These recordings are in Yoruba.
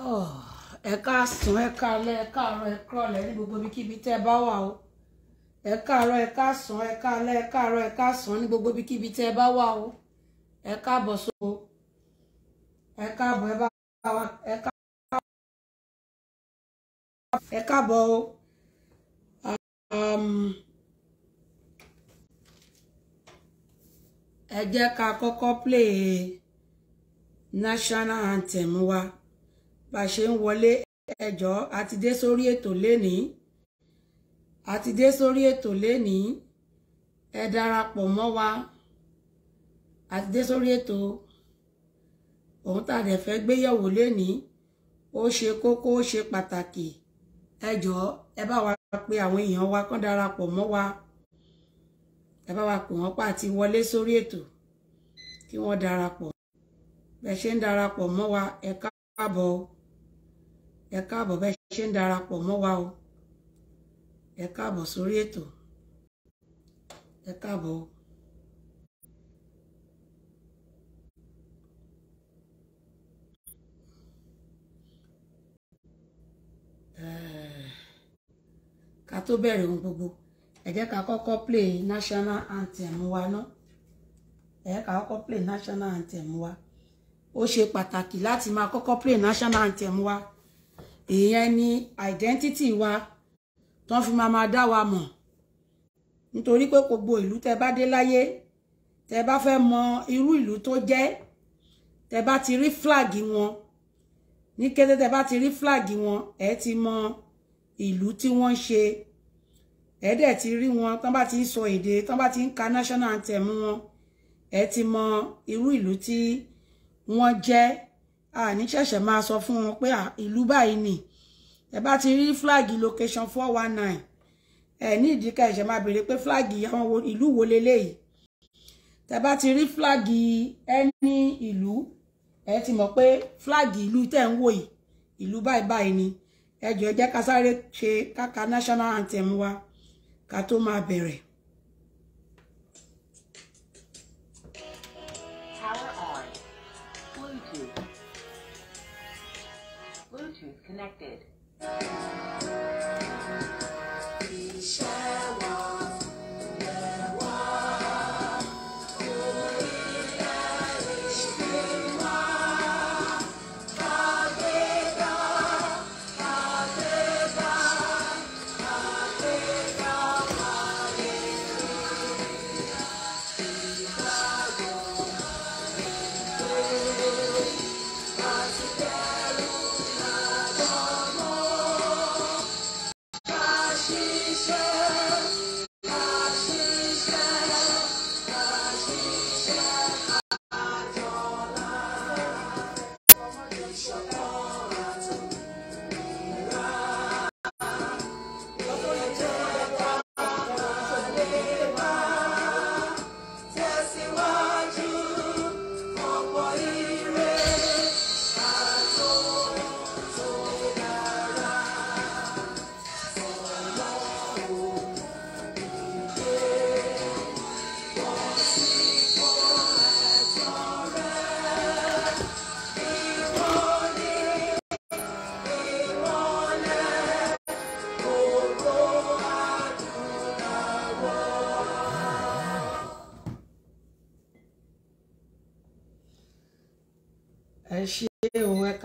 Oh, ẹ káàsán ẹ káalẹ́ ẹ káàárọ̀ ẹ kúrọ̀lẹ́ ní gbogbo ibikíbi tẹ́ ẹ bá wà o ẹ káàárọ̀ ẹ káàsán ẹ ẹ ẹ ní gbogbo ibikíbi ẹ bá wà o ẹ so ẹ play national bá a ṣe ń wọlé ẹjọ́ a ti dé sórí ètò lénìí a ti dé sórí ètò lénìí ẹ darapọ̀ mọ́ wa a ti dé sórí ètò ohun tá a dẹ̀ fẹ́ gbéyẹ̀wò lénìí ó ṣe kókó ó ṣe pàtàkì ẹ ẹ bá wa pe àwọn èèyàn wa kán darapọ̀ mọ́ wa ẹ bá wa pè wọ́n pa àti wọlé sórí ètò kí wọ́n darapọ̀ bẹ́ẹ̀ ṣe ń darapọ̀ mọ́ wa ẹ káàbọ̀ o. ẹ káàbọ̀ bẹ́ẹ̀ ṣe ń darapọ̀ mọ́ wa o ẹ káàbọ̀ sórí ètò ẹ káàbọ̀ o. ká tó bẹ̀rẹ̀ ohun gbogbo ẹ jẹ́ ká kọ́kọ́ play national anthem wa ná ẹ jẹ́ ká kọ́kọ́ play national anthem wa ó ṣe pàtàkì láti máa kọ́kọ́ play national anthem wa. No? ìyẹn ni identity wa tó fi máa máa dá wa mọ̀ nítorí pé gbogbo ìlú tẹ bá dé láyé tẹ bá fẹ́ mọ irú ìlú tó jẹ́ tẹ bá ti rí flag wọn ní kété tẹ bá ti rí flag wọn ẹ ti mọ ìlú tí wọ́n ń ṣe ẹ dẹ̀ ti rí wọn tán bá ti ń sọ èdè tán bá ti ń ka national anthem wọn ẹ ti mọ irú ìlú tí wọ́n jẹ́ àní ṣẹ̀ṣẹ̀ máa sọ fún wọn pé ìlú báyìí ni ẹ bá ti rí fúláàgì location four one nine ẹ ní ìdíkà ẹ̀ṣẹ̀ máa béèrè pé fúláàgì àwọn ìlú wo leléyìí tẹ bá ti rí fúláàgì ẹni ìlú ẹ ti mọ̀ pé fúláàgì ìlú tẹ̀ ń wò yìí ìlú báyìí báyìí ni ẹ jọ̀ọ́ ẹ jẹ́ ká sáré ṣe káka national anthem wa ká tó máa bẹ̀rẹ̀. Thank you.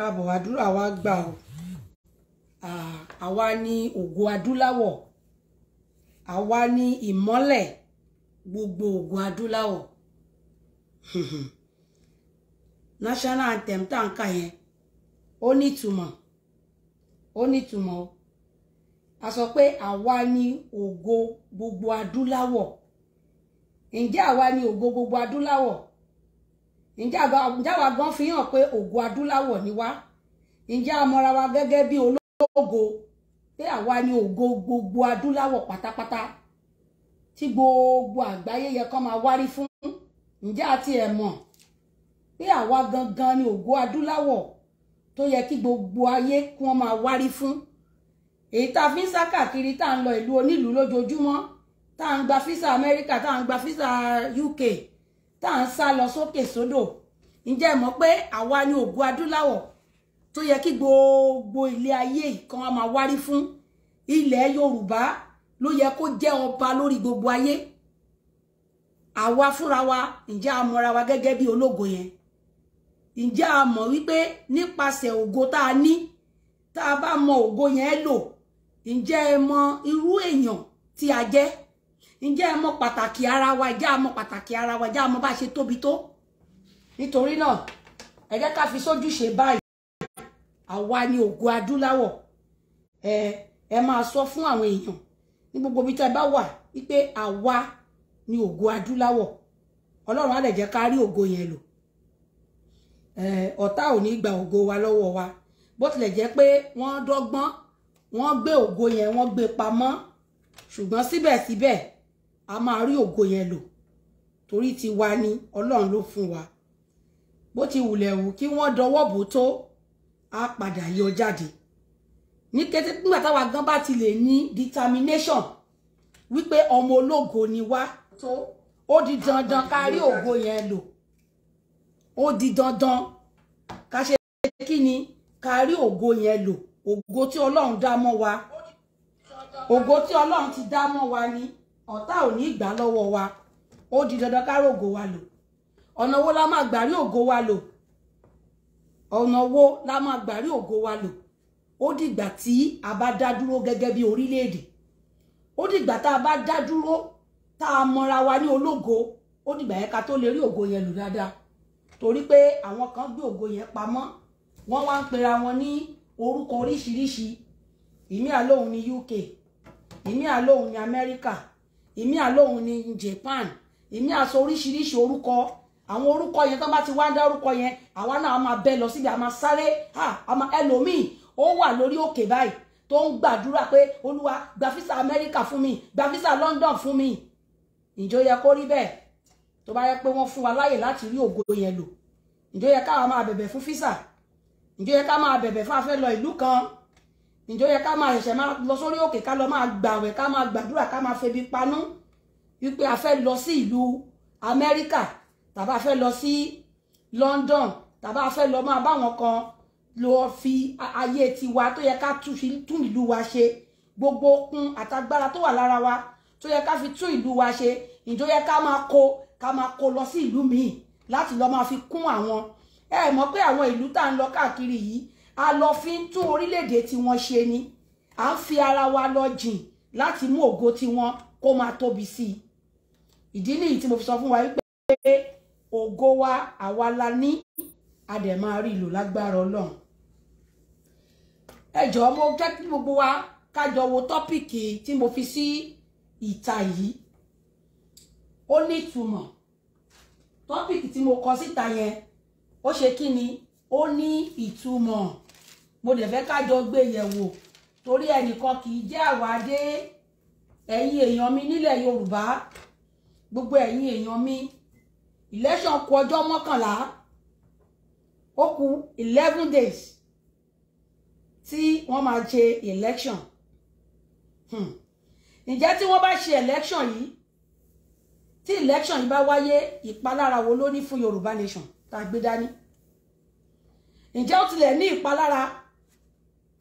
káàbọ̀ àdúrà wa gbà ọ́ àwa ni ògo adúláwọ̀ àwa ni ìmọ́lẹ̀ gbogbo ògo adúláwọ̀ national anthem tá n kà yẹn ó nítumọ̀ ó nítumọ̀ a sọ pé àwa ni ògo gbogbo adúláwọ̀ ǹjẹ́ àwa ni ògo gbogbo adúláwọ̀ ǹjẹ́ àwa gan fi hàn pé ògo adúláwọ̀ ni wá ǹjẹ́ a mọra wa gẹ́gẹ́ bí ológo pé àwa ni ògo gbogbo adúláwọ̀ pátápátá tí gbogbo àgbáyé yẹ kó máa wárí fún ǹjẹ́ a ti ẹ̀ mọ̀ pé àwa gangan ni ògo adúláwọ̀ tó yẹ kí gbogbo ayé kí wọ́n máa wárí fún èyí tá a fi ń sá káàkiri tá à ń lọ ìlú onílùú lójoojúmọ́ tá à ń gba físà Amẹ́ríkà tá à ń gba físà UK tá à ń sá lọ sókè sódò ǹjẹ́ mọ̀ pé àwa ni ògo adúláwọ̀ tó yẹ kí gbogbo ilé ayé kan a máa wárí fún ilẹ̀ Yorùbá ló yẹ kó jẹ́ ọba lórí gbogbo ayé àwa fúnra wa ǹjẹ́ a mọra wa gẹ́gẹ́ bí ológo yẹn ǹjẹ́ a mọ̀ wípé nípasẹ̀ ògo tá a ní tá a bá mọ ògo yẹn lò ǹjẹ́ ẹ mọ irú èèyàn tí a jẹ́ ǹjẹ́ ẹ mọ pàtàkì ara wa ǹjẹ́ a mọ pàtàkì ara wa ǹjẹ́ a mọ bá ṣe tóbi tó nítorí náà ẹ jẹ́ ká fi sójúṣe báyìí àwa ni ògo adúláwọ̀ ẹ ẹ máa sọ fún àwọn èèyàn ní gbogbo bí tẹ́ bá wà wípé àwa ni ògo adúláwọ̀ ọlọ́run á lè jẹ́ ká rí ògo yẹn lò ọ̀tá ò ní gba ògo wa lọ́wọ́ wa bó tilẹ̀ jẹ́ pé wọ́n dọ́gbọ́n wọ́n gbé ògo yẹn wọ́n gbé pamọ́ ṣùgbọ́n síbẹ̀síbẹ̀ a máa rí ògo yẹn lò torí tiwa ni ọlọ́run ló fún wa bó ti wùlẹ̀ wù kí wọ́n dọwọ́ bò tó á padà yọ jáde ní kété nígbà táwa gan bá ti lè ní determination wípé ọmọ ológo ni wá tó ó di dandan ká rí ògo yẹn lò ó di dandan ká ṣe kí ni ká rí ògo yẹn lò ògo tí ọlọ́run dá mọ́ wa ògo tí ọlọ́run ti dá mọ́ wa ni ọ̀tá ò ní ìgbà lọ́wọ́ wa ó di dandan ká rí ògo wa lò ọ̀nà wo la máa gbà rí ògo wa lò ọ̀nà wo la máa gbà rí ògo wa lò ó dìgbà tí a bá dá dúró gẹ́gẹ́ bí orílẹ̀-èdè ó dìgbà tá a bá dá dúró tá a mọra wa ní ológo ó dìgbà yẹn ká tó lè rí ògo yẹn lò dáadáa torí pé àwọn kan gbé ògo yẹn pamọ́ wọ́n wá ń pera wọn ní orúkọ oríṣiríṣi ìmí àlóhùn ní UK ìmí àlóhùn ní Amẹ́ríkà ìmí àlóhùn ní Japan ìmí àsọ oríṣiríṣi orúkọ àwọn orúkọ yẹn tó bá ti wá ń dá orúkọ yẹn àwa náà a máa bẹ lọ síbi a máa sáré ẹlòmíì ó wà lórí òkè báyìí tó ń gbàdúrà pé olúwa gba físà amẹ́ríkà fún mi gba físà london fún mi ǹjọ́ yẹ kó rí bẹ́ẹ̀ tó bá yẹ pé wọ́n fún wa láyè láti rí ògo yẹn lò ǹjọ́ yẹ káwa máa bẹ̀bẹ̀ fún físà ǹjọ́ yẹ ká máa bẹ̀bẹ̀ fún afẹ́ lọ ìlú kan ǹjọ́ yẹ ká máa ṣẹ̀ṣẹ̀ máa lọ sórí òkè ká lọ máa gbàwẹ̀ ká máa gbàdúrà ká máa febi panú wípé a lọ sí ìlú amẹ́ríkà tàbá fẹ́ lọ sí London tàbá fẹ́ lọ máa báwọn kan lọ fi ayé tiwa tó yẹ ká tún ìlú wa ṣe gbogbo okun àtagbára tó wà lára wa tó yẹ ká fi tún ìlú wa ṣe ìjọ yẹ ká máa kó ká máa kó lọ sí ìlú míì láti lọ máa fi kún àwọn ẹ mọ̀ pé àwọn ìlú tá à ń lọ káàkiri yìí a lọ fi ń tún orílẹ̀-èdè tiwọn ṣe ni à ń fi ara wa lọ jìn láti mú ògo tiwọn kó máa tóbi sí i ìdí nìyí tí mo fi sọ fún wa wípé ògo wa àwa la ní a dẹ̀ máa rí ìlò lágbára ọlọ́run ẹ jọ̀ọ́ mo jẹ́ kí gbogbo wa ká jọ wo tọ́pìkì tí mo fi sí ìta yìí ó ní ìtumọ̀ tọ́pìkì tí mo kọ síta yẹn ó ṣe kí ni ó ní ìtumọ̀ mo dẹ̀ fẹ́ ká jọ gbé e yẹ̀wò torí ẹnìkan kì í jẹ́ àwádé ẹ̀yin èèyàn mi nílẹ̀ Yorùbá gbogbo ẹ̀yin èèyàn mi election kù ọjọ́ mọ́kànlá ó kù eleven days tí wọ́n máa ṣe election hmm. ǹjẹ́ tí wọ́n bá ṣe election yìí tí election yìí bá wáyé ìpalára wo ló ní fún Yorùbá nation tá a gbé dání ǹjẹ́ ó tilẹ̀ ní ìpalára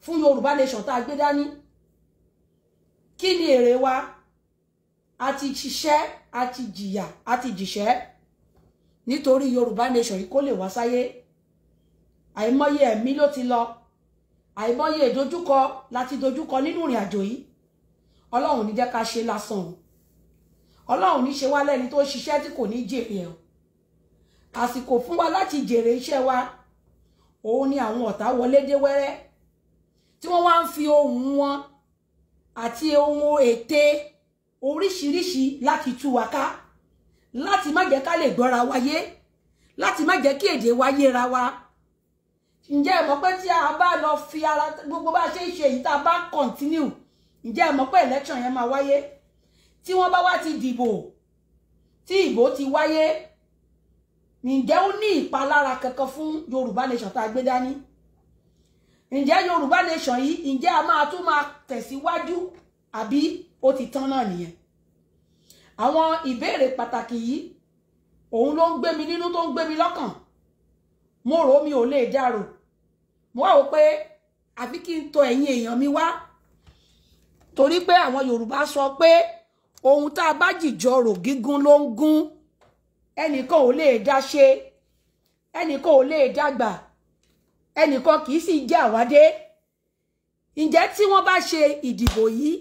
fún Yorùbá nation tá a gbé dání kí ni èrè wa a ti ṣiṣẹ́ a ti jìyà a ti jìṣẹ́ nítorí yorùbá nation yìí kó lè wá sáyé àìmọye ẹ̀mí ló ti lọ àìmọye ìdojúkọ láti dojúkọ nínú ìrìn àjò yìí ọlọ́run ní jẹ́ ká ṣe lásán ọlọ́run ní ṣe wá lẹ́ni tó ṣiṣẹ́ tí kò ní jèrè ẹ̀ àsìkò fún wa láti jèrè iṣẹ́ wa òun ni àwọn ọ̀tá wọlé dé wẹ́rẹ́ tí wọ́n wá ń fi ohun wọn àti ohun ète oríṣiríṣi láti tú wa ká láti má jẹ́ ká lè gbọ́ra wáyé láti má jẹ́ kí èdè wáyé ra wa ǹjẹ́ ẹ pé tí a bá lọ fi ara gbogbo bá ṣe ń ṣe èyí tá a bá continue ǹjẹ́ ẹ mọ̀ pé election yẹn máa wáyé tí wọ́n bá wá ti dìbò tí ìbò ti wáyé ǹjẹ́ ó ní ìpalára kankan fún Yorùbá nation tá a gbé dání ǹjẹ́ Yorùbá nation yìí ǹjẹ́ a máa tún máa tẹ̀síwájú àbí ó ti tán náà nìyẹn àwọn ìbéèrè pàtàkì yìí òun ló ń gbé mi nínú tó ń gbé mi lọ́kàn mo rò mi ò lè dárò mo wá wò pé àfi kí n tọ̀ ẹ̀yin èèyàn mi wá torí pé àwọn Yorùbá sọ pé ohun tá a bá jìjọ rò gígún ló ń gún ẹnìkan ò lè dá ṣe ẹnìkan ò lè dàgbà ẹnìkan kì í sì jẹ́ àwádé ǹjẹ́ tí wọ́n bá ṣe ìdìbò yìí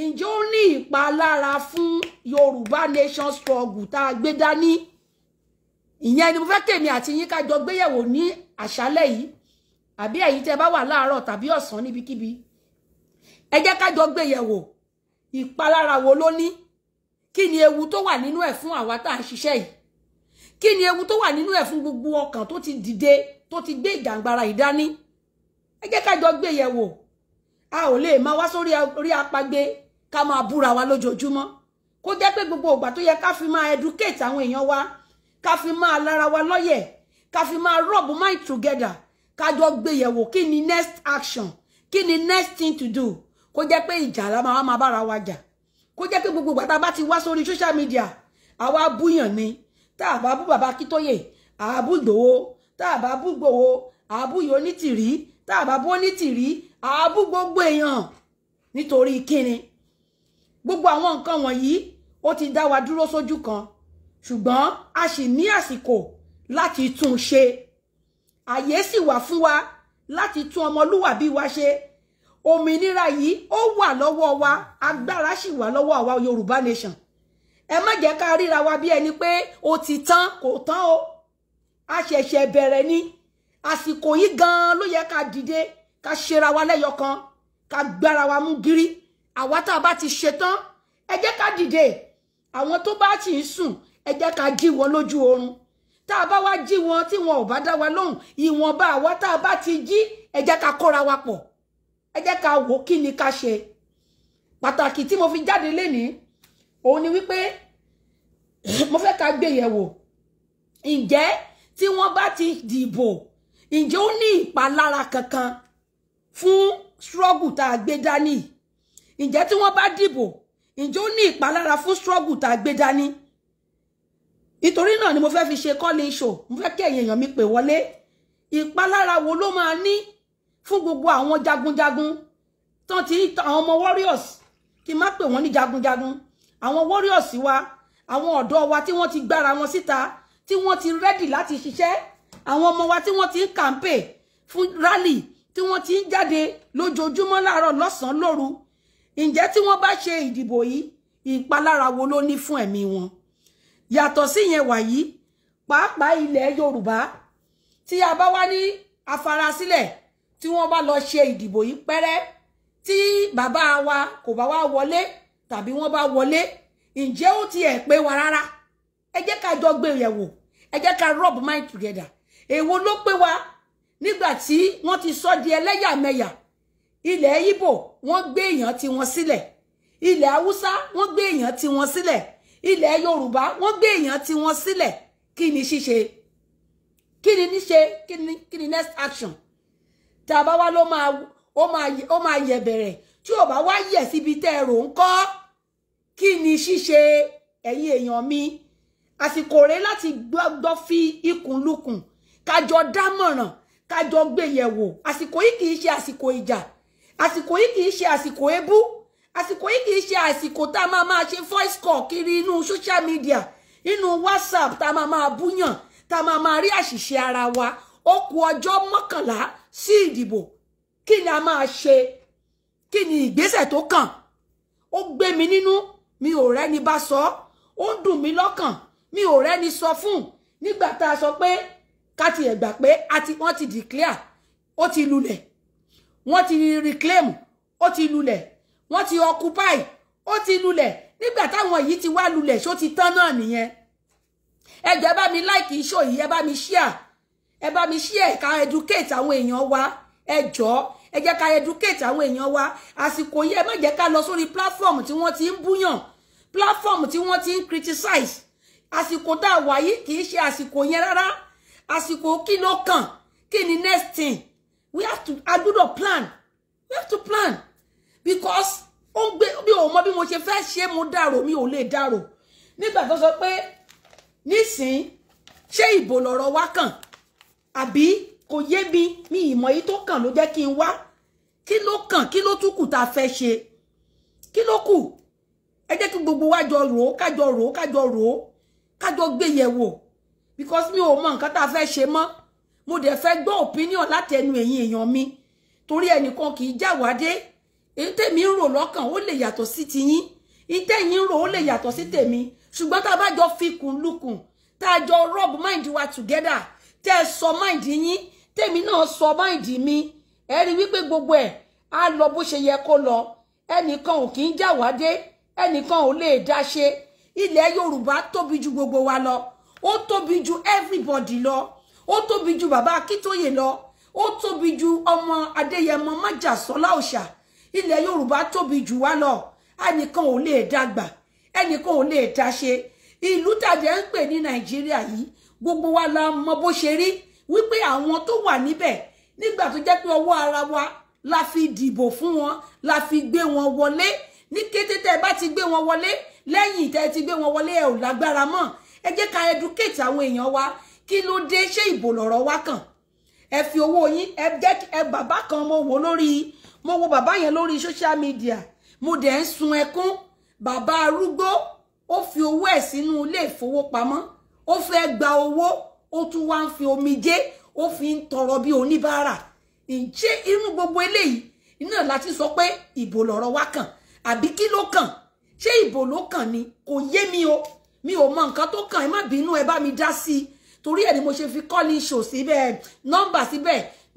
ǹjẹ́ ó ní ìpalára fún Yorùbá nation struggle tá a gbé dání ìyẹn ni mo fẹ́ kèmi àti yín ká jọ gbéyẹ̀wò ní àṣálẹ́ yìí àbí ẹ̀yin tẹ́ bá wà láàárọ̀ tàbí ọ̀sán níbikíbi ẹ jẹ́ ká jọ gbéyẹ̀wò ìpalára wo ló ní kí ni ewu tó wà nínú ẹ̀ fún àwa tá à ṣiṣẹ́ yìí kí ni ewu tó wà nínú ẹ̀ fún gbogbo ọkàn tó ti dìde tó ti gbé ìjàngbara ìdání ẹ jẹ́ ká jọ gbéyẹ̀wò a ò lè máa wá sórí orí apagbe ká máa búra wa lójoojúmọ́ kó jẹ́ pé gbogbo ìgbà tó yẹ ká fi máa educate àwọn èèyàn wa ká fi máa lára wa lọ́yẹ̀ ká fi máa rub mind together ká jọ gbéyẹ̀wò kí ni next action kini next thing to do kó jẹ́ pé ìjà la máa wá máa wa jà kó jẹ́ pé gbogbo ìgbà tá a ti wá sórí social media àwa búyàn ni tá ba bá bú bàbá Akíntóyè àbú Ìgbòho tá a bá bú Ìgbòho àbú yóò ní tìrí tá a bá bú ó àábú gbogbo èèyàn nítorí kíni gbogbo àwọn nǹkan wọ̀nyí ó ti dá wa dúró sójú kan ṣùgbọ́n a sì ní àsìkò láti tún ṣe àyè sì wà fún wa láti tún ọmọlúwàbí wa ṣe òmìnira yìí ó wà lọ́wọ́ wa agbára sì wà lọ́wọ́ àwa Yorùbá nation ẹ má jẹ́ ká ríra wa bí ẹni pé ó ti tán kò tán o a ṣẹ̀ṣẹ̀ bẹ̀rẹ̀ ni àsìkò yìí gan-an ló yẹ ká dìde ká ṣera wa lẹ́yọ kan ká gbára wa mú gírí àwa tá a bá ti ṣetán ẹ jẹ́ ká dìde àwọn tó bá ti ń sùn ẹ jẹ́ ká jí wọn lójú oorun tá a bá wá jí wọn tí wọn ò bá dá wa lóhùn ìwọ̀nba àwa tá a ti jí ẹ jẹ́ ká kóra wa pọ̀ ẹ jẹ́ ká wò kí ni ká ṣe pàtàkì tí mo fi jáde lénìí òun ni wípé mo fẹ́ ká gbé yẹ̀wò ǹjẹ́ tí wọ́n bá ti dìbò ǹjẹ́ ó ní ìpalára kankan fún struggle tá a gbé dání ǹjẹ́ tí wọ́n bá dìbò ǹjẹ́ ó ní ìpalára fún struggle tá a gbé dání ìtorí náà ni mo fẹ́ fi ṣe calling show mo fẹ́ kí ẹ̀yin èèyàn mi pè wọlé ìpalára wo ló máa ní fún gbogbo àwọn jagunjagun tán ti àwọn ọmọ warriors kí n má pè wọ́n ní jagunjagun àwọn warriors wa àwọn ọ̀dọ́ wa tí wọ́n ti gbára wọn síta tí wọ́n ti rẹ́dì láti ṣiṣẹ́ àwọn ọmọ wa tí wọ́n ti ń kàǹpè fún rally tí wọ́n ti ń jáde lójoojúmọ́ láàárọ̀ lọ́sàn-án lóru ǹjẹ́ tí wọ́n bá ṣe ìdìbò yìí ìpalára wo ló ní fún ẹ̀mí wọn yàtọ̀ sí yẹn wàyí pàápàá ilẹ̀ Yorùbá tí a bá wá ní afarasílẹ̀ tí wọ́n bá lọ ṣe ìdìbò yìí pẹ́rẹ́ tí bàbá wa kò bá wá wọlé tàbí wọ́n bá wọlé ǹjẹ́ ó tiẹ̀ pé wa rárá ẹ jẹ́ ká jọ gbé yẹ̀wò ẹ jẹ́ ká rub mind together ewo ló pé wa nígbà tí wọ́n ti sọ di ẹlẹ́yàmẹ̀yà ilẹ̀ Ìgbò wọ́n gbé èèyàn tí wọ́n sílẹ̀ ilẹ̀ Haúsá wọ́n gbé èèyàn tí wọ́n sílẹ̀ ilẹ̀ Yorùbá wọ́n gbé èèyàn tí wọ́n sílẹ̀ kí ni ṣíṣe kí ni níṣe kí ni next action tá a bá wá ló máa ó máa ó máa yẹ bẹ̀rẹ̀ tí ò bá wá yẹ̀ síbi tẹ́ ẹ rò ń kọ́ kí ni ṣíṣe ẹ̀yin èèyàn mi àsìkò rẹ̀ láti gbọ́ fi ikùn lukùn kájọ dámọ̀ràn kájọ gbé yẹ̀wò àsìkò yìí kì í ṣe àsìkò ìjà àsìkò yìí kì ṣe àsìkò ebú àsìkò yìí kì ṣe àsìkò tá a máa máa ṣe voice call kiri inú social media inú whatsapp tá a máa máa búyàn tá a máa máa rí àṣìṣe ara wa ó kù ọjọ́ mọ́kànlá sí ìdìbò kí ni a máa ṣe kí ni ìgbésẹ̀ tó kàn ó gbé mi nínú mi ò rẹ́ni bá sọ ó ń dùn mí lọ́kàn mi ò rẹ́ni sọ fún nígbà tá a sọ pé káti ẹ̀gbà pé wọ́n ti declare ó ti lulẹ̀ wọ́n ti reclaim ó ti lulẹ̀ wọ́n ti occupy ó ti lulẹ̀ nígbà táwọn yìí ti wá lulẹ̀ ṣó ti tán náà nìyẹn ẹjọ bá mi láìkì iṣó yìí ẹ bá mi share ẹ bá mi share ká educate àwọn èèyàn wa ẹjọ ẹ jẹ́ ká educate àwọn èèyàn wa àsìkò yìí ẹ má jẹ́ ká lọ sórí platform tí wọ́n ti ń búyàn platform tí wọ́n ti ń criticize àsìkò tá a wà yìí kì í ṣe àsìkò yẹn rárá àsìkò kí no kàn kí ni next thing we have to a gbọ́dọ̀ plan we have to plan because ó ń gbé bí òun mọ bí mo ṣe fẹ́ ṣe mo dàrò mi ò lè dàrò nígbà tó sọ pé nísìn ṣé ìbò lọ̀rọ̀ wá kàn àbí kò yé mi mi ìmọ̀ yìí tó kan ló jẹ́ kí n wá kí ló kàn kí ló tún kù tá a fẹ́ ṣe kí ló kù gbogbo wa jọ rò ó kájọ rò ó kájọ rò ó kájọ gbé yẹ̀wò because mi ò mọ nǹkan tá a fẹ́ ṣe mọ́ mo dẹ̀ fẹ́ gbọ́ opinion láti ẹnu ẹ̀yin èèyàn mi torí ẹnìkan kì í jáwádé èyí tèmi ń rò lọ́kàn ó lè yàtọ̀ sí tiyín èyí tẹ̀yin ń rò ó lè yàtọ̀ sí tèmi ṣùgbọ́n tá a bá jọ fikùn lukùn mind wa together te ẹ sọ mind yín tèmi náà sọ mind mi ẹ rí wípé gbogbo ẹ̀ á lo, bó ṣe yẹ kó lọ ẹnìkan ò kì í jáwádé ẹnìkan ò lè dá ṣe ilẹ̀ Yorùbá ju gbogbo wa lọ ó tóbi ju everybody lọ ó tóbi ju bàbá akíntóyè lọ ó tóbi ju ọmọ adéyẹmọ májàsọlá òòṣà ilẹ̀ yorùbá tóbi jù wá lọ ẹnìkan ò lè dàgbà ẹnìkan ò lè dáṣe ìlú tàdé ń pè ní nàìjíríà yìí gbogbo wa la mọ bó ṣe rí wípé àwọn tó wà níbẹ̀ nígbà tó jẹ́ pé ọwọ́ ara wa la fi dìbò fún wọn la fi gbé wọn wọlé ní kété tẹ́ ẹ bá ti gbé wọn wọlé lẹ́yìn tẹ́ ẹ ti gbé wọn wọlé ẹ ò lágbára mọ́ ẹ jẹ́ ká educate àwọn èèyàn wa kí ló dé ṣé ìbò lọ̀rọ̀ wa kàn ẹ fi owó yín ẹ jẹ́ ẹ bàbá kan mo wò lórí mo wo bàbá yẹn lórí social media mo dẹ̀ ń sun ẹkún bàbá arúgbó ó fi owó ẹ̀ sínú ilé ìfowópamọ́ ó fẹ́ gba owó ó tún wá ń fi omijé ó fi ń tọrọ bí oníbàárà ǹjẹ́ inú gbogbo eléyìí iná láti sọ pé ìbò lọ̀rọ̀ wa kàn àbí kí ló kàn ṣé ìbò ló kàn ni kò yé mi o mi ò mọ nǹkan tó kàn ẹ má bínú ẹ bá mi dá sí i torí ni mo ṣe fi calling show si be number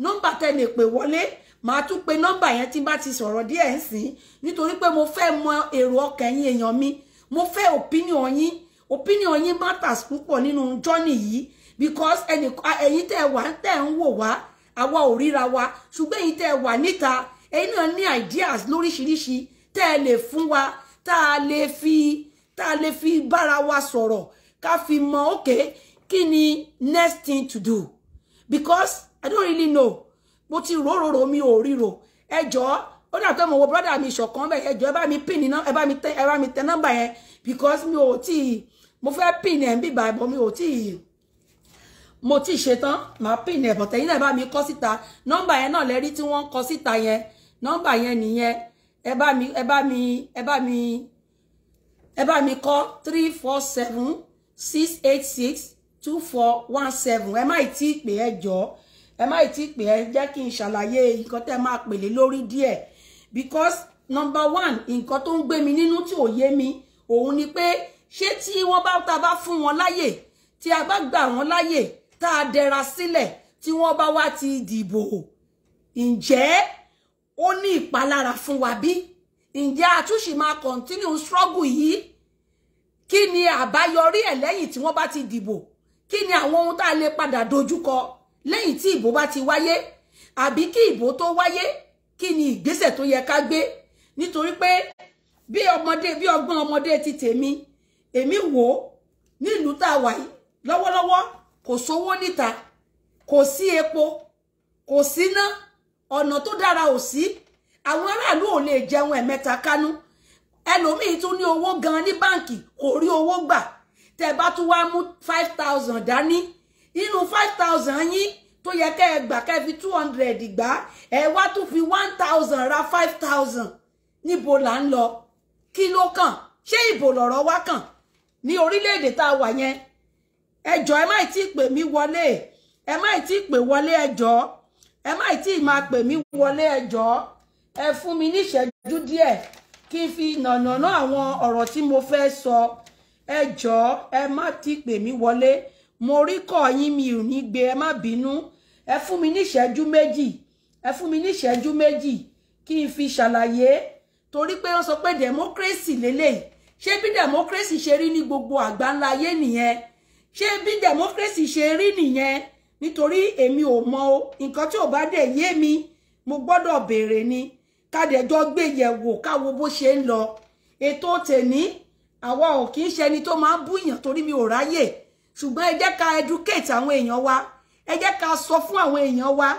nọ́mbà tẹni pè wọlé màá tún pe nọ́mbà yẹn tí n bá ti sọ̀rọ̀ díẹ̀ ń sìn nítorí pé mo fe mo èrò ọkàn yín èèyàn mi mo fe opinion yín opinion yín matters púpọ̀ nínú journey yìí because ẹnì ẹ̀yin tẹ́ wa tẹ́ ń wò wá àwa ò ríra wa ṣùgbọ́n ẹ̀yin tẹ́ wà níta ẹ̀yin náà ní ideas lóríṣiríṣi tẹ́ ẹ lè fún wa tá a fi tá a lè fi bára wa sọ̀rọ̀ ká fi mọ okay Kini next thing to do because i don't really know mo ti ro mi ò ríro ẹ jọ̀ọ́ ó dà pé mo wo brother mi ìṣọ̀kan bẹ́ẹ̀ ẹ jọ̀ọ́ ẹ bá mi pin ẹ bá mi tẹ ẹ bá mi tẹ nọ́mbà yẹn because mi ò tí mo fẹ́ pin ẹ̀ ń bíbá ẹ̀ bọ́ mi ò tí ì mo ti ṣetán màá pin ẹ̀ bọ̀tẹ̀ yín náà bá mi kọ síta nọ́mbà yẹn náà lẹ́rí tí wọ́n kọ síta yẹn nọ́mbà yẹn nìyẹn ẹ bá mi ẹ bá mi ẹ bá mi ẹ bá mi kọ three four seven six eight six two four one seven ẹ má ì tí ì pè ẹ jọ ẹ má ì tí ì pè ẹ jẹ́ kí n ṣàlàyé nǹkan tẹ́ máa pèlè lórí díẹ̀ because number one nǹkan tó ń gbé mi nínú tí ò yé mi òun ni pé ṣé tí wọ́n bá ta bá fún wọn láyè tí a bá gbà wọ́n láyè tá a dẹra sílẹ̀ tí wọ́n bá wá ti dìbò ǹjẹ́ ó ní ìpalára fún wa bí ǹjẹ́ àtúnṣì máa continue struggle yìí kí ni àbáyọrí ẹ̀ lẹ́yìn tí wọ́n bá ti dìbò kí ni àwọn ohun tá a lè padà dojúkọ lẹ́yìn tí ìbò bá ti wáyé àbí kí ìbò tó wáyé kí ni ìgbésẹ̀ tó yẹ ká gbé nítorí pé bí ọmọdé bí ọgbọ́n ọmọdé ti tèmi èmi wò ó nílùú tá a wà yìí lọ́wọ́lọ́wọ́ kò sówó níta kò sí epo kò síná ọ̀nà tó dára ò sí àwọn aráàlú ò lè jẹun ẹ̀mẹ́ta kánú ẹlòmíín tún ní owó gan ní báǹkì kò rí owó gbà tẹ bá tún wá mú five thousand dání nínú five thousand yín tó yẹ kẹ́ ẹ gbà kẹ́ fi two hundred gbà ẹ wá tún fi one thousand ra five thousand níbo là ń lọ kí ló kàn ṣé ìbò lọ̀rọ̀ wá kàn ní orílẹ̀-èdè tá a wà yẹn ẹjọ́ ẹ má tí ì pè mí wọlé ẹ má tí ì pè wọlé ẹjọ́ ẹ má tí ì máa pè mí wọlé ẹjọ́ ẹ fún mi ní ìṣẹ́jú díẹ̀ kí n fi nànàná àwọn ọ̀rọ̀ tí mo fẹ́ sọ ẹ jọ̀ọ́ ẹ má ti pè mí wọlé mo rí kọ̀ yín mi ò ní gbé ẹ má bínú ẹ fún mi ní ìṣẹ́jú méjì ẹ fún mi ní ìṣẹ́jú méjì kí n fi ṣàlàyé torí pé wọ́n sọ pé democracy lélẹ́yìí ṣé bí democracy ṣe rí ní gbogbo àgbáńlá nìyẹn ṣé bí democracy ṣe rí nìyẹn nítorí èmi ò mọ o nǹkan tí ò bá dẹ̀ yé mi mo gbọ́dọ̀ béèrè ni kádẹjọ gbé yẹ̀wò káwo bó ṣe ń lọ ètò tèmi àwa ò kì í ṣe ẹni tó máa ń búyàn torí mi ò ráyè ṣùgbọ́n ẹ jẹ́ ká educate àwọn èèyàn wa ẹ jẹ́ ká sọ fún àwọn èèyàn wa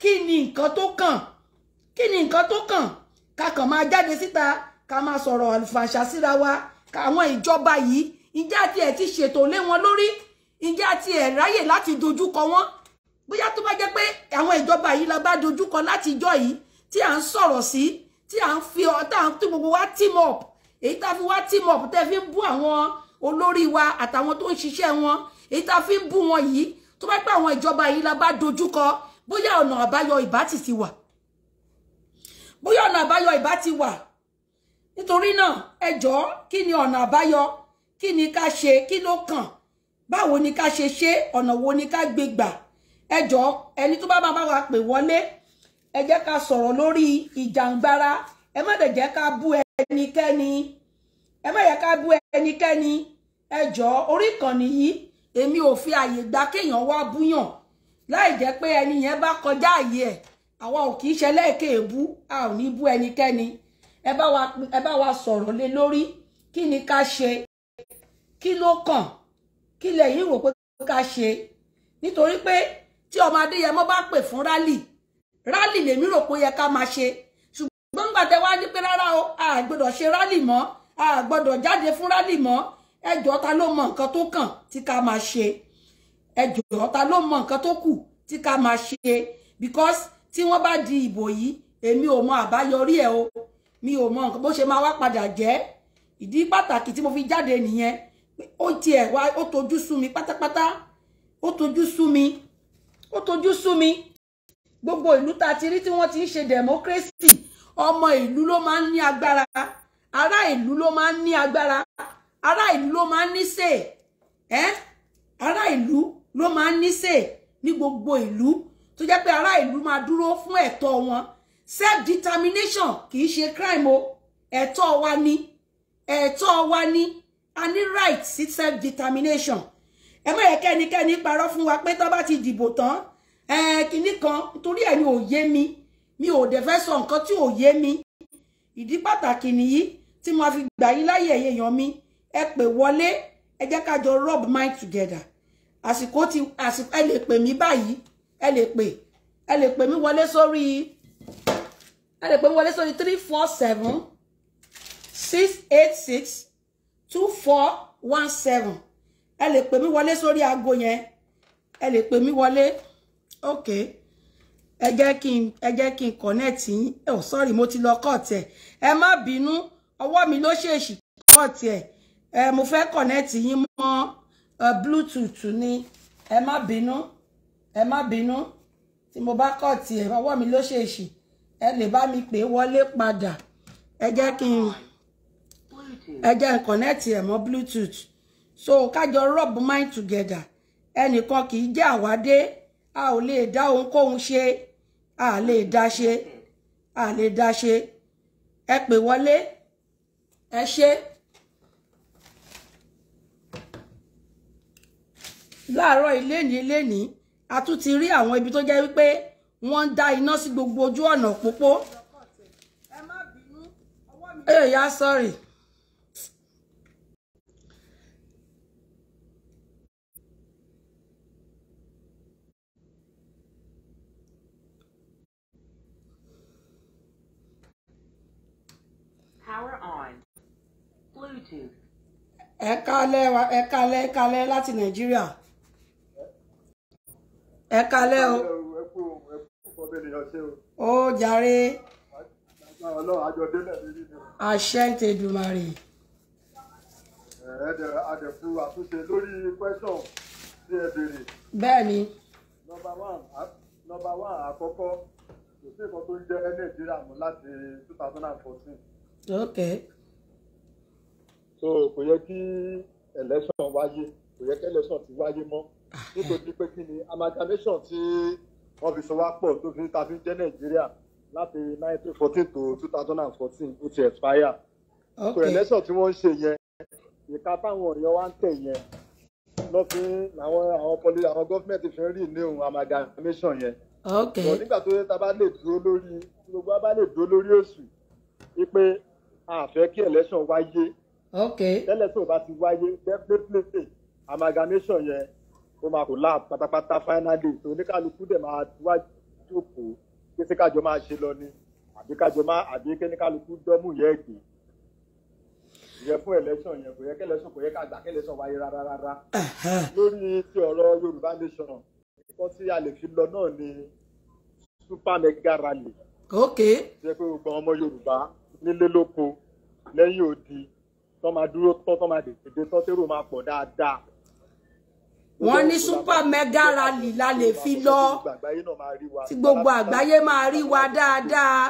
kí ni nǹkan tó kàn kí ni nǹkan tó kàn ká kàn máa jáde síta ká máa sọ̀rọ̀ àlùfàǹṣà síra wa àwọn ìjọba yìí ǹjẹ́ àti ti ṣètò lé wọn lórí ǹjẹ́ àti ráyè láti dojúkọ wọn bóyá tó bá jẹ́ pé àwọn ìjọba yìí la bá dojúkọ látijọ́ yìí tí à ń sọ̀rọ̀ sí tí à ń fi ọ tá à ń tí gbogbo wa team up èyí tá a fi wá team up tẹ́ fi bú àwọn olórí wa àtàwọn tó ń ṣiṣẹ́ wọn èyí tá a fi ń bú wọn yìí tó bá pẹ́ àwọn ìjọba yìí la bá dojúkọ bóyá ọ̀nà àbáyọ ìbá ti ti wà bóyá ọ̀nà àbáyọ ìbá ti wà nítorí náà ẹ jọ̀ọ́ kí ni ọ̀nà àbáyọ kí ni ká ṣe kí ló kàn báwo ni ká ṣe ṣe ọ̀nà wo ni ká gbé gbà ẹ jọ̀ọ́ ẹni tó bá máa bá wa pè wọlé ẹ jẹ́ ká sọ̀rọ̀ lórí ìjàǹgbara ẹ má dẹ̀ jẹ́ ká bú ẹnikẹ́ni ẹ má yẹ ká bú ẹnikẹ́ni ẹ jọ orí ìkànnì yìí èmi ò fi àyè gba kéèyàn wá búyàn láì jẹ́ pé ẹni yẹn bá kọjá àyè ẹ̀ àwa ò kì í ṣe lẹ́ẹ̀kẹ́ èbú a ò ní bú ẹnikẹ́ni ẹ bá wa sọ̀rọ̀ lé lórí kí ni ká ṣe kí ló kàn kí lẹ́yìn rò pé ká ṣe nítorí pé tí ọmọ adéyẹmọ bá pè fún rálì rálì lèmi rò pé ó yẹ ká máa ṣe ṣùgbọ́n nígbà tẹ wá ní pé rárá o a gbọ́dọ̀ ṣe rálì mọ́ a gbọ́dọ̀ jáde fún rálì mo. ẹjọ́ ta ló mọ nǹkan tó kàn tí ká máa ṣe ẹjọ́ ta ló mọ nǹkan tó kù tí ká máa ṣe because tí wọ́n bá di ìbò yìí èmi ò mọ àbáyọrí ẹ̀ o mi ò mọ nǹkan bó ṣe máa wá padà jẹ́ ìdí pàtàkì tí mo fi jáde nìyẹn ó tiẹ̀ wá ó tojú sú mi pátápátá ó tojú sú mi ó tojú sú mi gbogbo ìlú ta ti rí tí wọ́n ti ń ṣe democracy ọmọ ìlú ló máa ń ní agbára ará ìlú ló máa ń ní agbára ará ìlú ló máa ń ní sè é ará ìlú ló máa ń ní sè ní gbogbo ìlú tó jẹ́ pé ará ìlú máa dúró fún ẹ̀tọ́ wọn self determination kì í ṣe crime o ẹ̀tọ́ wa ni ẹ̀tọ́ wa ni a ní right sí self determination ẹ má yẹ kẹ́nikẹ́ni parọ́ fún wa pé tó bá ti dìbò tán ẹ kinní kan nítorí ẹ ní òye mi mi ò dẹ̀ fẹ́ sọ nǹkan tí ò yé mi ìdí pàtàkì nìyí tí mo fi gbà yín láyè ẹ̀yẹ mi ẹ pè wọlé ẹ jẹ́ ká jọ rub mind together àsìkò ti àsìkò ẹ lè pè mí báyìí ẹ lè pè ẹ lè pè mí wọlé sórí ẹ lè pè mí wọlé sórí three four seven six eight six two four one seven ẹ lè pè mí wọlé sórí aago yẹn ẹ lè pè mí wọlé okay ẹ jẹ́ kí n ẹ jẹ́ kí n connect yín oh sorry mo ti lọ kọ́ọ̀tì ẹ̀ ẹ má bínú ọwọ́ mi ló ṣèèṣì kọ́ọ̀tì ẹ̀ ẹ mo fẹ́ connect yín mọ́ bluetooth ni ẹ má bínú ẹ má bínú tí mo bá kọ́ọ̀tì ẹ̀ ọwọ́ mi ló ṣèèṣì ẹ lè bá mi pè wọlé padà ẹ jẹ́ kí n ẹ jẹ́ n connect ẹ̀ mọ́ bluetooth so kájọ rub mind together ẹnìkan kì í jẹ́ àwádé a ò lè dá ohunkóhun ṣe a lè dá ṣe a lè dá ṣe ẹ pè wọlé ẹ ṣe láàárọ̀ ilé ní ilé ní a tún ti rí àwọn ibi tó jẹ́ wípé wọ́n ń dá iná sí gbogbo ojú ọ̀nà òpópó. ẹ má bínú ọwọ́ mi. ẹ yà sọ́ọ̀rì. ẹ kálẹ́ wa ẹ kálẹ́ ẹ kálẹ́ láti nàìjíríà ẹ kálẹ́ o ó jàre àṣẹ ìtẹ̀dùmarè. ẹ̀ẹ́dẹ̀ adẹ̀fù àtúnṣe lórí pẹ́sọ̀n tí ẹ béèrè. bẹ́ẹ̀ni. nọ́mbà one nọ́mbà one àkọ́kọ́ kò sí nǹkan tó ń jẹ́ nàìjíríà mú láti two thousand and fourteen. okay so kò yẹ kí election wáyé kò yẹ kí election ti wáyé mọ́ nítorí pé kí ni amalgamation tí wọ́n fi sọ wá pọ̀ tó fi ta fi jẹ́ nàìjíríà láti nineteen fourteen to two thousand and fourteen ó ti expire so election tí wọ́n ń ṣe yẹn ìka táwọn èèyàn wá ń tẹ̀ yẹn lọ fi àwọn àwọn pọlí àwọn gọ́fìmẹ̀ntì fi ń rí ní ohun amalgamation yẹn so nígbà tó yẹ ta bá lè dúró lórí gbogbo a bá lè dúró lórí òṣù wípé a fẹ́ kí election wáyé tẹ́lẹ̀ tó bá ti wáyé definitely amalgamation yẹn ó máa collapse pátápátá finally tó oníkálukú dẹ̀ máa wájú jókòó kí kájọ máa ṣe lọ ni àbí kájọ máa àbí kẹ́níkálukú dọ́mù yẹ́ èdè yẹ fún election yẹn kò yẹ kẹlẹsùn kò yẹ ká gbà wáyé rárá lórí ti ọ̀rọ̀ Yorùbá nation nǹkan tí a lè fi lọ náà ni super mega rally. ok. ṣe pé gbogbo ọmọ Yorùbá nílé lóko lẹ́yìn odi tó máa dúró tó tó máa dèdè tó tèrò máa pọ̀ dáadáa. wọ́n ní super mega rally la lè fi lọ tí gbogbo àgbáyé máa rí wa dáadáa.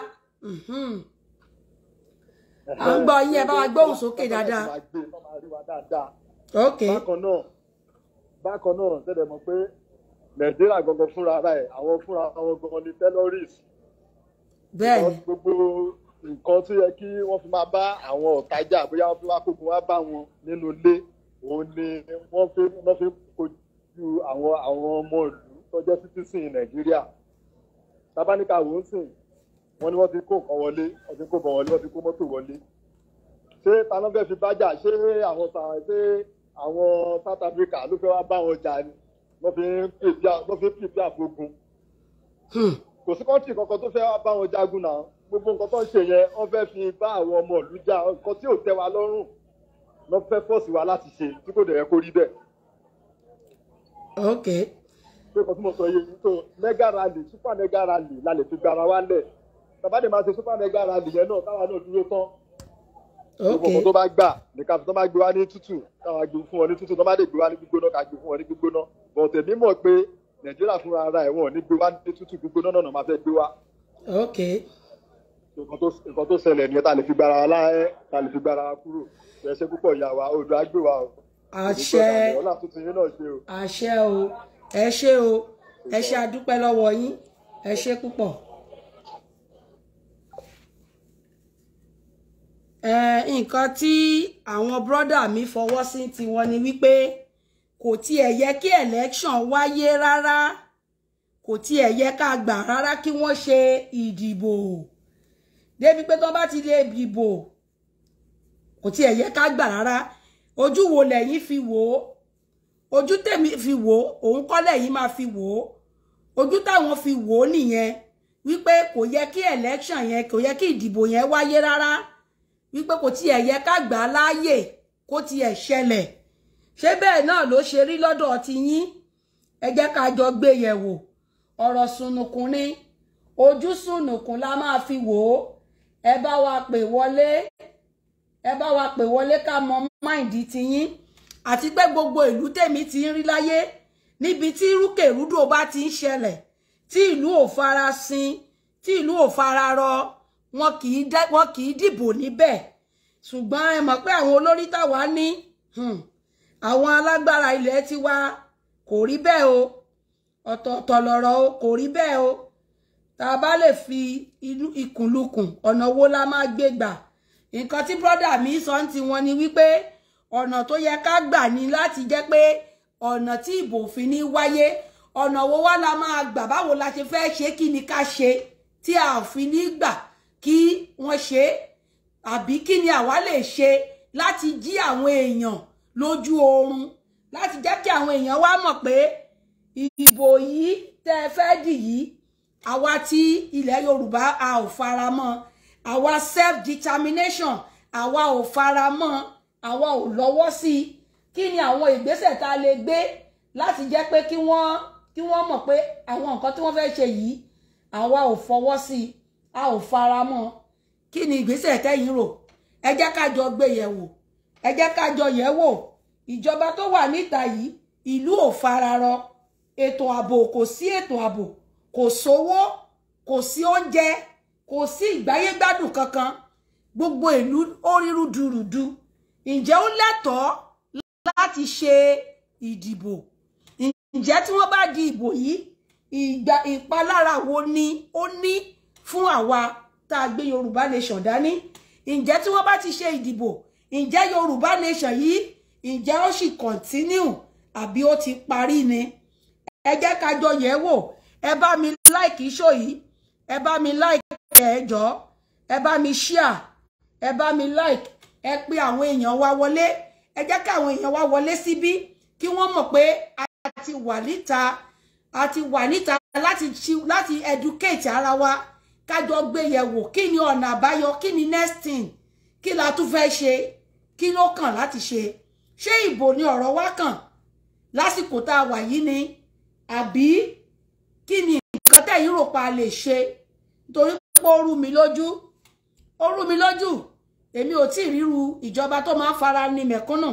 à ń gbọ́ yín ẹ bá wa gbóhùn sókè dáadáa. ok. bákan náà bákan náà tẹ́lẹ̀ mọ̀ pé nàìjíríà gangan fúnra rẹ̀ àwọn fúnra àwọn gangan ni terrorist. bẹ́ẹ̀ni gbogbo nǹkan tó yẹ kí wọ́n fi máa bá àwọn ọ̀tajà bóyá wọ́n fi wá kógun wá bá wọn nínú ilé òun ni wọ́n fi wọ́n fi kojú àwọn àwọn ọmọ ìlú tọ́jọ́ citizen nàìjíríà tábánikà wò ó sìn wọ́n ní wọ́n ti kó nǹkan wọlé wọ́n ti kó bọ̀ wọlé wọ́n ti kó mọ́tò wọlé ṣé taná fẹ́ fi bájà ṣé àwọn ṣé àwọn South Africa ló fẹ́ wá bá wọn jà ni wọ́n fi ń pèpè àfogun kò sí kọ́ńtì kankan tó fẹ́ wá bá wọn jagun náà gbogbo nǹkan tó ń ṣe yẹn wọ́n fẹ́ fi bá àwọn ọmọ ìlú jà nǹkan tí ò tẹ́ wa lọ́rùn lọ́ fẹ́ fọ́ọ̀sì wa láti ṣe tí kò dẹ̀ yẹ kó rí bẹ́ẹ̀. ok. ṣé kò tí mo sọ yé mi tó mega rally super mega rally la lè fi gbara wa lẹ̀ bàbá lè máa ṣe super mega rally yẹn náà táwa náà dúró tán. ok gbogbo ọmọ tó bá gbà ní ká tó bá gbé wa ní tútù káwa gbé fún wọn ní tútù tó bá lè gbé wa ní gbígbóná ká gbé fún wọn ní gbígbóná bọ̀tẹ̀ mímọ̀ pé nàìjíríà fúnra ara ẹ̀ ní gbé wa ní tútù gbígbóná náà máa fẹ́ gbé wa. ok nǹkan tó ṣẹlẹ̀ nìyẹn ta lè fi gbára wa láyé ta lè fi gbára wa kúrò ẹ ṣe púpọ̀ ìyá wa odò àgbè wa o. àṣẹ àṣẹ o ẹ ṣé o ẹ ṣé àdúpẹ́ lọ́wọ́ yín ẹ ṣé púpọ̀. nǹkan tí àwọn brọ́dà mi fọwọ́ sí tiwọn ni wípé kò tiẹ̀ yẹ kí election wáyé rárá kò tiẹ̀ yẹ ká gbà rárá kí wọ́n ṣe ìdìbò débi pé tó bá ti dé ìbò kò tiẹ̀ yẹ ká gbà rárá ojú wo lẹ́yìn fi wò ó ojú tèmi fi wò ó òun kọ́ lẹ́yìn máa fi wò ó ojú táwọn fi wò ó nìyẹn wípé kò yẹ kí election yẹn kò yẹ kí ìdìbò yẹn wáyé rárá wípé kò tiẹ̀ yẹ ká gbà á láàyè kó tiẹ̀ ṣẹlẹ̀ ṣé bẹ́ẹ̀ náà ló ṣe rí lọ́dọ̀ ti yín ẹ jẹ́ ká jọ gbé yẹ̀wò ọ̀rọ̀ sùnùkùn ni ojú sùnùkùn la máa fi wò ó ẹ bá wa pè wọlé ẹ bá wa pè wọlé ká mọ máìndì tiyín àti pé gbogbo ìlú tèmi ti ń rí láyé níbi tí rúkèrúdò bá ti ń ṣẹlẹ̀ tí ìlú ò fara sin tí ìlú ò fara rọ wọn kì í dìbò níbẹ̀ ṣùgbọ́n ẹ mọ̀ pé àwọn olórí táwa ní hmm, àwọn alágbára ilẹ̀ tiwa kò rí bẹ́ẹ̀ o ọ̀tọ̀ọ̀tọ̀ lọ̀rọ̀ o kò rí bẹ́ẹ̀ o tá a le lè fi ikùnlukùn ọ̀nà wo la máa gbé gbà nǹkan tí brọ́dà mi sọ ń ti wọn ni wípé ọ̀nà tó yẹ ká gbà ni láti jẹ́ pé ọ̀nà tí ìbò òfin ní wáyé ọ̀nà wo wá la máa gbà báwo la ṣe fẹ́ ṣe kí ni ká ṣe a ò fi ní gbà kí wọ́n ṣe àbí kí ni àwa lè ṣe láti jí àwọn èèyàn lójú oorun láti jẹ́ kí àwọn èèyàn wá mọ̀ pé ìbò yìí tẹ́ ẹ fẹ́ dì àwa tí ilẹ̀ yorùbá a ò fara mọ́ àwa self determination àwa ò fara mọ́ àwa ò lọ́wọ́ sí i kí ni àwọn ìgbésẹ̀ tá a lè gbé láti jẹ́ pé kí wọ́n kí wọ́n mọ̀ pé àwọn nǹkan tí wọ́n fẹ́ ṣe yìí àwa ò fọwọ́ sí i a ò fara mọ́ kí ni ìgbésẹ̀ tẹ́yìn rò ẹ jẹ́ ká jọ gbé yẹ̀ wò ẹ jẹ́ ká jọ yẹ̀ wò ìjọba tó wà níta yìí ìlú ò fararọ ètò ààbò kò sí ètò ààbò kò sówó kò sí oúnjẹ kò sí ìgbáyé gbádùn kankan gbogbo ìlú ó ríru durudu ǹjẹ́ ó lẹ́tọ̀ọ́ láti ṣe ìdìbò ǹjẹ́ tí wọ́n bá di ìbò yìí ìgbà ìpalára wo ni ó ní fún àwa tá a gbé Yorùbá nation dání ǹjẹ́ tí wọ́n bá ti ṣe ìdìbò ǹjẹ́ Yorùbá nation yìí ǹjẹ́ ó sì continue àbí ó ti parí ni ẹ jẹ́ ká jọ yẹ̀ wò ẹ bá mi like iṣó yìí ẹ bá mi like ẹ jọ ẹ bá mi share ẹ bá mi like ẹ pé àwọn èèyàn wa wọlé ẹ jẹ́ kí àwọn èèyàn wa wọlé síbí kí wọ́n mọ̀ pé a ti wà níta a ti wà níta láti láti educate ara wa ká jọ gbé yẹ̀wò kí ni ọ̀nà àbáyọ kí ni next thing kí la tún fẹ́ ṣe kí ló kàn láti ṣe ṣé ìbò ni ọ̀rọ̀ wa kàn lásìkò tá a wà yìí ni àbí kini ni nǹkan tẹ̀yìn rò pa lè ṣe nítorí pé ó rú mi lójú ó rú mi lójú èmi ò tí ì ríru ìjọba tó máa ń fara ni mẹ̀kúnnù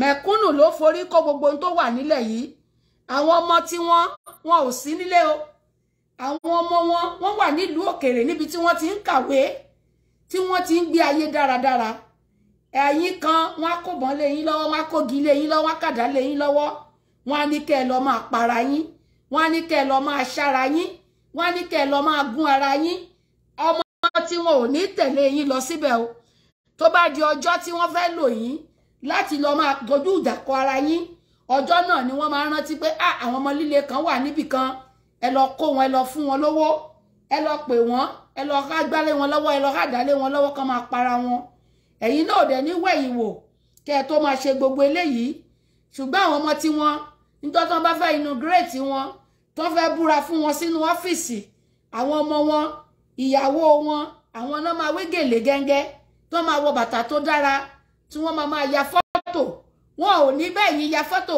mẹ̀kúnnù ló forí kó gbogbo ohun tó wà nílẹ̀ yìí àwọn ọmọ tí wọ́n wọn ò sí nílé o àwọn ọmọ wọn wọ́n wà nílùú òkèèrè níbi tí wọ́n ti ń kàwé tí wọ́n ti ń gbé ayé dáradára ẹ̀yin kan wọ́n á kó bọ́n lé lọ́wọ́ wọ́n á kógi lé yín lọ́wọ́ wọ́n á kàdá lé lọ́wọ́ wọ́n á ní kẹ́ ẹ lọ máa para yín wọ́n á ní kẹ́ ẹ lọ máa ṣára yín wọ́n á ní kẹ́ ẹ lọ máa gún ara yín ọmọ tí wọn ò ní tẹ̀lé yín lọ síbẹ̀ o tó bá di ọjọ́ tí wọ́n fẹ́ lò yín láti lọ máa dojú ìjà ara yín ọjọ́ náà ni wọ́n máa rántí pé ah àwọn ọmọ líle kan wà níbì kan ẹ lọ kó wọn ẹ lọ fún wọn lówó ẹ lọ pè wọn ẹ lọ ká gbálé wọn lọ́wọ́ ẹ lọ ká dálé wọn lọ́wọ́ kan máa para wọn ẹ̀yin náà dẹ̀ ní wẹ̀yìn wò kẹ́ ẹ tó máa ṣe gbogbo eléyìí ṣùgbọ́n àwọn ọmọ tí nítorí wọ́n bá fẹ́ inú gírèètì wọn tó fẹ́ búra fún wọn sínú ọ́fíìsì àwọn ọmọ wọn ìyàwó wọn àwọn náà máa wé gèlè gẹ́ngẹ́ tó máa wọ bàtà tó dára tí wọ́n máa máa ya fọ́tò wọn ò ní bẹ́ẹ̀ yín ya fọ́tò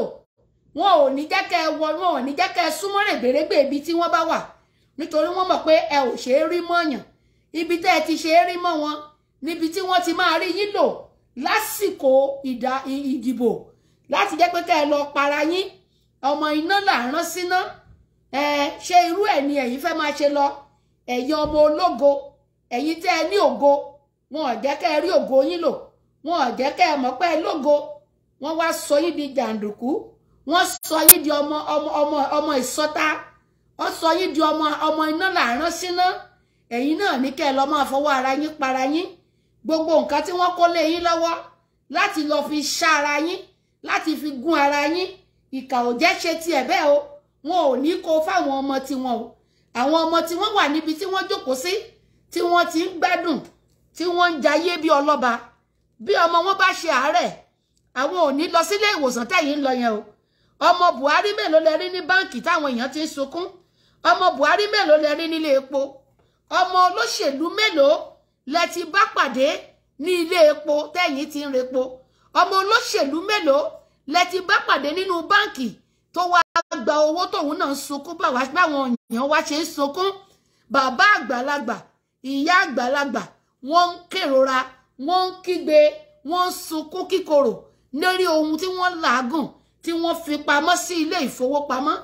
wọn ò ní jẹ́ kẹ́ ẹ wọ wọn ò ní jẹ́ kẹ́ ẹ súnmọ́ rèbèrègbè ibi tí wọ́n bá wà nítorí wọ́n mọ̀ pé ẹ ò ṣe é rí mọ́yàn ibi tẹ́ ẹ ti ṣe é rí mọ́ wọn níbi tí wọ́n ti máa rí yín lò lásìkò ìdìbò láti jẹ́ pé kẹ́ ẹ lọ para yín ọmọ iná là ń rán síná ẹ ṣe irú ẹ̀ ni ẹ̀yin fẹ́ máa ṣe lọ ẹ̀yin ọmọ ológo ẹ̀yin tẹ́ ẹ ní ògo wọn ò jẹ́ kẹ́ ẹ rí ògo yín lò mo ò jẹ́ kẹ́ ẹ mọ̀ pé ẹ lógo wọn wá sọ yín di jàǹdùkú wọn sọ yín di ọmọ ọmọ ọmọ ọmọ ìsọta wọn sọ yín di ọmọ ọmọ iná làárán síná ẹ̀yin náà ní kẹ́ ẹ lọ máa fọwọ́ ara yín para yín gbogbo nǹkan tí wọ́n kó lé yín lọ́wọ́ láti lọ fi ṣá ara yín láti fi gún ara yín ìkà ò jẹ́ ṣe tiẹ̀ bẹ́ẹ̀ o wọn ò ní kó fáwọn ọmọ tiwọn o àwọn ọmọ tí wọ́n wà níbi tí wọ́n jókòó sí tí wọ́n ti ń gbádùn tí wọ́n ń jayé bí ọlọ́ba bí ọmọ wọn bá ṣe àárẹ̀ àwọn ò ní lọ sílé ìwòsàn tẹ̀yìn lọ yẹn o ọmọ Buhari mélòó lẹ rí ní báǹkì táwọn èèyàn ti ń sunkún ọmọ Buhari mélòó lẹ rí nílé epo ọmọ olóṣèlú mélòó lẹ ti bá pàdé ní ilé epo tẹ̀yìn ti ń repo ọmọ olóṣèlú mélòó lẹ ti bá pàdé nínú báǹkì tó wá gba owó tóun náà sunkún báwọn èèyàn wá ṣe ń sunkún bàbá àgbàlagbà ìyá àgbàlagbà wọ́n ń kérora wọ́n ń kígbe wọ́n ń sunkún kíkorò lórí ohun tí wọ́n làágùn tí wọ́n fi pamọ́ sí ilé ìfowópamọ́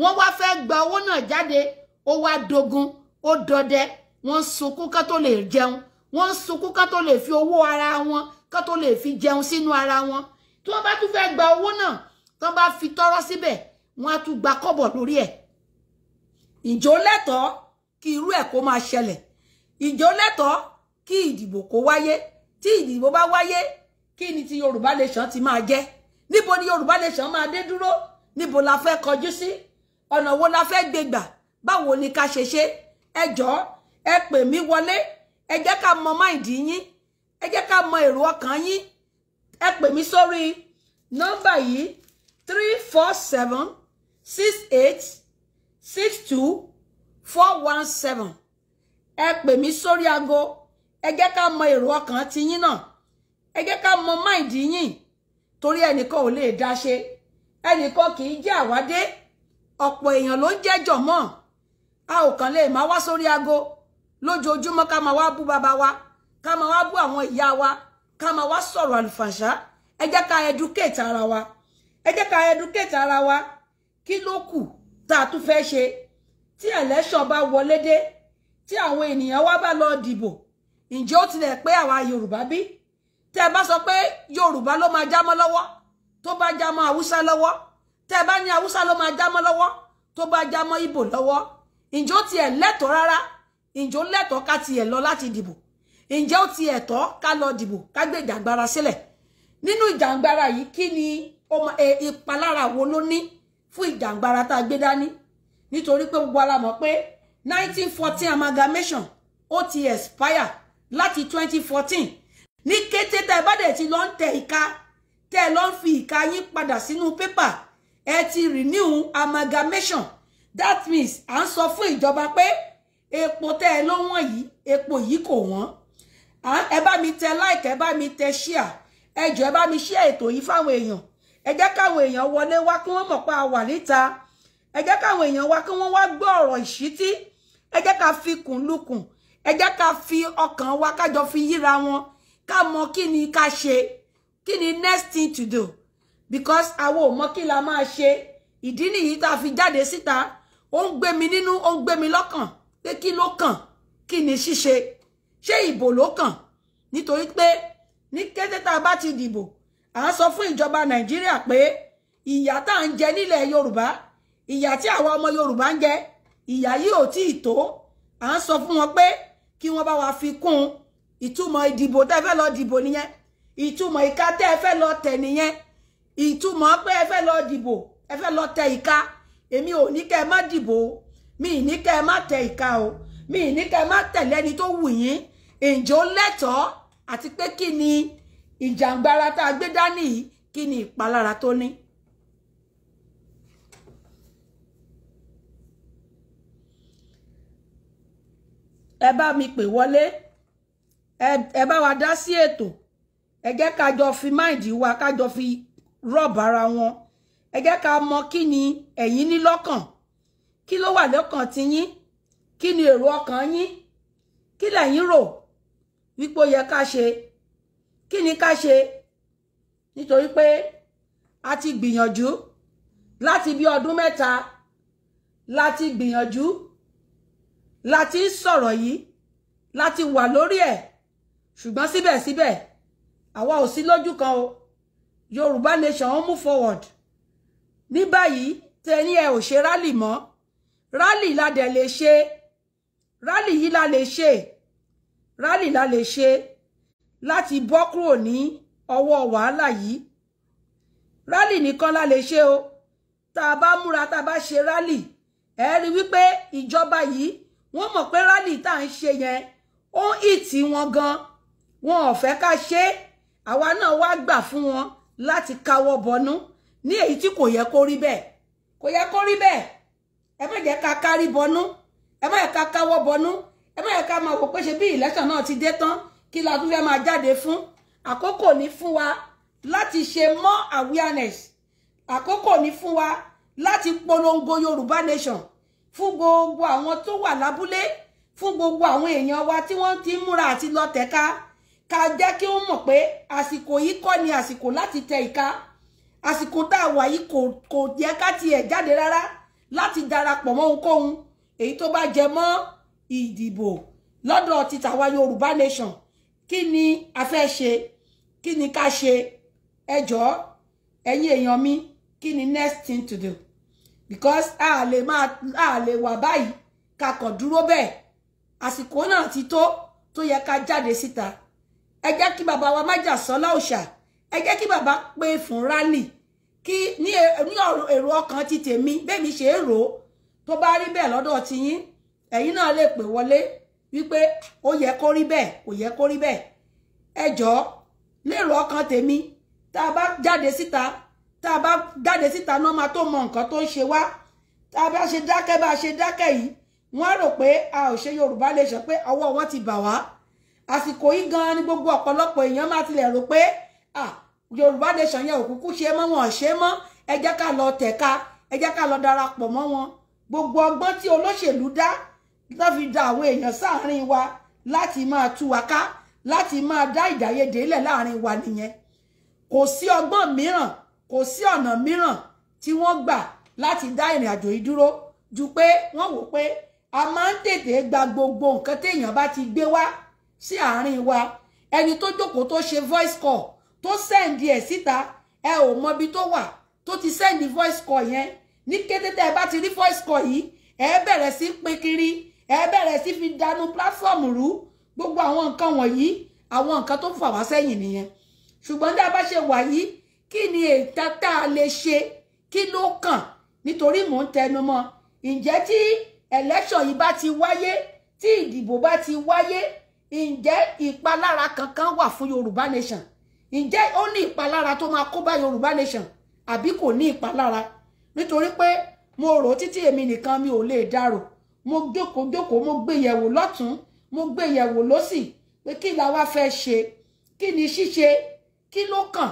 wọ́n wá fẹ́ gba owó náà jáde ó wá dogun ó dọdẹ wọ́n sunkún ká tó lè jẹun wọ́n sunkún ká tó lè fi owó ara wọn ká tó lè fi jẹun sínú ara wọn tí wọ́n bá tún fẹ́ gba owó náà tán bá fi tọ́rọ́ síbẹ̀ wọ́n á tún gba kọ́bọ̀ lórí ẹ̀ ìjó lẹ́tọ̀ọ́ kí irú ẹ̀ kó máa ṣẹlẹ̀ ìjó lẹ́tọ̀ọ́ kí ìdìbò kó wáyé tí ìdìbò bá wáyé kí ni ti Yorùbá nation ti máa jẹ́ níbo ni Yorùbá nation máa dé dúró níbo la fẹ́ kọjú sí ọ̀nà wo la fẹ́ gbé gbà báwo ni ká ṣe ṣe ẹ jọ̀ọ́ ẹ pè mí wọlé ẹ jẹ́ ká mọ máìdì yín ẹ jẹ́ ká mọ èrò ọkàn yín ẹ pè mí sórí nọ́mbà yìí three four seven six eight six two four one seven ẹ pè mí sórí aago ẹ jẹ́ ká mọ èrò ọkàn ti yín náà ẹ jẹ́ ká mọ máìdì yín torí ẹnìkan ò lè dá ṣe ẹnìkan kì í jẹ́ àwádé ọ̀pọ̀ èèyàn ló ń jẹ́jọ̀ mọ́ a ò kàn lè máa wá sórí aago lójoojúmọ́ ká máa wá bú bàbá wa ká máa wá bú àwọn ìyá wa ká máa wá sọ̀rọ̀ àlùfàṣá ẹ jẹ́ ká educate ara wa ẹ jẹ́ ká educate ara wa kí ló kù tá a tún fẹ́ ṣe tí election bá wọlé dé tí àwọn ènìyàn wá bá lọ dìbò ǹjẹ́ ó tilẹ̀ pé àwa yorùbá bí tẹ́ ẹ bá sọ pé yorùbá ló máa jámọ́ lọ́wọ́ tó bá jámọ́ haúsá lọ́wọ́ tẹ́ ẹ bá ní haúsá ló máa jámọ́ lọ́wọ́ tó bá jámọ́ ìbò lọ́wọ́ ǹjẹ́ ó tiẹ̀ lẹ́tọ̀ọ́ rárá ǹjẹ́ ó lẹ́tọ̀ọ́ ká tiẹ̀ lọ láti dìbò ǹjẹ́ ó tiẹ̀ tọ́ ká lọ dìbò ká gbé ìjàngbara sílẹ̀ nínú ìjàngbara yìí kí ni ìpalára wo ló ní fún ìjàngbara tá a gbé dání nítorí pé gbogbo ara mọ̀ pé 1914 amalgamation ó ti expire láti 2014 ní kété tá ẹ bá dẹ̀ ti lọ ń tẹ ìka tẹ́ ẹ lọ ń fi ìka yín padà sínú pépà ẹ ti renew amalgamation that means à ń sọ fún ìjọba pé epo tẹ́ ẹ ló wọ́n yìí epo yìí kò wọ́n ẹ bá mi tẹ like ẹ bá mi tẹ share ẹ jọ̀ọ́ ẹ bá mi share ètò yìí fáwọn èèyàn ẹ jẹ́ káwọn èèyàn wọlé wá kí wọ́n mọ̀ pé wà níta ẹ káwọn èèyàn wá kí wọ́n wá gbọ́ ọ̀rọ̀ ìṣítí ẹ ká fi kùn lukùn ẹ ká fi ọkàn wa kájọ fi yíra wọn ká mọ kí ni ká ṣe kí ni next thing to do because àwọn ò mọ kí la máa ṣe ìdí nìyí tá a fi jáde síta ó ń gbé mi nínú ó ń gbé mi lọ́kàn pé kí ló kàn kí ni ṣíṣe ṣé ìbò ló kàn nítorí pé ní kété tá a bá ti dìbò à ń sọ fún ìjọba nàìjíríà pé ìyà tá à ń jẹ nílẹ̀ yorùbá ìyà tí àwa ọmọ yorùbá ń jẹ ìyà yìí ò tí ì tó à ń sọ fún wọn pé kí wọ́n bá wa fi kún ìtumọ̀ ìdìbò tẹ́ fẹ́ lọ dìbò nìyẹn ìtumọ̀ ìka tẹ́ ẹ fẹ́ lọ tẹ̀ nìyẹn ìtumọ̀ pé ẹ fẹ́ lọ dìbò ẹ fẹ́ lọ tẹ ìka èmi ò ní kẹ́ ẹ má dìbò mi ní kẹ́ ẹ má tẹ ìka o mi ní kẹ́ ẹ má tẹ̀lé ẹni tó wù yín ǹjọ́ lẹ́tọ̀ọ́ àti pé kí ni ìjàngbara tá a gbé dání yìí kí ni ìpalára tó ní. ẹ bá mi pè wọlé ẹ bá wa dá sí ètò ẹ jẹ́ ká jọ fi máìdì wa ká jọ fi rọ́ọ̀bù ara wọn ẹ jẹ́ ká mọ kí ni ẹ̀yin ní lọ́kàn kí ló wà lọ́kàn tiyín kí ni èrò ọkàn yín kí lẹ̀yin rò wípé ó yẹ ká ṣe kí ni ká ṣe nítorí pé a ti gbìyànjú láti bí ọdún mẹ́ta láti gbìyànjú láti sọ̀rọ̀ yìí láti wà lórí ẹ̀ ṣùgbọ́n síbẹ̀síbẹ̀ àwa ò sí lójú kan o Yorùbá nation ó move forward ní báyìí tẹni ẹ ò ṣe rálì mọ́ rálì la dẹ̀ lè ṣe rálì yìí la lè ṣe rálì la lè ṣe láti bọ́ kúrò ní ọwọ́ wàhálà yìí rálì nìkan la lè ṣe o tá a bá múra tá a bá ṣe rálì ẹ rí wípé ìjọba yìí wọ́n mọ̀ pé rálì tá à ń ṣe yẹn ó ń ìtì wọn gan wọn ò fẹ́ ká ṣe é àwa náà wá gbà fún wọn láti káwọ́ bọnú ní èyí tí kò yẹ kó rí bẹ́ẹ̀ kò yẹ kó rí bẹ́ẹ̀ ẹ má jẹ́ ká kárí bọnú ẹ má yẹ ká káwọ́ bọnú ẹ má yẹ ká máa wò pé ṣe bí ìlẹ́sàn náà ti dé tán kí la tún fẹ́ máa jáde fún àkókò ní fún wa láti ṣe more awareness àkókò ní fún wa láti polongo Yorùbá nation fún gbogbo àwọn tó wà lábúlé fún gbogbo àwọn èèyàn wa tí wọ́n ti ń múra àti lọ tẹ̀ka ká jẹ́ kí wọ́n mọ̀ pé àsìkò yìí kọ́ ni àsìkò láti tẹ ìka àsìkò tá a wà yìí kò yẹ ká tiẹ̀ jáde rárá láti darapọ̀ mọ́ ohunkóhun èyí tó bá jẹ mọ́ ìdìbò lọ́dọ̀ ti tàwa Yorùbá nation kí ni a fẹ́ ṣe kí ni ká ṣe ẹ jọ̀ọ́ ẹ̀yin èèyàn mi kí ni next thing to do because a lè máa a lè wà báyìí ká kàn dúró bẹ́ẹ̀ àsìkò náà ti tó tó yẹ ká jáde síta ẹ jẹ́ kí bàbá wa Májàsọ́lá Òòṣà ẹ jẹ́ kí bàbá pé fún rálì kí ní èrò ọkàn ti tèmi bẹ́ẹ̀ mi ṣe é rò ó tó bá rí bẹ́ẹ̀ lọ́dọ̀ tiyín ẹ̀yin náà lè pè wọlé wípé ó yẹ kó rí bẹ́ẹ̀ kò yẹ kó rí bẹ́ẹ̀ ẹ jọ̀ọ́ lérò ọkàn tèmi tá a bá jáde síta tá a bá jáde síta náà máa tó mọ nǹkan tó ń ṣe wá tá a bá ṣe dákẹ́ bá a ṣe dákẹ́ yìí wọ́n á rò pé a ò ṣe Yorùbá lè sọ pé ọwọ́ wọn ti bà wá àsìkò yìí gan-an ni gbogbo ọ̀pọ̀lọpọ̀ èèyàn máa tilẹ̀ rò pé ah Yorùbá nation yẹn òkúkú ṣe mọ́ wọn ṣe mọ́ ẹ jẹ́ ká lọ tẹ̀ka ẹ jẹ́ ká lọ darapọ̀ mọ́ wọn gbogbo ọgbọ́n tí olóṣèlú dá lọ́ fi da àwọn èèyàn sáàárín wa láti máa tú wa ká láti máa dá ìdáyédè lẹ̀ láàárín wa nìyẹn kò sí ọgbọ́n mìíràn kò sí ọ̀nà mìíràn tí wọ́n gbà láti dá ìrìn àjò yìí dúró ju pé wọ́n wò pé a máa ń tètè gba gbogbo nǹkan téèyàn bá ti gbé wá sí àárín wa ẹni tó jókòó tó ṣe voice call tó sẹ́ǹdì ẹ̀ síta ẹ ò mọbi tó wà tó ti sẹ́ǹdì voice call yẹn ní kété tẹ́ ẹ bá ti rí voice call yìí ẹ bẹ̀rẹ̀ sí pín kiri ẹ bẹ̀rẹ̀ sí fi dànù platform rú gbogbo àwọn nǹkan wọ̀nyí àwọn nǹkan tó fà wá sẹ́yìn nìyẹn ṣùgbọ́n tá a bá ṣe wà yìí kí ni èta tá a lè ṣe kí ló kàn nítorí mò ń tẹnu mọ́ ǹjẹ́ tí election yìí bá ti wáyé tí ìdìbò bá ti wáyé ǹjẹ́ ìpalára kankan wà fún Yorùbá nation ǹjẹ́ ó ní ìpalára tó máa kó bá Yorùbá nation àbí kò ní ìpalára nítorí pé mo rò títí èmi nìkan mi ò lè dárò mo jókòó jókòó mo gbé yẹ̀wò lọ́tún mo gbé yẹ̀wò lọ́sì pé kí la wa fẹ́ ṣe kí ni ṣíṣe kí ló kàn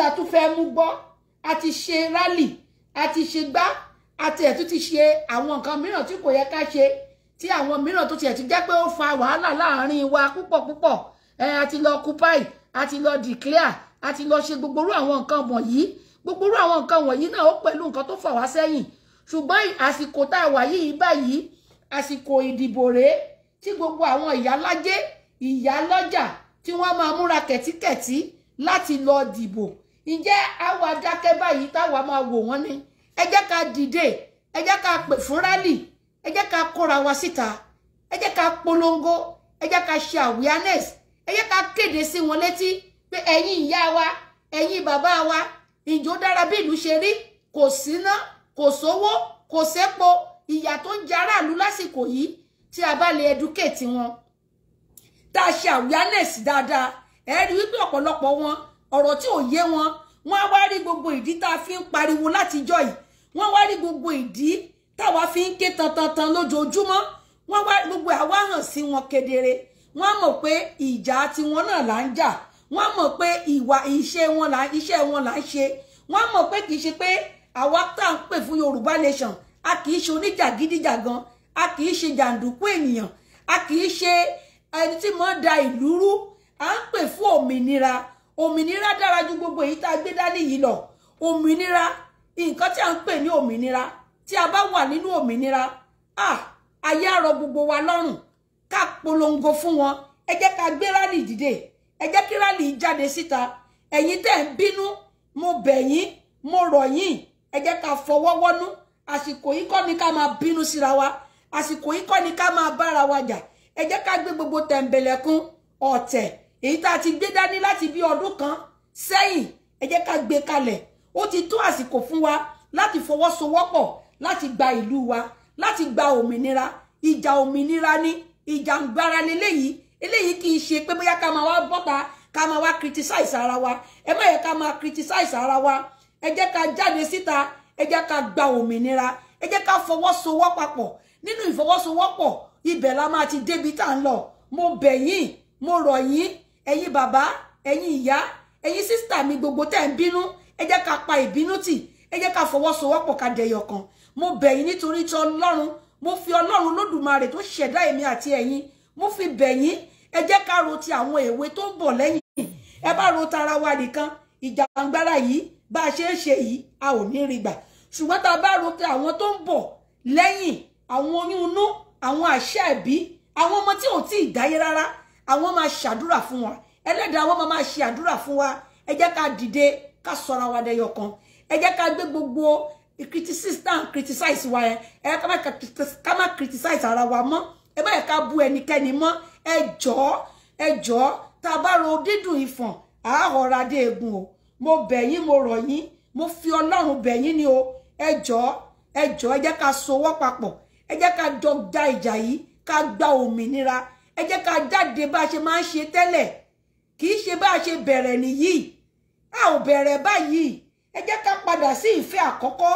la tún fẹ́ mú gbọ́ a ti ṣe ati a ti ṣe gbá àti ẹ̀ tún ti ṣe àwọn nǹkan mìíràn tí kò yẹ ká ṣe tí àwọn mìíràn tó tiẹ̀ ti jẹ́ pé ó fa wàhálà láàárín wa púpọ̀ púpọ̀ ẹ a ti lọ occupy a ti lọ declare a ti lọ ṣe gbogbo irú àwọn nǹkan wọ̀nyí gbogbo irú àwọn nǹkan wọ̀nyí náà ó pẹ̀lú nǹkan tó fà wá ṣùgbọ́n àsìkò tá a wà yìí báyìí àsìkò ìdìbò rèé tí gbogbo àwọn ìyálájé ìyálọ́jà tí wọ́n máa múra kẹ̀tíkẹ̀tí láti lọ dìbò ǹjẹ́ àwa dákẹ́ báyìí táwa máa wò wọ́n ni ẹ jẹ́ ká dìde ẹ jẹ́ ká pè fún rálì ẹ jẹ́ ká kóra wa síta ẹ jẹ́ ká polongo ẹ jẹ́ ká ṣe awareness ẹ jẹ́ ká kéde sí wọn létí pé ẹ̀yin ìyá wa ẹ̀yin bàbá wa ìjó dára bí ìlú ṣe rí kò síná kò sówó kò sépo ìyà tó ń jẹ aráàlú lásìkò yìí tí a bá lè educate wọn tá a ṣe awareness dáadáa ẹ rí wípé ọ̀pọ̀lọpọ̀ wọn ọ̀rọ̀ tí ò yé wọn wọ́n á wá rí gbogbo ìdí tá a fi ń pariwo látijọ́ yìí wọ́n wá rí gbogbo ìdí táwa fi ń ké tantantan lójoojúmọ́ wọ́n wá gbogbo àwa hàn sí wọn kedere wọ́n mọ̀ pé ìjà tiwọn náà là ń jà wọ́n mọ̀ pé ìwà iṣẹ́ wọn là ń ṣe wọ́n mọ̀ pé kì í ṣe pé àwa tá à ń pè fún Yorùbá nation a kì í ṣe oníjàgídíjàgan a kì í ṣe jàǹdùkú ènìyàn a kì í ṣe ẹni tí mo da ìlú rú à ń pè fún òmìnira òmìnira dára ju gbogbo èyí tá a gbé dání yìí lọ òmìnira nǹkan tí a ń pè ní òmìnira tí a bá wà nínú òmìnira ah ayé àrọ gbogbo wa lọ́rùn ká polongo fún wọn ẹ jẹ́ ká gbé rálì dìde ẹ jẹ́ kí rálì jáde síta ẹ̀yin tẹ́ ń bínú mo bẹ̀ yín mo rọ̀ yín ẹ jẹ́ ká fọwọ́wọ́nú àsìkò yìí kọ́ ni ká máa bínú síra wa àsìkò yìí kọ́ ni ká máa bára wa jà ẹ jẹ́ ká gbé gbogbo tẹ̀m̀bẹ̀lẹ̀kún ọ̀tẹ̀ èyí tá a ti gbé dání láti bí ọdún kan sẹ́yìn ẹ jẹ́ ká gbé kalẹ̀ ó ti tó àsìkò fún wa láti fọwọ́sowọ́pọ̀ láti gba ìlú wa láti gba òmìnira ìjà òmìnira ni ìjà ń gbára eléyìí kì í ṣe pé bóyá ká máa wá bọ́ta ká máa wá criticize ara wa ẹ má yẹ ká máa criticize ara wa ẹ jẹ́ ká jáde síta ẹ jẹ́ ká gba òmìnira ẹ jẹ́ ká fọwọ́sowọ́papọ̀ nínú ìfọwọ́sowọ́pọ̀ ibẹ̀ la máa ti débi tá à ń lọ mo bẹ̀ yín mo rọ̀ yín ẹ̀yin bàbá ẹ̀yin ìyá ẹ̀yin sísítà mi gbogbo tẹ́ ń bínú ẹ jẹ́ ká pa ìbínú tì ẹ jẹ́ ká fọwọ́sowọ́pọ̀ ká dẹ̀yọ̀ kan mo bẹ̀ yín nítorí tí ọlọ́run mo fi ọlọ́run lódùmarè tó ṣẹ̀dá èmi àti ẹ̀yin mo fi bẹ̀ yín ẹ jẹ́ ká ro ti àwọn èwe tó ń bọ̀ lẹ́yìn ẹ bá ro tara wa nìkan ìjàngbara yìí bá a ṣe ń ṣe yìí a ò ní rí gbà ṣùgbọ́n tá a bá ro pé àwọn tó ń bọ̀ lẹ́yìn àwọn oyún inú àwọn àṣà ẹ̀bí àwọn ọmọ tí ò tí ì dáyé rárá àwọn máa ṣàdúrà fún wa ẹlẹ́dàá àwọn máa ṣe àdúrà fún wa ẹ jẹ́ ká dìde ká sọra wa dẹyọ kan ẹ jẹ́ ká gbé gbogbo criticize and criticize wa ẹ ẹ ká má criticize ara wa mọ́ ẹ báyìí ká bú ẹnikẹ́ni mọ́ ẹ jọ̀ọ́ ẹ jọ̀ọ́ tá a bá ro dídùn ìfọ̀n àá rọra dé egun o mo bẹ̀ yín mo rọ̀ yín mo fi ọlọ́run bẹ̀ yín ni o ẹ jọ̀ọ́ ẹ jọ̀ọ́ ẹ jẹ́ ká sowọ́ papọ̀ ẹ jẹ́ ká jọ ja ìjà yìí ká gba òmìnira ẹ jẹ́ ká jáde bá a ṣe máa ń ṣe tẹ́lẹ̀ kì í ṣe bá a ṣe bẹ̀rẹ̀ nìyí a ò bẹ̀rẹ̀ báyìí ẹ jẹ́ ká padà sí ìfẹ́ àkọ́kọ́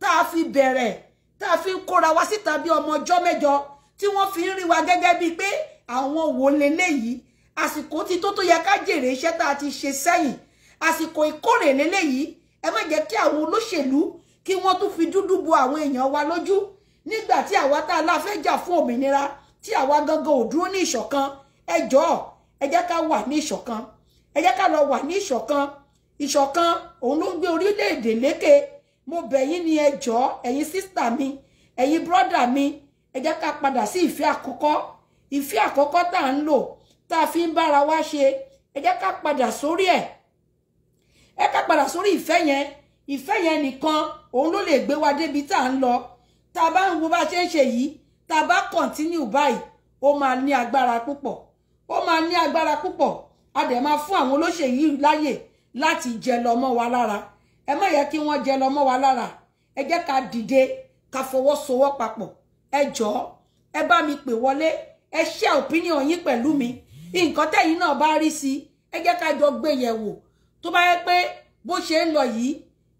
tá a fi bẹ̀rẹ̀ tá a fi ń kóra wá síta bí ọmọ mẹ́jọ tí wọ́n fi ń rí wa gẹ́gẹ́ bíi pé àwọn wò lélẹ́yìí àsìkò ti tó tó yẹ ká jèrè iṣẹ́ tá a ti ṣe sẹ́yìn àsìkò ìkórè lélẹ́yìí ẹ má jẹ́ kí àwọn olóṣèlú kí wọ́n tún fi dúdú bo àwọn èèyàn wa loju, nígbà tí àwa tá a la fẹ́ jà fún òmìnira tí àwa gangan ò dúró ní ìṣọ̀kan ẹ jọ̀ọ́ ẹ jẹ́ ká wà ní ìṣọ̀kan ẹ jẹ́ ká lọ wà ní ìṣọ̀kan ìṣọ̀kan òun mo bẹ̀ yín ni ejo, jọ̀ọ́ sister mi ẹ̀yin brother mi ẹ jẹ́ ká padà sí ìfẹ́ àkọ́kọ́ ìfẹ́ àkọ́kọ́ tá à ń lò fi ń bára wa ṣe ẹ jẹ́ ká padà sórí ẹ̀ ẹ ká padà sórí ìfẹ́ yẹn ìfẹ́ yẹn nìkan òun ló lè gbé wa débi tá à ń lọ tá a bá ń wo bá ṣe ń ṣe yìí tá a bá kọ̀ntínú báyìí ó máa ní agbára púpọ̀ ó máa ní agbára púpọ̀ a dẹ̀ máa fún àwọn olóṣèlú láyè láti jẹ lọ mọ́ wa lára ẹ má yẹ kí wọ́n jẹ lọ mọ́ wa lára ẹ jẹ́ ká dìde ká fọwọ́sowọ́ papọ̀ ẹ jọ̀ọ́ ẹ bá mi pè wọlé ẹ share opinion yín pẹ̀lú mi nǹkan tẹ̀yin náà bá rí sí ẹ jẹ́ ká jọ gbé yẹ̀wò tó bá yẹ pé bó ṣe ń lọ yìí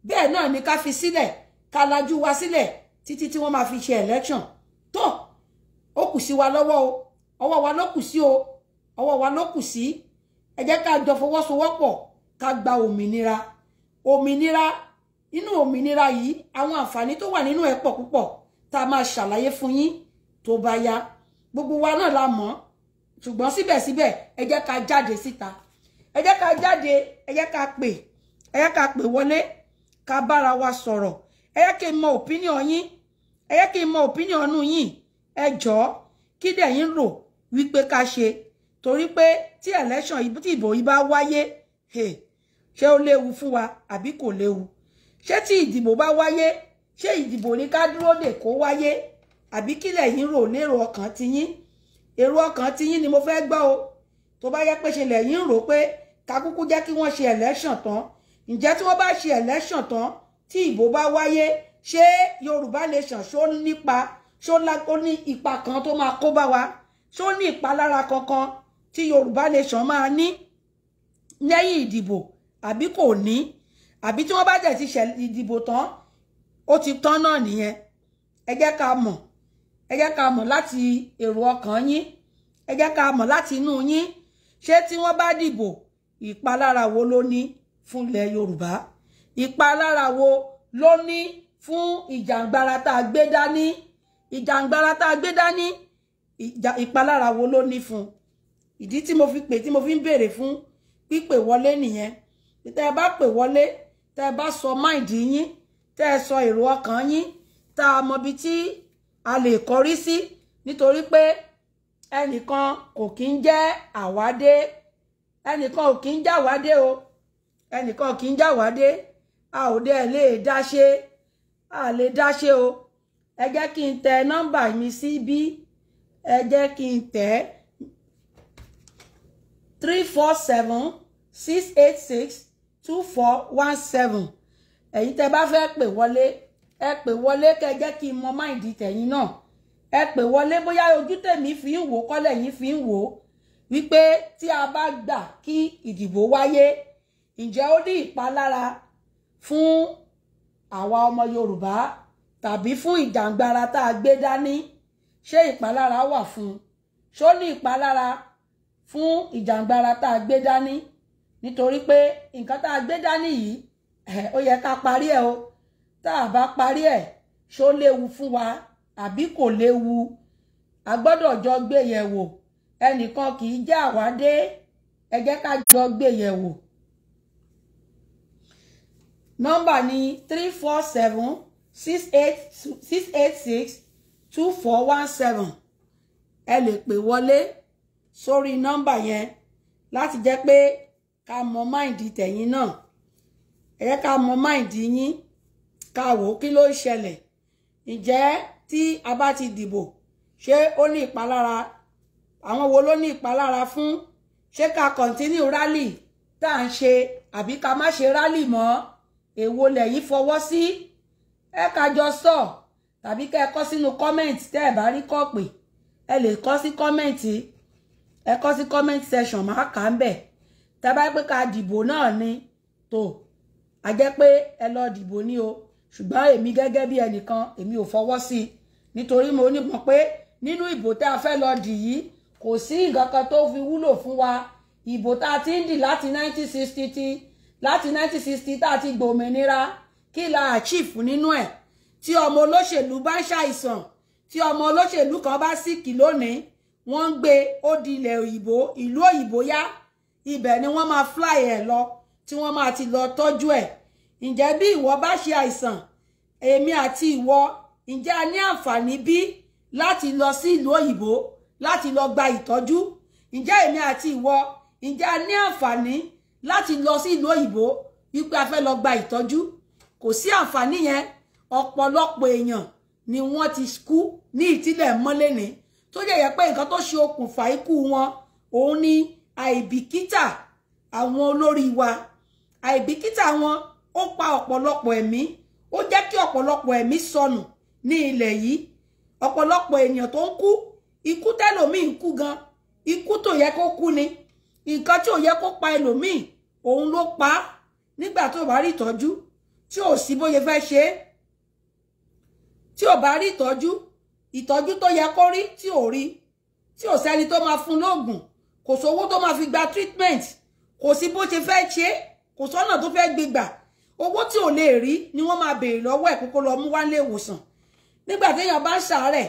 bẹ́ẹ̀ náà ni ká fi sílẹ̀ ká lajú wa sílẹ̀ títí tí wọ́n máa fi ṣe election tó ó kù sí wa lọ́wọ́ o ọwọ́ wa ló kù sí o ọwọ́ wa ló kù sí ẹ jẹ́ ká jọ fọwọ́sowọ́pọ̀ ká gba òmìnira òmìnira nínú òmìnira yìí àwọn àǹfààní tó wà nínú ẹ̀ pọ̀ púpọ̀ tá a máa ṣàlàyé fún yín tó bá yá gbogbo wa náà la mọ̀ ṣùgbọ́n síbẹ̀síbẹ̀ ẹ jẹ́ ká jáde síta ẹ jẹ́ ká jáde ẹ jẹ́ ká pè ẹ jẹ́ ká pè wọlé ká bára wa sọ̀rọ̀ ẹ jẹ́ kí n mọ opinion yín ẹ jẹ́ kí n mọ opinion ọ̀nù yín ẹ jọ̀ọ́ kí dẹ̀ yín rò wípé ká ṣe torí pé tí election tí ìbò yìí bá wáyé ṣé ó léwu fún wa àbí kò léwu ṣé tí ìdìbò bá wáyé ṣé ìdìbò ní ká dúró dè kó wáyé àbí kílẹ̀ yín rò lérò ọkàn tiyín èrò ọkàn tiyín ni mo fẹ́ gbọ́ o tó bá yẹ pé ṣe lẹ̀ rò pé kakúkú jẹ́ kí wọ́n ṣe election tán ǹjẹ́ tí wọ́n bá ṣe election tán tí ìbò bá wáyé ṣé Yorùbá nation ṣó nípa ṣó ní ipa kan tó máa kó bá wa ṣó ní ìpalára kankan tí Yorùbá nation máa ní lẹ́yìn ìdìbò àbí kò ní àbí tí wọ́n bá dẹ̀ ti ṣe ìdìbò tán ó ti tán náà nìyẹn ẹ jẹ́ ká mọ̀ ẹ jẹ́ ká mọ̀ láti èrò ọkàn yín ẹ jẹ́ ká mọ̀ láti inú yín ṣé tí wọ́n bá dìbò ìpalára wo ló ní fún ilẹ̀ Yorùbá ìpalára wo ló ní fún ìjàngbara tá a gbé dání ìjàngbara tá a gbé dání ìpalára wo ló ní fún ìdí tí mo fi pè tí mo fi ń béèrè fún pípè wọlé nìyẹn tẹ́ ẹ bá pè wọlé tẹ́ ẹ bá sọ máìdì yín tẹ́ ẹ sọ èrò ọkàn yín tá a mọbi tí a lè kọrí sí nítorí pé ẹnìkan kò kí ń jẹ́ àwádé ẹnìkan ò kí ń jáwádé o ẹnìkan ò kí ń jáwádé a ò dé lè dáṣe a lè dáṣe o ẹ jẹ́ kí n tẹ nọ́mbà mi sí bí ẹ jẹ́ kí n tẹ three four seven six eight six two four one seven ẹ̀yin tẹ bá fẹ́ pè wọlé ẹ pè wọlé kẹ jẹ́ kí n mọ máìdì tẹ̀yin náà ẹ pè wọlé bóyá ojú tèmi fi ń wò kọ́lẹ̀ yín fi ń wò ó wípé tí a bá gbà kí ìdìbò wáyé ǹjẹ́ ó ní ìpalára fún àwa ọmọ Yorùbá tàbí fún ìjàngbara tá a gbé dání ṣé ìpalára wà fún un ṣó ní ìpalára fún ìjàngbara tá a gbé dání nítorí pé nǹkan tá a gbé dání yìí ó yẹ ká parí ẹ̀ o tá a bá parí ẹ̀ ṣó léwu fún wa àbí kò léwu a gbọ́dọ̀ jọ gbé yẹ̀ wò ẹnìkan kì í jẹ́ àwádé ẹ jẹ́ ká jọ gbé yẹ̀wò nọ́mbà ni three four seven six eight six eight six two four one seven ẹ lè pè wọlé sórí nọ́mbà yẹn láti jẹ́ pé ká mọ máìndì tẹ̀yìn náà ẹ jẹ́ ká mọ máìndì yín ká wò ó kí ló ń ṣẹlẹ̀ ǹjẹ́ tí a bá ti dìbò ṣé ó ní ìpalára àwọn wo ló ní ìpalára fún ṣé ká continue rally tá à ń ṣe àbí ká má ṣe rally mọ́ èwo lẹ́yìn fọwọ́ sí ẹ ká jọ sọ tàbí ká ẹ kọ sínú comment tẹ́ ẹ bá rí kọ pé ẹ lè kọ sí comment ẹ kọ sí comment section máa kà ń bẹ̀ tá bá pé ká dìbò náà ni tó a jẹ́ pé ẹ lọ dìbò ni o ṣùgbọ́n èmi gẹ́gẹ́ bí ẹnìkan èmi ò fọwọ́ sí i nítorí mo nímọ̀ pé nínú ìbò tá a fẹ́ lọ dì yìí kò sí nǹkan kan tó fi wúlò fún wa ìbò tá a ti ń dì láti 1960 ti láti 1960 tá a ti gbòmìnira kí la àchífù nínú ẹ̀ tí ọmọ olóṣèlú bá ń ṣàìsàn tí ọmọ olóṣèlú kan bá síkì lónìí wọ́n ń gbé ó di ilẹ̀ òyìnbó ìlú òyìnbó yá ibẹ̀ ni wọ́n máa fly ẹ̀ lọ tí wọ́n máa ti lọ tọ́jú ẹ̀ ǹjẹ́ bí ìwọ bá ṣe àìsàn èmi àti ìwọ ǹjẹ́ a ní àǹfààní bí láti lọ sí ìlú òyìnbó láti lọ gba ìtọ́jú ǹjẹ́ èmi àti ìwọ ǹjẹ́ a ní àǹfààní láti lọ sí ìlú òyìnbó wípé a fẹ́ lọ gba ìtọ́jú kò sí àǹfààní yẹn ọ̀pọ̀lọpọ̀ èèyàn ni wọ́n ti kú ní ìtílẹ̀ mọ́lé ní tó jẹ́ yẹ pé nǹkan tó ṣe okùnfà ikú wọn òun ni àìbìkítà àwọn olórí wa àìbìkítà wọn ó pa ọ̀pọ̀lọpọ̀ ẹ̀mí ó jẹ́ kí ọ̀pọ̀lọpọ̀ ẹ̀mí sọnù ní ilẹ̀ yìí ọ̀pọ̀lọpọ̀ èèyàn tó ń kú ikú tẹ́lòmíì ń kú gan ikú tó yẹ kó kú ni nǹkan tí ò yẹ kó pa ẹlòmíì òun ló pa á nígbà tó bá rí ìtọ́jú tí ò sí bóyá fẹ́ ṣe é tí ò bá rí ìtọ́jú ìtọ́jú tó yẹ kó rí tí ò rí tí ò sẹ́ni tó máa fún lóògùn kò sówó tó máa fi gba treatment kò sí bó ṣe fẹ́ ṣe é kò sọ́nà tó fẹ́ gbé gbà owó tí ò lè rí ni wọ́n máa béèrè lọ́wọ́ ẹ̀ kókó lọ mú wá nílé ìwòsàn nígbà téèyàn bá ń ṣàárẹ̀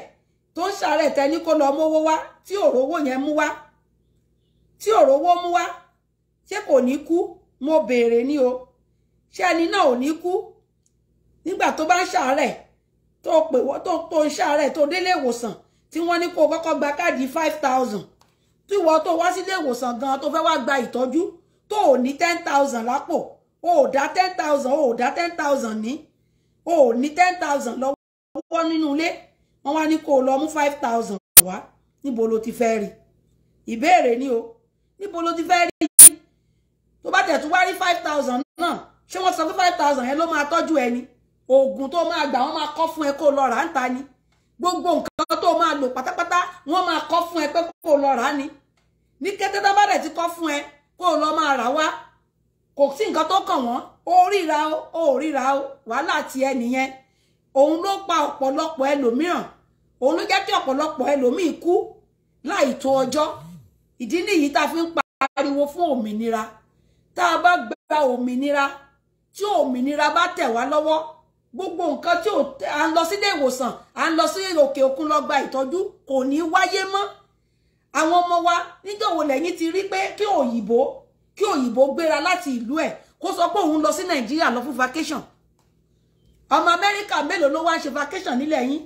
tó ń ṣàárẹ̀ tẹ ní kó lọ mówó wá tí òrówó yẹn mú wá tí òrówó mú wá ṣé kò ní kú mo béèrè ni o ṣé ẹni náà ò ní kú nígbà tó bá ń ṣàárẹ̀ tó pè wọ́n tó tó ń ṣàárẹ̀ tó délé ìwòsàn tí wọ́n ní kó kọ́kọ́ gba káàdì five thousand tí wọ́n tó wá sílé ìwòsàn gan tó fẹ́ wá gba ìtọ́jú tó ò ní ten thousand lápò o ò dá ten thousand o ò dá ten thousand ní o ò ní ten thousand lọ́wọ́ nínú ilé wọ́n wá ní kó lọ mú five thousand wá níbo lo ti fẹ́ rí ìbéèrè ni o níbo lo ti fẹ́ rí tó bá tẹ̀ wá rí five thousand náà ṣé wọ́n sọ pé five thousand yẹn ló máa tọ́jú ẹni oògùn tó máa gbà wọ́n máa kọ́ fún ẹ kó lọ rà ń ta ni gbogbo nǹkan tó máa lò pátápátá wọ́n máa kọ́ fún ẹ pé kó lọ rà ni ní kété tó bá dẹ̀ ti kọ́ fún ẹ kó lọ máa rà wá kò sí nǹkan tó kàn wọ́n ó ríra ó ríra ó wàhálà tiẹ̀ nìyẹn òun ló pa ọ̀pọ̀lọpọ̀ ẹlòmíràn òun ló jẹ́ kí ọ̀pọ̀lọpọ̀ ẹlòmíì kú láì tó ọjọ́ ìdí nìyí tá a fi ń pariwo fún òmìnira tá a bá gba òmìnira tí òmìnira bá tẹ̀ wá lọ́wọ́ gbogbo nǹkan tí à ń lọ sílé ìwòsàn à ń lọ sí òkè òkun lọ gba ìtọ́jú kò ní wáyé mọ́ àwọn ọmọ wa nígbàwo lẹ́yìn ti rí pé kí òyìnbó kí òyìnbó gbéra láti ìlú ẹ̀ kó sọ pé òun lọ sí nàìjíríà lọ fún vacation ọmọ amẹ́ríkà mélòó ló wá ń ṣe vacation nílẹ̀ yín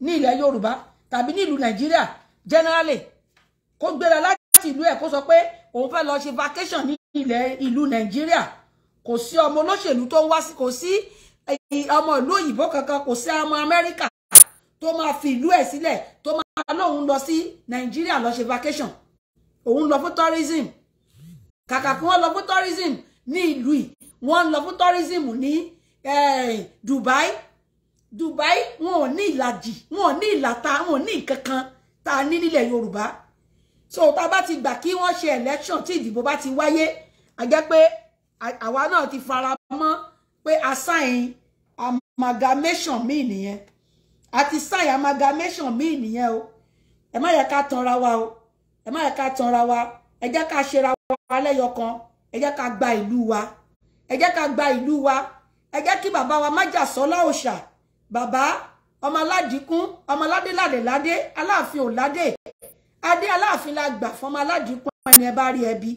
ní ilẹ̀ yorùbá tàbí ní ìlú nàìjíríà generally kó gbéra láti ìlú ẹ̀ kó sọ pé òun fẹ́ lọ ṣe vacation ní ilẹ̀ ìlú nàìjíríà kò sí ọmọ olóṣèlú tó ń wá sí kò sí eh, ọmọ ìlú òyìnbó kankan kò sí ọmọ amẹ́ríkà tó máa fi ìlú ẹ̀ sílẹ̀ tó máa lóun lọ sí nàìjíríà lọ ṣe vacation òun lọ fún tourism kàkà kí wọ́n lọ fún tourism ní ìlú yìí wọ́n lọ fún tourism ní eh, Dubai Dubai wọn ò ní ìlàjì wọn ò ní ìlàta wọn ò ní ìkankan tá ní nílẹ̀ Yorùbá so tá a bá ti gbà kí wọ́n ṣe election tí ìdìbò bá ti wáyé a jẹ́ pé àwa náà ti fara mọ́ pé a sign amalgamation míì nìyẹn a ti sign amalgamation míì nìyẹn o ẹ má yẹ ká tanra wa o ẹ má yẹ ká tanra wa ẹ jẹ́ ká ṣera wa lẹ́yọ kan ẹ jẹ́ gba ìlú wa ẹ jẹ́ ká gba ìlú wa ẹ jẹ́ kí bàbá wa má jà sọ́lá òòṣà Baba, ọmọ aládìkún ọmọ aládé ládé ládé aláàfin ò ládé adé aláàfin la gbà fọmọ aládìkún ẹni ẹ bá rí ẹbí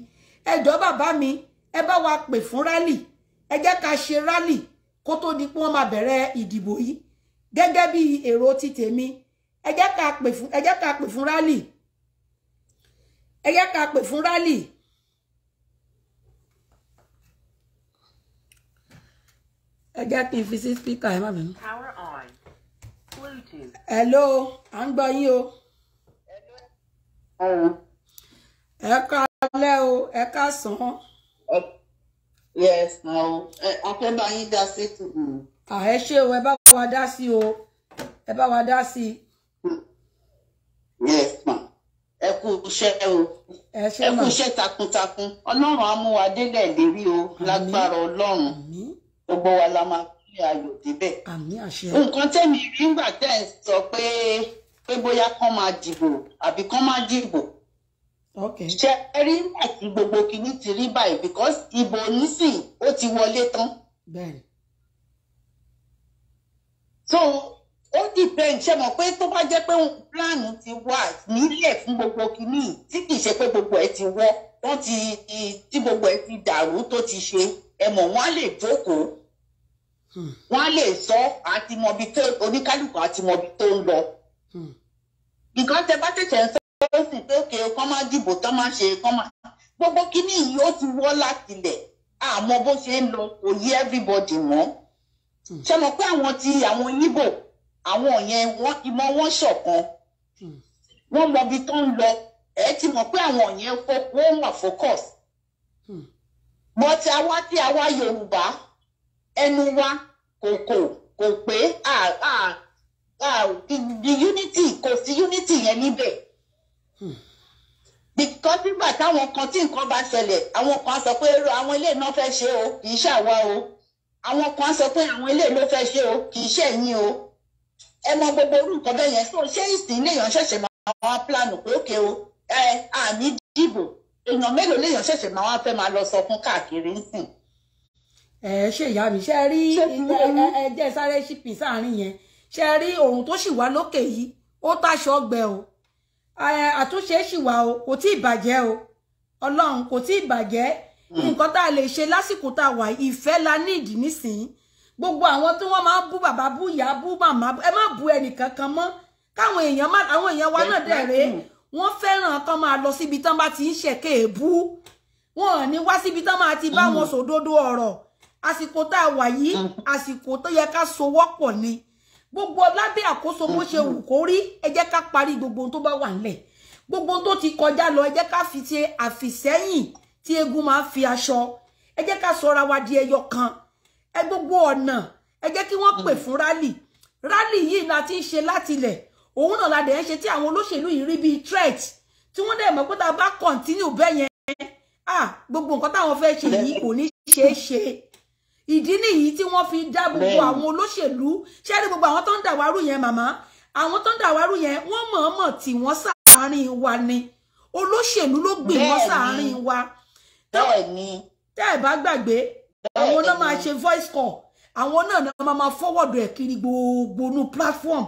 ẹjọ bàbá mi ẹ bá wa pè fún rálì ẹ jẹ́ ká ṣe rálì kó tó di pé wọ́n máa bẹ̀rẹ̀ ìdìbò yìí gẹ́gẹ́ bí èrò ti tèmi ẹ jẹ́ ká pè fún rálì ẹ jẹ́ ká pè fún rálì ẹ jẹ́ kí n fi sí spíkà ẹ má bínú. hello à ń gbọ́ yín o. ẹ kálẹ́ o ẹ kásán. yes no ọpẹ́ bá yín dá sí tùbù. Mm. ẹ ṣé o ẹ bá wa dá sí o ẹ bá wa dá sí mm. yes ma ẹ kú iṣẹ́ o ẹ kú iṣẹ́ takuntakun Ọlọ́run á mú wa délẹ̀ lérí o lágbára Ọlọ́run gbogbo wa la máa fi ayọ̀ débẹ̀. nǹkan tẹ̀mí rí ńgbà tẹ̀ ń sọ pé pé bóyá kán máa dìbò àbí kán máa dìbò. ṣe é rí ńgbà tí gbogbo kìíní ti rí báyìí because ìbò nísìn ó ti wọlé tán. so ó depend ṣe mọ̀ pé tó bá jẹ́ pé plan ti wà nílẹ̀ fún gbogbo kìíní tí kì í ṣe pé gbogbo ẹ̀ ti wọ́ wọ́n ti tí gbogbo ẹ̀ ti dàrú tó ti ṣe ẹ mọ̀ wọ́n á lè jókòó wọ́n á lè sọ àti mọbi tó oníkálùkù àti mọbi tó ń lọ. nǹkan hmm. tẹ bá tẹ̀sẹ̀ ń sọ ó sì pé òkè kán máa dìbò tán máa ṣe kán máa gbogbo kínní yìí ó ti wọ́ láti lẹ̀ àmọ́ bó ṣe ń lọ kò yí everybody mọ́. Hmm. ṣe mọ̀ pé àwọn ti àwọn yíbò àwọn yẹn wọ́n ìmọ̀ wọn ṣọ̀kan hmm. wọ́n mọbi tó ń lọ ẹ ti mọ̀ pé àwọn yẹn wọ́n wà focus. bọ́tí àwa tí àwa Yorùbá ẹnu wa kò kò kò pé the unity kò sí unity yẹn níbẹ̀ hmm. because nígbà táwọn kan tí nǹkan bá ṣẹlẹ̀ àwọn kan sọ pé àwọn ilé náà fẹ́ ṣe o kì í ṣàwa o àwọn kan sọ pé àwọn ilé ló fẹ́ ṣe o kì í ṣe ẹ̀yìn o ẹ mọ gbogbo orú nǹkan bẹ́ẹ̀ yẹn tó ṣé ìsìn léèyàn ṣẹ̀ṣẹ̀ máa wá plan pé ókè o ẹ àní dìbò èèyàn mélòó léèyàn ṣẹ̀ṣẹ̀ máa wá fẹ́ máa lọ sọ fún káàkiri ńsìn ẹ ṣe ìyá mi ṣe rí ẹjẹ sáré ṣìpì sáàrin yẹn ṣe rí ohun tó sì wá lókè yìí ó táṣọ ọgbẹ o àtúnṣe sì wà o kò tí ì bàjẹ́ o ọlọ́run kò tí ì bàjẹ́ hmm. nǹkan tá a lè ṣe lásìkò tá a wà ìfẹ́ la nídìí nísìnyí gbogbo àwọn tí wọ́n máa bú bàbá bú ìyá bú màmá ẹ má bú ẹnìkan kan mọ́ káwọn èèyàn má àwọn èèyàn wa náà dẹ̀ rèé wọ́n kan máa lọ síbi tán bá ti ń ṣẹ̀kẹ́ èébú wọn ò ní wá síbi tán máa ti bá hmm. wọn sòdodo ọ̀rọ̀ àsìkò tá a wà yìí mm. àsìkò tó yẹ ká sowọ́pọ̀ ni gbogbo lábẹ́ àkóso bó ṣe wù mm. kó rí ẹ jẹ́ ká parí gbogbo ohun tó bá wà nílẹ̀ gbogbo ohun tó ti kọjá lọ ẹ jẹ́ ká fi ti àfìsẹ́yìn tí egun máa ń fi aṣọ ẹ jẹ́ ká sọra wa di ẹyọ kan ẹ gbogbo ọ̀nà ẹ jẹ́ kí wọ́n pè mm. fún rálì rálì yìí la ti ń ṣe láti ilẹ̀ òun náà la dẹ̀ ń ṣe tí àwọn olóṣèlú yìí rí bíi threat tí wọ́n dẹ̀ mọ̀ pé tá a bá continue bẹ́ẹ̀ yẹn ah gbogbo nǹkan táwọn fẹ́ ṣe yìí kò ní ṣeé ṣe ìdí nìyí tí wọ́n fi dá gbogbo àwọn olóṣèlú ṣé rí gbogbo àwọn tó ń dàwárù yẹn màmá àwọn tó ń dàwárù yẹn wọ́n mọ̀ọ́mọ̀ tí wọ́n sáàárín wa ni olóṣèlú ló gbé wọn sáàárín wa tẹ́ ẹ̀ bá gbàgbé àwọn náà máa ṣe voice call àwọn náà náà máa fọwọ́dù ẹ̀ kiri gbogbo nu platform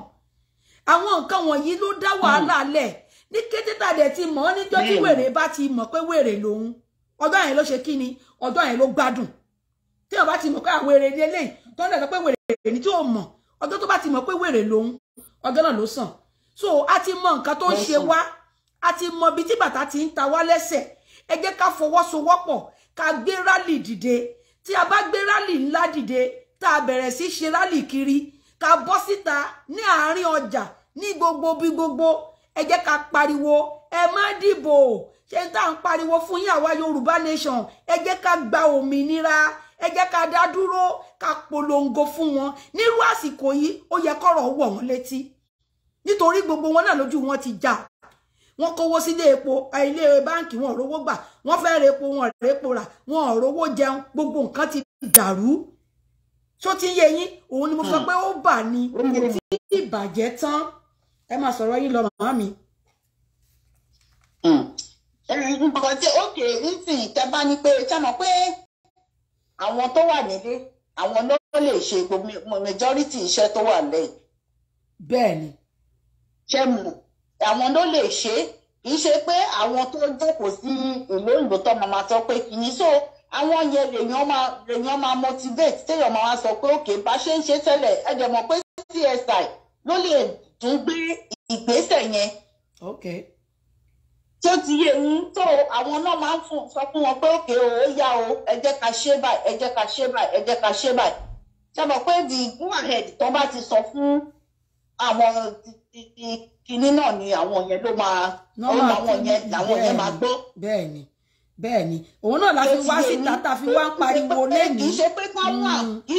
àwọn nǹkan wọ̀nyí ló dá wàhálà lẹ̀ ní kété tá a dẹ̀ ti mọ̀ ọ́ níjọ́ tí wèrè bá ti mọ̀ pé wèrè lòun ọjọ́ yẹn ló ṣe kí ni ọjọ́ yẹn ló gbádùn tí wọn bá ti mọ̀ pé àwọn èrè ní eléyìí tó ń dẹ̀ sọ pé wèrè ní tí ò mọ̀ ọjọ́ tó bá ti mọ̀ pé wèrè lòun ọjọ́ náà ló sàn so a ti mọ nǹkan tó ń ṣe wá a ti mọ ibi tí bàtà ti ń ta wá lẹ́sẹ̀ ẹ jẹ́ ká fọwọ́sowọ́pọ̀ ká gbé rálì dìde tí a bá gbé rálì ńlá dìde tá a bẹ̀rẹ̀ sí ṣe rálì kiri ká bọ́ síta ní àárín ọjà ní gbogbo bí gbogbo ẹ jẹ́ ká pariwo ẹ má dìbò ṣé tá à ń pariwo fún yín àwa Yorùbá nation ẹ jẹ́ ká gba òmìnira ẹ jẹ́ ká dá dúró ká polongo fún wọn nírú àsìkò yìí ó yẹ kọ́rọ̀ wọ̀ wọ́n létí nítorí gbogbo wọn náà lójú wọn ti já wọn kówó sílé epo ilé báǹkì wọn rówó gbà wọn fẹ́ repo wọn repo rà wọn rówó jẹun gbogbo nǹkan ti dàrú tó ti yé yín òun ni mo sọ hmm. pé ó bà ní ètí ìbàjẹ́ tán ẹ máa sọ̀rọ̀ yín lọ màmá mi hmm. nǹkan tí òkè nísìnyí tẹ bá ní pé ṣe mọ̀ pé àwọn tó wà nílé àwọn náà lè ṣe gbogbo majority iṣẹ́ tó wà lẹ́yìn. bẹ́ẹ̀ni. ṣé mo àwọn náà lè ṣe kì í ṣe pé àwọn tó jókòó sí ìlú òyìnbó tó máa máa sọ pé kì í so àwọn yẹn lèèyàn máa lèèyàn máa motivate téèyàn máa wá sọ pé òkè bá ṣe ń ṣe tẹ́lẹ̀ ẹ jẹ́ pé CSI ló lè tún gbé ìgbésẹ̀ yẹn. okay tó ti yé ń tó àwọn náà máa ń fún sọ fún wọn pé òkè o ó yá o ẹ jẹ́ ká ṣe báyìí ẹ jẹ́ ká ṣe báyìí ẹ jẹ́ ká ṣe báyìí sábà pé di go ahead tó bá ti sọ fún àwọn kinní náà ni àwọn yẹn ló máa àwọn yẹn làwọn yẹn máa gbọ́. bẹ́ẹ̀ni bẹ́ẹ̀ni òun náà la wá síta tá fi wá ń pariwo lẹ́nu. Mm. kì í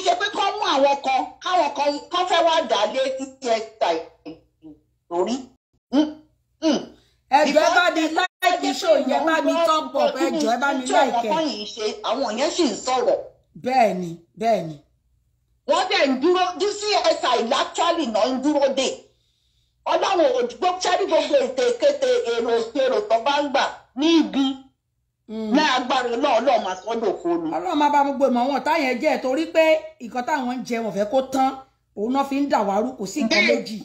ṣe pé kán mú àwọn kan káwọn kan kán fẹ́ wá dà lé títí ẹ̀ tà lórí. Mm, mm ẹjọ́ ẹ bá mi láìkí ṣó yẹn bá mi tọ́pù ọ̀pọ̀ ẹjọ́ ẹ bá mi láìkẹ́. àwọn yẹn sì ń sọ̀rọ̀. bẹ́ẹ̀ni bẹ́ẹ̀ni. wọ́n dẹ̀ ń dúró dcsi látúwálì náà ń dúró dè ọlọ́run òdìgbò sẹ́rí gbogbo ètè kété èrò èrò tó bá ń gbà ní ibi lágbára hmm. náà ọlọ́run máa sọ́dọ̀ kó ni. ọlọ́run máa bá mú gbé mọ́ wọn táyẹn jẹ́ torí pé nǹkan táwọn ń jẹ wọn fẹ́ kó tán òun náà fi ń dàwárú kò sí nǹkan méjì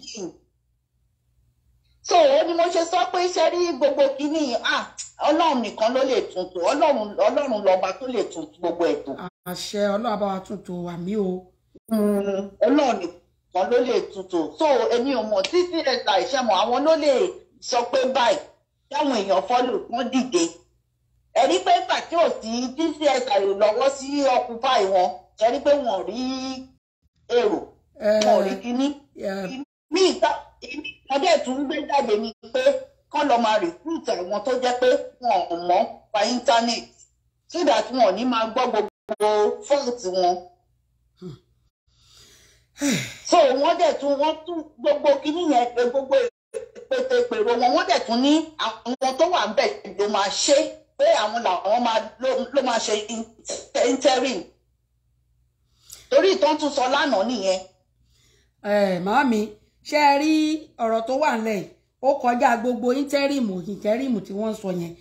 so ó ní mo ṣe sọ pé ṣe rí gbogbo kínní ah ọlọ́run nìkan ló lè tuntun ọlọ́run ọlọ́run lọ́ba tó lè tuntun gbogbo ètò. àṣẹ ọlọ́run bá wa tuntun wà mí o. Hmm, ọlọ́run nìkan ló lè tuntun so èmi ò mọ̀ títí ẹ̀ka ìṣẹ́mọ̀ àwọn ló lè sọ pé báyìí táwọn èèyàn fọ́lù wọ́n dìde ẹ̀rí pé ìgbà tí ò sí títí ẹ̀ka ìlọ́wọ́ sí ọkùnfàì wọn ẹ̀rí pé wọ́n rí èrò wọ́n rí eh, kíní mí ìta èmi ọdẹ tún gbé jáde ni pé kán lọ máa recruit àwọn tó jẹ́ pé wọn ò mọ̀ pa internet so that wọn ò ní máa gbọ́ gbogbo fault wọn. so wọ́n dẹ̀ tún wọ́n tún gbogbo kíní yẹn pé gbogbo pétépèrò wọn wọ́n dẹ̀ tún ní àwọn tó wà níbẹ̀ ló máa ṣe pé àwọn làwọn ló máa ṣe interim torí ìtàn tún sọ lánàá nìyẹn. ẹ eh, màámi ṣe é rí ọ̀rọ̀ tó wà nílẹ̀ ó kọjá gbogbo íńtẹ́rìmù ìkẹ́rìmù tí wọ́n ń sọ yẹn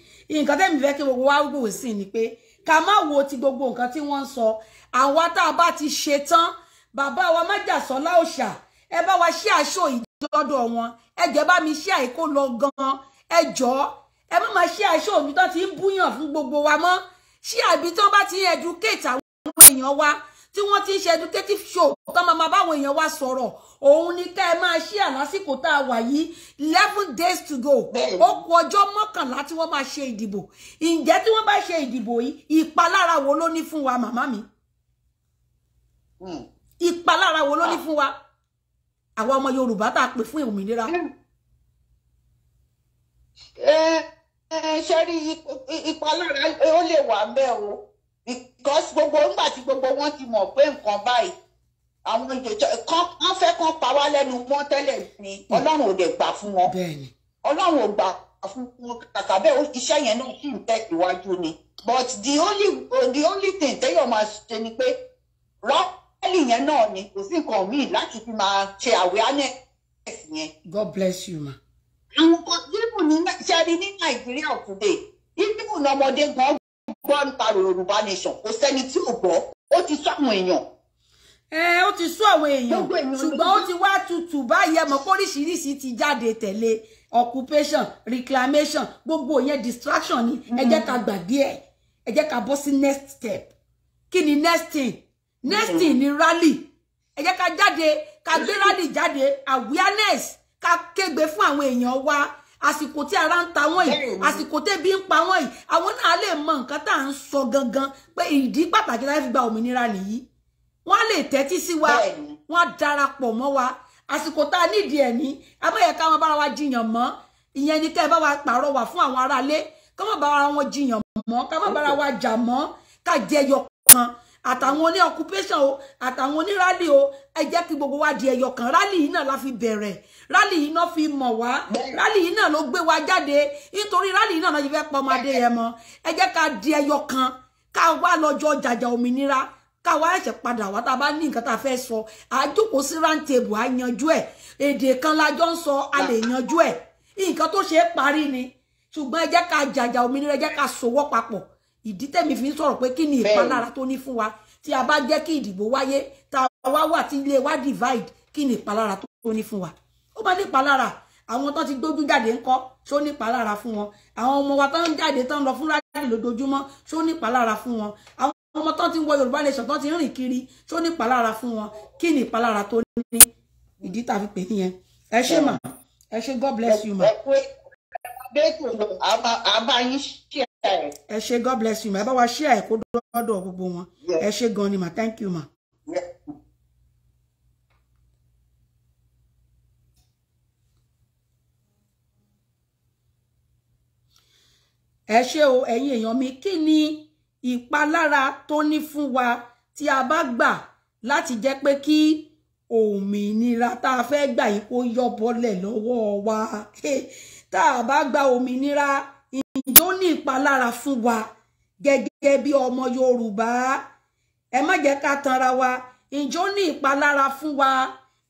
nǹkan tẹ́mi fẹ́ kí gbogbo wa gbòó sí ni pé ká má wo ti gbogbo nǹkan tí wọ́n ń sọ àwa tá a bá ti ṣe tán bàbá wa Májàsọ́lá Òòṣà ẹ bá wa ṣí àṣọ ìdọ́dọ̀ wọn ẹ jẹ́ bá mi ṣí àìkó lọ gan ẹ jọ̀ọ́ ẹ má máa ṣí àṣọ òbí tó ti ń búyàn fún gbogbo wa mọ́ ṣí àbí tó bá ti ń educate àwọn èèyàn wa tí wọ́n ti ń educative show tó máa máa báwọn èèyàn wá sọ̀rọ̀ òun ni ká ẹ máa ṣí àlásìkò tá a wà eleven days to go ó kù ọjọ́ mọ́kànlá tí wọ́n máa ṣe ìdìbò ǹjẹ́ tí wọ́n bá ṣe ìdìbò yìí ìpalára wo ló ní fún wa màmá mi hmm. ìpalára wo ló ní ah. fún wa àwa ọmọ Yorùbá tá a pè fún òmìnira. ẹ ẹ ṣe rí ipalára ó lè wà bẹ́ẹ̀ o because gbogbo nígbà tí gbogbo wọn ti mọ̀ pé nǹkan báyìí àwọn ìjọ kan wọn fẹ́ kàn pa wá lẹ́nu mọ́ tẹ́lẹ̀ ni hmm. ọlọ́run ò dẹ̀ gbà fún wọn ọlọ́run ò gbà fún wọn kàkà bẹ́ẹ̀ iṣẹ́ yẹn náà sì ń tẹ̀síwájú ni but the only the only thing téèyàn máa ṣe ni pé rọ́ọ̀lì yẹn náà ni kò sí nǹkan míì láti fi máa ṣe awareness yẹn. God bless you ma. àwọn kan dípò ní ṣe rí ní Nàìjíríà today dípò ní ọmọdé gan gbọ́ nípa Yorùbá nation kò sẹ́ni tí ò gbọ́ ó ti sọ àwọn èèyàn. ẹ ó ti sọ àwọn èèyàn ṣùgbọ́n ó ti wá tutù báyìí ẹ mọ̀ ti jáde tẹ̀lé occupation reclamation gbogbo yẹn distraction ni ẹ jẹ́ ká gbàgbé ẹ̀ ẹ jẹ́ ká bọ́ sí next step kí ni next thing next mm-hmm. thing ni rally ẹ jẹ́ ká jáde ká gbé rally jáde awareness ká kégbe fún àwọn èèyàn wa àsìkò tí ara ń ta wọ́n yìí àsìkò tẹ́bi ń pa wọ́n yìí àwọn náà lè mọ nǹkan tá à ń sọ gangan pé ìdí pàtàkì láti fi gba òmìnira nìyí wọ́n á lè tẹ́tí sí wa wọ́n á darapọ̀ mọ́ wa àsìkò tá a nídìí ẹ̀ ní abẹ́yẹ ká wọn bára wa jiyàn mọ́ ìyẹn ni kẹ́ ẹ bá wa pààrọ̀ wà fún àwọn aráalé ká wọn bára wọn jiyàn mọ́ ká wọn bára wa jà mọ́ ká jẹyọ kan àtàwọn oní occupation o àtàwọn oní rally o ẹ jẹ́ kí gbogbo wa di ẹyọ kan rally yìí náà la fi bẹ̀rẹ̀ rally yìí náà fi mọ̀ wá rally yìí náà ló gbé wa jáde nítorí rally yìí náà ló fẹ́ pọ́ ọmọdé yẹn mọ́ ẹ jẹ́ ká di ẹyọ kan ká wá lọ́jọ́ jàjà òmìnira káwa ẹ̀ṣẹ̀ padà wá tá a bá ní nǹkan tá a fẹ́ sọ àjókòó sí rántébù á yanjú ẹ̀ èdè kan lájọ ń sọ a lè yanjú ẹ̀ nǹkan tó ṣe é parí ni ṣùgbọ́n ẹ jẹ́ ká jàjà òmìnira ẹ jẹ́ ká sòwọ́ papọ̀ ìdí tẹ̀mí fi ń sọ̀rọ̀ pé kí ni ìpalára tó ní fún wa tí a bá jẹ́ kí ìdìbò wáyé tá a wá wà tí ilé wa divide kí ni ìpalára tó ní fún wa ó bá ní ìpalára àwọn tó ti gbójú jáde ńkọ́ ṣó ní ìpalára fún wọn àwọn ọmọ wa tó ń jáde tó ń lọ fún rádìí lójoojúmọ́ ṣó ní ìpalára fún wọn àwọn ọmọ tó ti ń wọ Yorùbá nation tó ti ń rìn kiri ṣó ní ìpalára fún wọn kí ni ìpalára tó ní ìdí tàbí pé yẹn ẹ ṣé mà ẹ ṣé God bless you mà. ẹ pé àbá yín ṣe ẹ ṣé god bless you ma ẹ bá wa ṣí ẹ kó dọ́dọ̀ gbogbo wọn ẹ ṣé gan ni ma thank you ma. ẹ ṣé o ẹ̀yin èèyàn mi kí ni ìpalára tó ní fún wa tí a bá gbà láti jẹ́ pé kí òmìnira tá a fẹ́ gbà yìí kó yọ bọ́lẹ̀ lọ́wọ́ wa tá a bá gba òmìnira lára fún wa gẹ́gẹ́ bí ọmọ Yorùbá ẹ má jẹ́ ká tanra wa ǹjọ́ ní ìpalára fún wa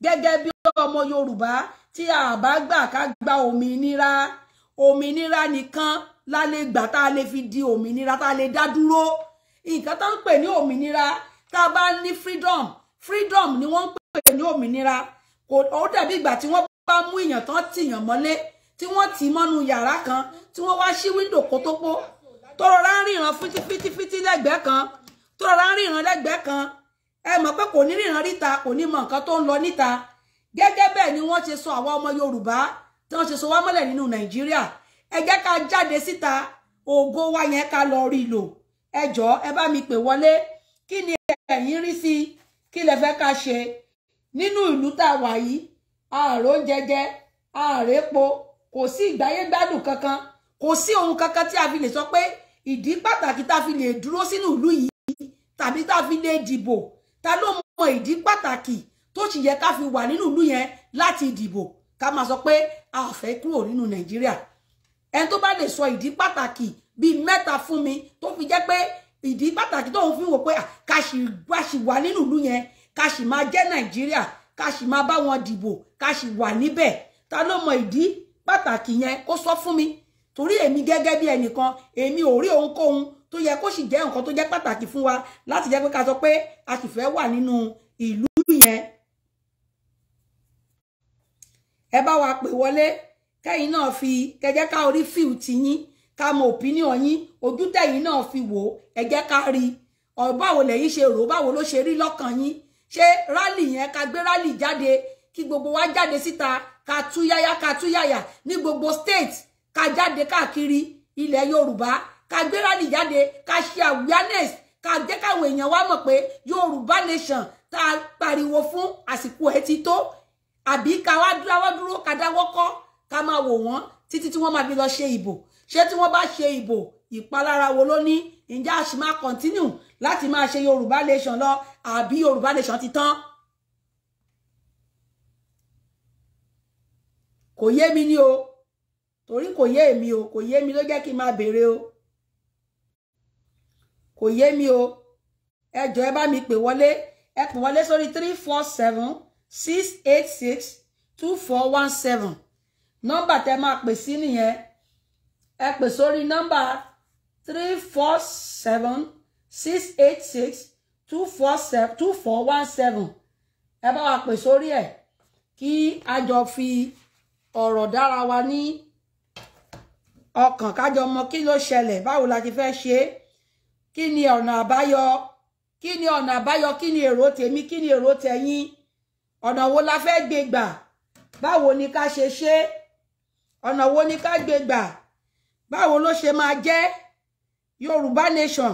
gẹ́gẹ́ bí ọmọ Yorùbá tí a bá gbà ká gba òmìnira òmìnira nìkan la lè gbà tá a lè fi di òmìnira tá a lè dá dúró nǹkan tó ń pè ní òmìnira tá a bá ní freedom freedom ni wọ́n ń pè ní òmìnira kò ó dàbí ìgbà tí wọ́n bá mú èèyàn tán tìyàn mọ́lé tí wọ́n tì mọ́nú yàrá kan tí wọ́n wá ṣí wíńdò kó tó pó tó rọra ń ríran fítífítífítí lẹ́gbẹ̀ẹ́ kan tó rọra ń ríran lẹ́gbẹ̀ẹ́ kan ẹ mọ̀ pé kò ní ríran níta kò ní mọ nǹkan tó ń lọ níta gẹ́gẹ́ bẹ́ẹ̀ ni wọ́n ṣe sọ àwa ọmọ Yorùbá tí wọ́n ṣe sọ wá mọ́lẹ̀ nínú Nàìjíríà ẹ jẹ́ ká jáde síta ògo wa yẹn ká lọ rí lò ẹ jọ̀ọ́ ẹ bá mi pè wọlé kí ni ẹ̀yin rí sí kí lẹ fẹ́ ká ṣe nínú ìlú tá a wà yìí ààrò oúnjẹ jẹ epo kò sí ìgbáyégbádùn kankan kò sí ohun kankan tí a fi lè sọ pé ìdí pàtàkì tá a fi lè dúró sínú ìlú yìí tàbí tá a fi lè dìbò ta ló mọ ìdí pàtàkì tó sì yẹ ká fi wà nínú ìlú yẹn láti dìbò ká máa sọ pé a ò fẹ́ kúrò nínú nàìjíríà ẹni tó bá lè sọ ìdí pàtàkì bíi mẹ́ta fún mi tó fi jẹ́ pé ìdí pàtàkì tóun fi wò pé ká sì wà nínú ìlú yẹn ká sì máa jẹ́ nàìjíríà ká sì máa bá wọn dìbò ká sì wà níbẹ̀ ta ló mọ ìdí pàtàkì yẹn kó sọ fún mi torí èmi gẹ́gẹ́ bí ẹnìkan èmi ò rí ohunkóhun tó yẹ kó sì jẹ́ nǹkan tó jẹ́ pàtàkì fún wa láti jẹ́ pé ká sọ pé a sì fẹ́ wà nínú ìlú yẹn ẹ bá wa pè wọlé kẹ́yìn náà fi kẹjẹ ká orí fíìl ti yín ká mọ opinion yín ojú tẹ̀yìn náà fi wò ẹ jẹ́ ká rí ọ báwo lẹ̀yin ṣe rò báwo ló ṣe rí lọ́kàn yín ṣé rálì yẹn ká gbé rálì jáde kí gbogbo wa jáde síta ká túyáyá ká túyáyá ní gbogbo state ká jáde káàkiri ilẹ̀ yorùbá ká gbé rally jáde ká ṣe awareness ká jẹ́ káwọn èèyàn wá mọ̀ pé yorùbá nation ta a pariwo fún àsìkò ẹ̀ ti tó àbí ká wá dáwọ́ dúró ká dáwọ́ kọ́ ká máa wò wọ́n títí tí wọ́n máa fi lọ ṣe ìbò ṣé tí wọ́n bá ṣe wo ló ní ǹjẹ́ continue láti máa ṣe yorùbá nation lo àbí yoruba nation ti tán kò yé mi ní o torí kò yé mi o kò yé mi ló jẹ́ kí n máa béèrè o kò yé mi o ẹ jọ̀ọ́ ẹ bá mi pè wọlé ẹ pè wọlé sórí three four seven six eight six two four one seven nọ́mbà tẹ máa pè sí nìyẹn ẹ pè sórí nọ́mbà three four seven six eight six two four seven two four one seven ẹ bá wa pè sórí ẹ kí a jọ fi ọ̀rọ̀ dára wa ní ọkàn kájọ mọ kí ló ṣẹlẹ̀ báwo la ti fẹ́ ṣe kí ni ọ̀nà àbáyọ kí ni ọ̀nà àbáyọ kí ni èrò tèmi kí ni èrò tẹ̀yin ọ̀nà wo la fẹ́ gbé gbà báwo ni ká ṣe ṣe ọ̀nà wo ni ká gbé gbà báwo ló ṣe máa jẹ́ Yorùbá Nation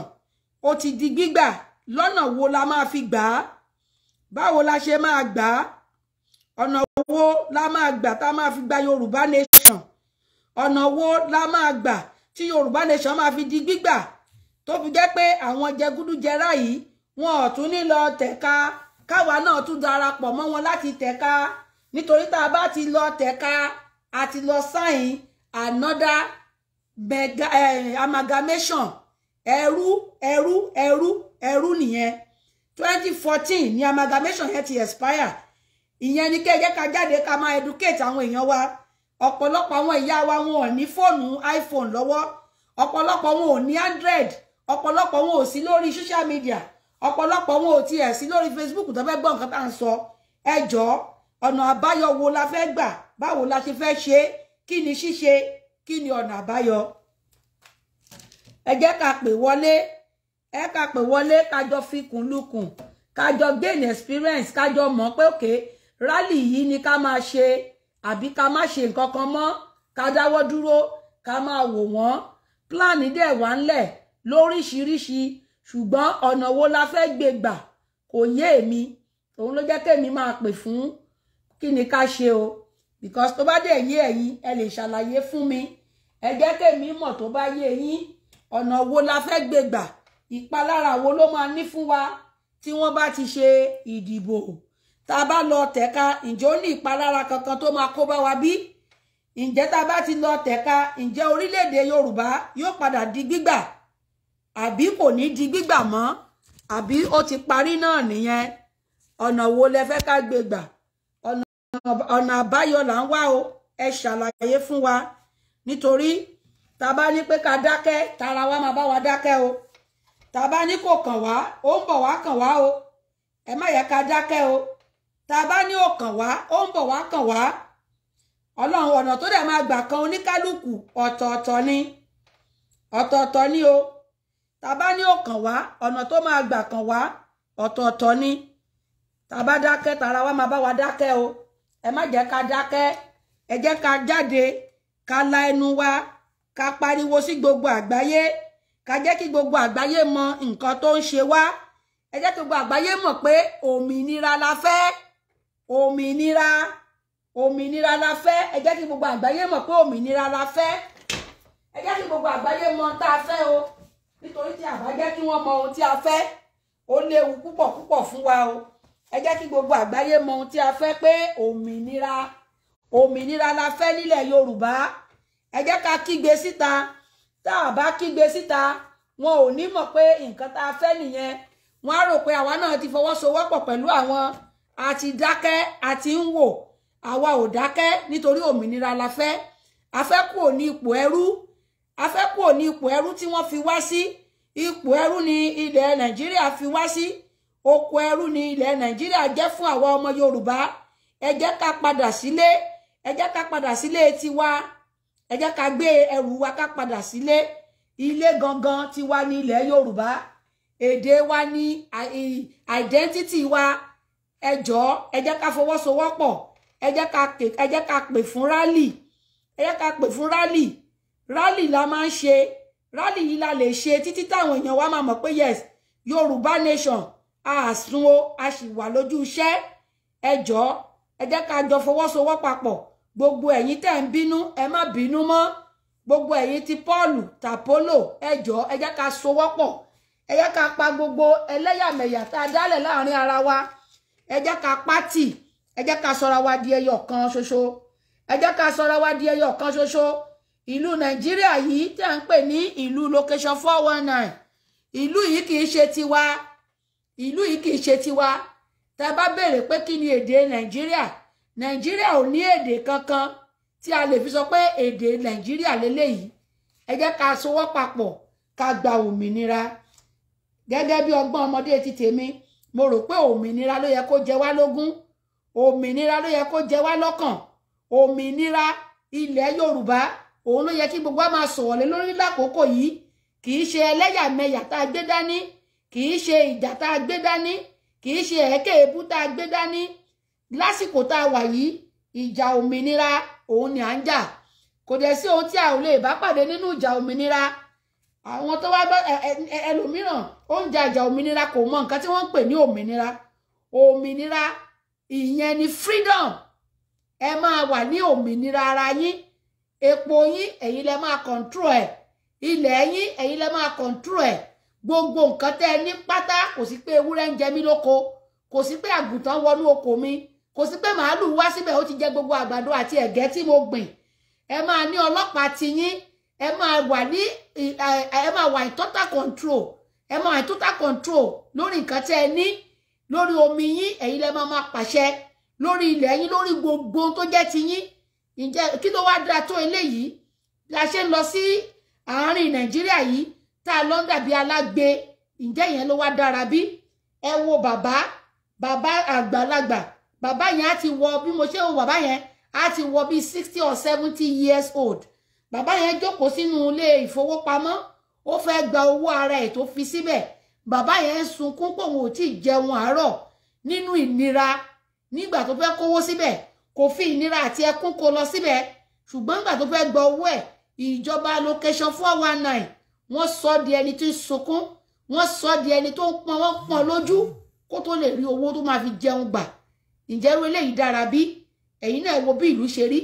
ó ti di gbígbà lọ́nà wo la máa fi gbà á báwo la ṣe máa gbà á ọ̀nà wo la máa gbà tá a máa fi gba Yorùbá nation ọ̀nà wo la máa gbà tí Yorùbá nation máa fi di gbígbà tó fi jẹ́ pé àwọn jẹgúdújẹrá yìí wọn ò tún ní lọ tẹ̀ka káwa náà tún darapọ̀ mọ́ wọn láti tẹ̀ka nítorí tá a bá ti lọ tẹ̀ka àti lọ sáyìn another eh, amalgamation ẹrú ẹrú ẹrú ẹrú nìyẹn twenty fourteen ni amalgamation yẹn ti expire ìyẹn ni kẹ́ ẹ jẹ́ ká jáde ká máa educate àwọn èèyàn wa ọ̀pọ̀lọpọ̀ àwọn ìyá wa wọn ò ní fóònù iphone lọ́wọ́ ọ̀pọ̀lọpọ̀ wọn ò ní android ọ̀pọ̀lọpọ̀ wọn ò sí lórí social media ọ̀pọ̀lọpọ̀ wọn ò tiẹ̀ sí lórí facebook tó fẹ́ gbọ́ nǹkan tá à ń sọ ẹ jọ ọ̀nà àbáyọ wo la fẹ́ gbà báwo la ṣe fẹ́ ṣe kí ni ṣíṣe kí ni ọ̀nà àbáyọ ẹ jẹ́ ká pè wọlé ẹ ká pè wọlé ká jọ fikùn lukùn ká jọ gain experience ká jọ mọ̀ pé òkè okay, rálì yìí ni ká máa ṣe àbí ká má ṣe nǹkan kan mọ́ ká dáwọ́ dúró ká máa wò wọ́n pílánì dẹ̀ wá ńlẹ̀ lóríṣiríṣi ṣùgbọ́n ọ̀nà wo la fẹ́ gbé gbà kò yé èmi òun ló jẹ́ kémi máa pè fún kí ni ká ṣe o because tó bá dẹ̀ yé ẹ̀yin ẹ lè ṣàlàyé fún mi ẹ jẹ́ kémi mọ̀ tó bá yé yín ọ̀nà wo la fẹ́ gbé gbà ìpalára wo ló máa ní fún wa tí wọ́n bá ti ṣe ìdìbò tá bá lọ tẹ̀ka ǹjẹ́ ó ní ìpalára kankan tó máa kó bá wa bí ǹjẹ́ tá bá ti lọ tẹ̀ka ǹjẹ́ orílẹ̀-èdè Yorùbá yóò padà di gbígbà àbí kò ní di gbígbà mọ́ àbí ó ti parí náà nìyẹn ọ̀nà wo lẹ fẹ́ ká gbé gbà ọ̀nà àbáyọ là ń wá o ẹ ṣàlàyé fún wa nítorí tá bá ní pé ká dákẹ́ tara wa máa bá wa dákẹ́ o tá bá ní kò kàn wá ó ń bọ̀ wá kàn wá o ẹ má yẹ ká dákẹ́ o tá a bá ní ó kàn wá ó ń bọ̀ wá kàn wá ọlọ́run ọ̀nà tó dẹ̀ máa gbà kan oníkálukú ọ̀tọ̀ọ̀tọ̀ ni ọ̀tọ̀ọ̀tọ̀ ni o tá a bá ní ó kàn wá ọ̀nà tó máa gbà kàn wá ọ̀tọ̀ọ̀tọ̀ ni tá a bá dákẹ́ tara wa máa bá wa dákẹ́ o ẹ má jẹ́ ká dákẹ́ ẹ jẹ́ ká jáde ká la ẹnu wa ká pariwo sí gbogbo àgbáyé ká jẹ́ kí gbogbo àgbáyé mọ nǹkan tó ń ṣe wá ẹ jẹ́ kí gbogbo àgbáyé mọ̀ pé òmìnira la fẹ́ òmìnira òmìnira la fẹ́ ẹ jẹ́ kí gbogbo àgbáyé mọ̀ pé òmìnira la fẹ́ ẹ jẹ́ kí gbogbo àgbáyé mọ̀ tá a fẹ́ o nítorí tí a bá jẹ́ kí wọ́n mọ̀ ohun tí a fẹ́ ó léwu púpọ̀ púpọ̀ fún wa o ẹ jẹ́ kí gbogbo àgbáyé mọ̀ ohun tí a fẹ́ pé òmìnira òmìnira la fẹ́ nílẹ̀ Yorùbá ẹ jẹ́ ká kígbe síta tá a bá kígbe síta wọn ò ní mọ̀ pé nǹkan tá a fẹ́ nìyẹn wọn á rò pé àwa náà ti fọwọ́sowọ́pọ̀ pẹ̀lú àwọn àti dákẹ́ àti ń wò àwa ò dákẹ́ nítorí òmìnira la fẹ́ a fẹ́ kúrò ní ipò ẹrú a fẹ́ kúrò ní ipò ẹrú tí wọ́n fi wá sí ipò ẹrú ni ilẹ̀ nàìjíríà fi wá sí oko ẹrú ni ilẹ̀ nàìjíríà jẹ́ fún àwa ọmọ yorùbá ẹ jẹ́ ká padà sílé ẹ jẹ́ ká padà sílé tiwa ẹ jẹ́ ká gbé ẹrù wa ká padà sílé ilé gangan tiwa ní ilẹ̀ yorùbá èdè wa ní identity wa ẹ jọ̀ọ́ ẹ jẹ́ ká fọwọ́sowọ́pọ̀ ẹ jẹ́ ká ẹ jẹ́ ká pè fún rálì ẹ ká pè fún rálì rálì la máa ń ṣe rálì yìí la lè ṣe títí táwọn èèyàn wa máa mọ̀ pé yes Yorùbá nation àásùn o a sì wà lójú iṣẹ́ ẹ jọ̀ọ́ ẹ jẹ́ ká jọ fọwọ́sowọ́ papọ̀ gbogbo ẹ̀yin tẹ́ ń bínú ẹ má bínú mọ́ gbogbo ẹ̀yin ti Paul tapolo ẹ jọ̀ọ́ ẹ jẹ́ ká sowọ́pọ̀ ẹ jẹ́ ká pa gbogbo ẹlẹ́yàmẹ̀yà tá a dálẹ̀ láàrin ara wa ẹ jẹ́ ká pátì ẹ jẹ́ ká sọra wa di ẹyọ kan ṣoṣo ẹ jẹ́ ká sọra wa di ẹyọ kan ṣoṣo ìlú nàìjíríà yìí tẹ̀ ń pè ní ìlú location four one nine ìlú yìí kì í ṣe tiwa ìlú yìí kì í ṣe tiwa tá a bá béèrè pé kí ni èdè nàìjíríà nàìjíríà ò ní èdè kankan tí a lè fi sọ pé èdè nàìjíríà lélẹ́yìí ẹ jẹ́ ká sowọ́ papọ̀ ká gba òmìnira gẹ́gẹ́ bí ọgbọ́n ọmọdé ti tèmi mo rò pé òmìnira ló yẹ kó jẹ wá lógún òmìnira ló yẹ kó jẹ wá lọ́kàn òmìnira ilẹ̀ Yorùbá òun ló yẹ kí gbogbo wa máa sọ̀rọ̀ lé lórí lákòókò yìí kì í ṣe ẹlẹ́yàmẹyà tá a gbé dání kì í ṣe ìjà tá a gbé dání kì í ṣe ẹ̀ẹ́kẹ́ ebú tá a gbé dání lásìkò tá a wà yìí ìjà òmìnira òun ni à ń jà kò dẹ̀ sí ohun tí a ò lè bá pàdé nínú ìjà òmìnira àwọn tó wá bá ẹlòmíràn ó ń jàjà òmìnira kò mọ nǹkan tí wọ́n ń pè ní òmìnira òmìnira ìyẹn ni freedom ẹ máa wà ní òmìnira ara yín epo yín ẹ̀yin lẹ máa control ẹ̀ ilẹ̀ yín ẹ̀yin lẹ máa control ẹ̀ gbogbo nǹkan tẹ́ ẹ ní pátá kò sí pé ewúrẹ́ ń jẹ mí lóko kò sí pé àgùntàn wọnú oko mi kò sí pé màálù wá síbẹ̀ ó ti jẹ gbogbo àgbàdo àti ẹ̀gẹ́ tí mo gbìn ẹ máa ní ọlọ́pàá ti yín ẹ máa wà ní ẹ máa wà in total control ẹ máa wà in total control lórí nǹkan tẹ́ ẹ ní lórí omi yín ẹ̀yin lẹ máa máa pàṣẹ lórí ilẹ̀ yín lórí gbogbo ohun tó jẹ́ ti yín ǹjẹ́ kí ló wá dáa tó eléyìí la ṣe ń lọ sí àárín nàìjíríà yìí tá a lọ ń dàbí alágbe ǹjẹ́ ìyẹn ló wá dára bí ẹ wo bàbá bàbá àgbàlagbà bàbá yẹn á ti wọ bí mo ṣe wo bàbá yẹn á ti wọ bí sixty or seventy years old bàbá yẹn jókòó sínú ilé ìfowópamọ́ ó fẹ́ gba owó ara ẹ̀ tó fi síbẹ̀ bàbá yẹn ń sunkún pòun ò tí ì jẹun àárọ̀ nínú ìnira nígbà tó fẹ́ kówó síbẹ̀ kò fi ìnira àti ẹkún kó lọ síbẹ̀ ṣùgbọ́n nígbà tó fẹ́ gba owó ẹ̀ ìjọba location four one nine wọ́n sọ di ẹni tó ń sunkún wọ́n sọ di ẹni tó ń pọn wọ́n pọn lójú kó tó lè rí owó tó máa fi jẹun gbà ǹjẹ́ irú eléyìí dára bí ẹ̀yin náà ẹ wo bí ìlú ṣe rí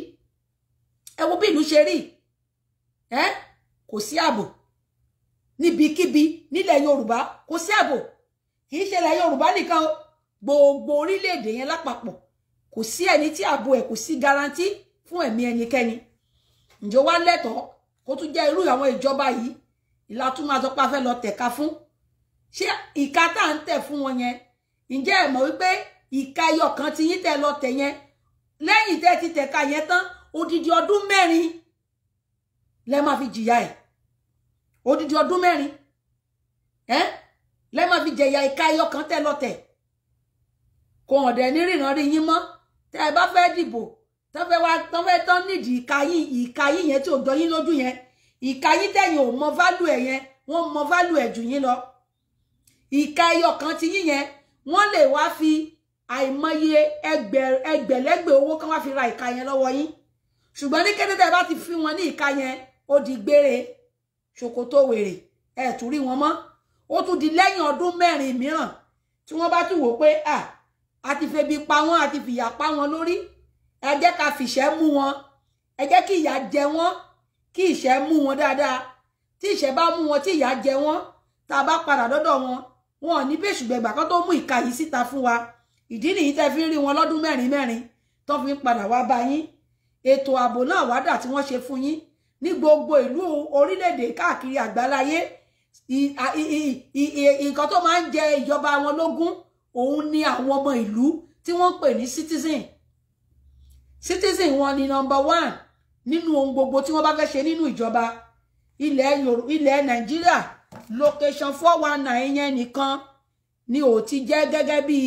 ẹ wo bí ìlú ṣe rí ẹ kò sí ààbò níbikíbi nílẹ̀ yorùbá kò sí abo kì í ṣẹlẹ̀ yorùbá nìkan o gbogbo orílẹ̀-èdè yẹn lápapọ̀ kò sí ẹni tí ààbò ẹ̀ kò sí garanti fún ẹ̀mí ẹnikẹ́ni ǹjọ́ wá lẹ́tọ̀ọ́ kó tún jẹ́ irú àwọn ìjọba yìí ìlà tún máa sọ pé a fẹ́ lọ tẹ̀ka fún ṣé ìka tá à ń tẹ̀ fún wọn yẹn ǹjẹ́ ẹ kan ti yín tẹ̀ lọ tẹ̀ yẹn lẹ́yìn tẹ́ ti tẹ̀ka yẹn tán odidi ọdún mẹ́rin lẹ́ ma fi jìyà ẹ̀ odidi ọdún mẹ́rin ẹ́ lẹ́ máa fi jẹ̀yà ìka ẹyọ kan tẹ́ lọ́tẹ̀ kò hàn dẹ̀ ní ríran rí yín mọ́ tẹ́ ẹ bá fẹ́ dìbò tọ́ fẹ́ wá tọ́ fẹ́ tán nídìí ìka yín ìka yín yẹn tí ò jọ yín lójú yẹn ìka yín tẹ̀yìn ò mọ válù ẹ̀ yẹn wọ́n mọ válù ẹ̀ jù yín lọ ìka ẹyọ kan ti yín yẹn wọ́n lè wá fi àìmọye ẹgbẹ̀lẹ́gbẹ̀ owó kan wá fi ra ìka yẹn lọ́wọ́ yín ṣùgbọ́n ní kété tẹ́ bá ti fi wọn ní ìka yẹn ó di gbére ṣòkòtò wèrè ẹ tún rí wọn mọ́ ó tún di lẹ́yìn ọdún mẹ́rin mìíràn tí wọ́n bá tún wò pé à àti febi pa wọ́n àti fìyà pa wọ́n lórí ẹ jẹ́ ká fìṣẹ́ mú wọn ẹ jẹ́ kí ìyà jẹ wọ́n kí ìṣẹ́ mú wọn dáadáa tí ìṣẹ́ bá mú wọn tí ìyà jẹ wọ́n tá a bá padà dọ́dọ̀ wọn wọn ò ní bí èṣùgbẹ̀gbà kan tó mú ìka yìí síta fún wa ìdí nìyí tẹ́ fi ń rí wọn lọ́dún mẹ́rin mẹ́rin tó fi ń padà wá bá yín ètò ààbò náà wá dà tí wọ́n ṣe fún yín ní gbogbo ìlú orílẹ̀-èdè káàkiri àgbáláyé nǹkan tó máa ń jẹ ìjọba wọn lógún òun ni àwọn ọmọ ìlú tí wọ́n ń pè ní citizen citizen wọn ni number one nínú ohun gbogbo tí wọ́n bá fẹ́ ṣe nínú ile ilẹ̀ nàìjíríà location four one nine yẹn ni ò ti jẹ́ gẹ́gẹ́ bí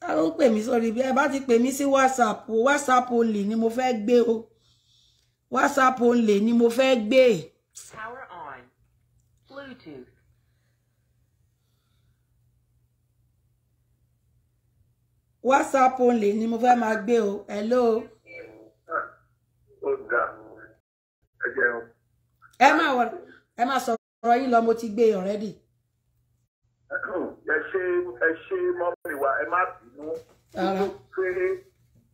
ta ló ń pè mí sọ̀rọ̀ ibi ẹ ti pe mi si whatsapp whatsapp olè ni mo fẹ́ gbé o whatsapp only ni mo fẹ́ gbé. power on bluetooth. whatsapp only ni mo fe máa gbé o hello. ó ga ẹ jẹun. ẹ má wọ ẹ má sọ̀rọ̀ yín lọ mo ti gbé e already. ẹ ṣe ẹ ṣe mọ́mìlì wa ẹ má bínú. ó kéré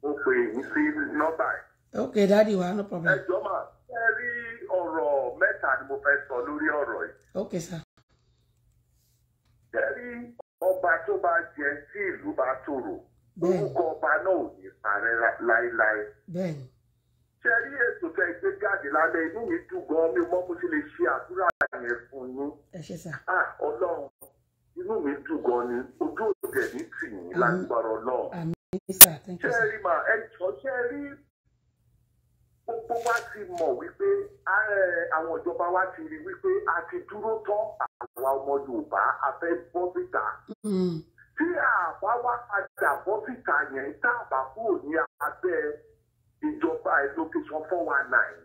mo pè é sí nọ́mbà yìí ok Daddy. wa no problem. ẹ jọ máa ẹ rí ọ̀rọ̀ mẹ́ta ni mo fẹ́ sọ lórí ọ̀rọ̀ yìí. ok sir. ẹ ọba tó bá jẹ tí ìlú bá tòrò orúkọ ọba náà ò ní parẹ́ láéláé. bẹ́ẹ̀ni. ṣe ètò tẹ gbé jáde lálẹ́ inú mi dùn gan mi mọ́ mo sì lè ṣe àdúrà yẹn fún yín. ẹ ṣe sà. Ah, ọlọ́run inú mi dùn gan ni ojú òde ní tì yín lágbára ọlọ́run. àmín sà. ṣe rí ma ẹ jọ ṣe gbogbo wa ti mọ̀ wípé àwọn ìjọba wa ti rí wípé a ti dúró tán àwa ọmọ Yorùbá a fẹ́ bọ́ síta hmm. tí àbá wa padà bọ́ síta yẹn tá a bá kúrò ní abẹ́ ìjọba education four one nine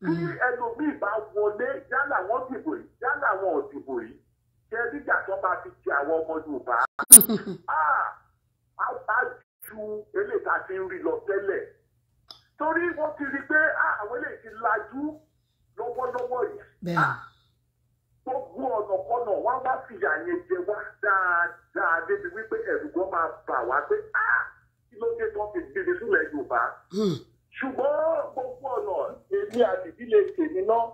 tí hmm. ẹlòmíì bá wọlé yálà wọn dìbò yìí yálà wọn ò dìbò yìí ṣe nígbà tó bá fi jẹ àwọn ọmọ Yorùbá ah, a bá ju eléyìí tá a ti ń rí lọ tẹ́lẹ̀ torí wọ́n ti rí i pé ah, àwọn eléyìí ti lajú lọ́wọ́lọ́wọ́ yìí ah, gbogbo ọ̀nà kọ́nà wá wá fìyà yẹn jẹ wá dáadáa débi wípé ẹ̀rù gan máa bà wá pé ah, kí ló dé tán fi gbèdé sílẹ̀ Yorùbá hmm. ṣùgbọ́n gbogbo ọ̀nà èmi àti ìdílé tèmi náà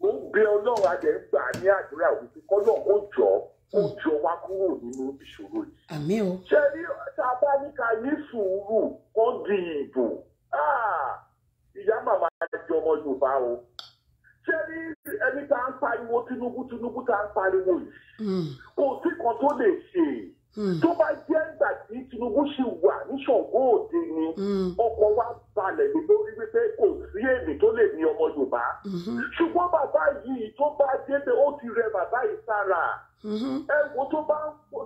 mo ń bẹ Ọlọ́run àjẹ́ gbà ní àdúrà òkú kọ́nà ó jọ ó hmm. jọ wá kúrò nínú ìṣòro yìí. ṣé ní tá a bá ní ká ní sùúrù kó di ìbò. Ah, ìyá màmá jẹ ọmọ Yorùbá o ṣé ní ẹni tá à ń pariwo Tinubu Tinubu tá à ń pariwo yìí hmm. kò sí kan tó lè ṣe. Hmm. tó bá jẹ́ ìgbà tí Tinubu ṣì wà ní Ṣàngó Òde ni hmm. ọkàn wa balẹ̀ ní lórí wípé kò sí èmi tó lè ní ọmọ Yorùbá hmm. ṣùgbọ́n bàbá yìí tó bá débẹ̀ ó ti rẹ bàbá yìí sára ẹ̀wọ̀n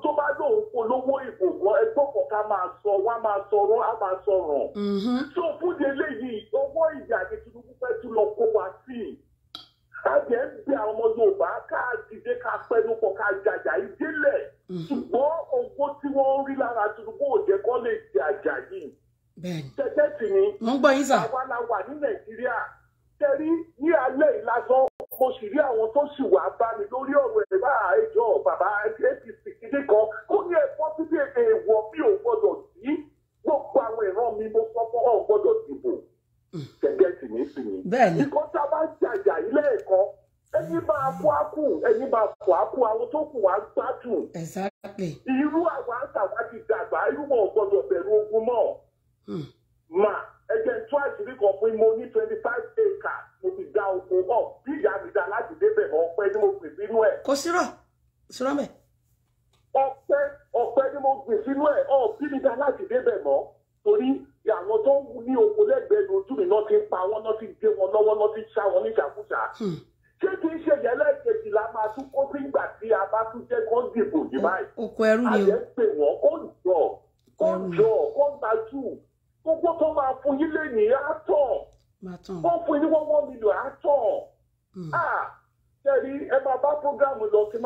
tó bá lòun polówó ìgbòho ẹgbọ́n kan ká máa sọ wá máa sọ̀rọ̀ á máa sọ̀rọ̀ tó fún délé yìí owó ìyá ni Tinubu fẹ́ tún lọ kó wa sí i àbẹ̀ ń bẹ àwọn ọmọ Yorùbá ká dìde ká pẹnupọ̀ ká jàjà ìdílẹ̀ mm. ṣùgbọ́n owó tí wọ́n ń rí lára Tinubu ò jẹ́ kọ́ lè jẹ àjà yìí. tẹ́tẹ́ sì ni àwa la wà ní Nàìjíríà tẹ́rí ní alẹ́ ìlàsán mo sì rí àwọn tó sì wà bá mi lórí ọ̀rọ̀ ẹ̀ bá àìjọ bàbá APC kìíní kan ó ní ẹ̀fọ́ síbi èèwọ̀ mi ò gbọ́dọ̀ sí gbogbo àwọn ìran mi mo sọ fún ọ gbọ́dọ̀ dìbò gẹ́gẹ́ sì ní sì ní. bẹ́ẹ̀ni. tá a bá ń jàjà ilé ẹ̀kọ́ ẹni máa kó àkù ẹni a kó àkù àwọn tó kù wá ń gbádùn. exactly. irú àwa ń tàwa ti dàgbà irú wọn ò gbọdọ̀ bẹ̀rù ogun mọ́. Hmm. mà ẹgbẹ́ tó àṣírí kan fún mo ní twenty five acres mo ti da oko bọ̀ bí ìyá mi dá láti débẹ̀ ọ̀pẹ ni mo gbìn sínú ẹ̀. kò sírọ̀ sírọ̀ mẹ́. ọ̀pẹ ọ̀pẹ ni mo gbìn sínú ẹ̀ ọ̀ bí mi dá láti débẹ̀ mọ́ torí àwọn tó ní oko lẹ́gbẹ̀ẹ́ lójú mi náà ti pa wọ́n náà ti gé wọn lọ́wọ́ náà ti ń ṣá wọn níjàkúṣà hmm. ṣé kì í ṣe yẹn lẹ́ẹ̀kejì la máa tún kó sí ìgbà tí a bá tún jẹ́ kó dìbò yìí báyìí. oko ẹrú ni o àyẹ̀ ń pè wọ́n kó jọ kó jọ kó gbajú gbogbo tó máa fún yín lé ní àtọ̀ kó fún yín wọ́n mi lò àtọ̀ tẹ̀lé hmm. ẹ máa bá prógámù lọ kí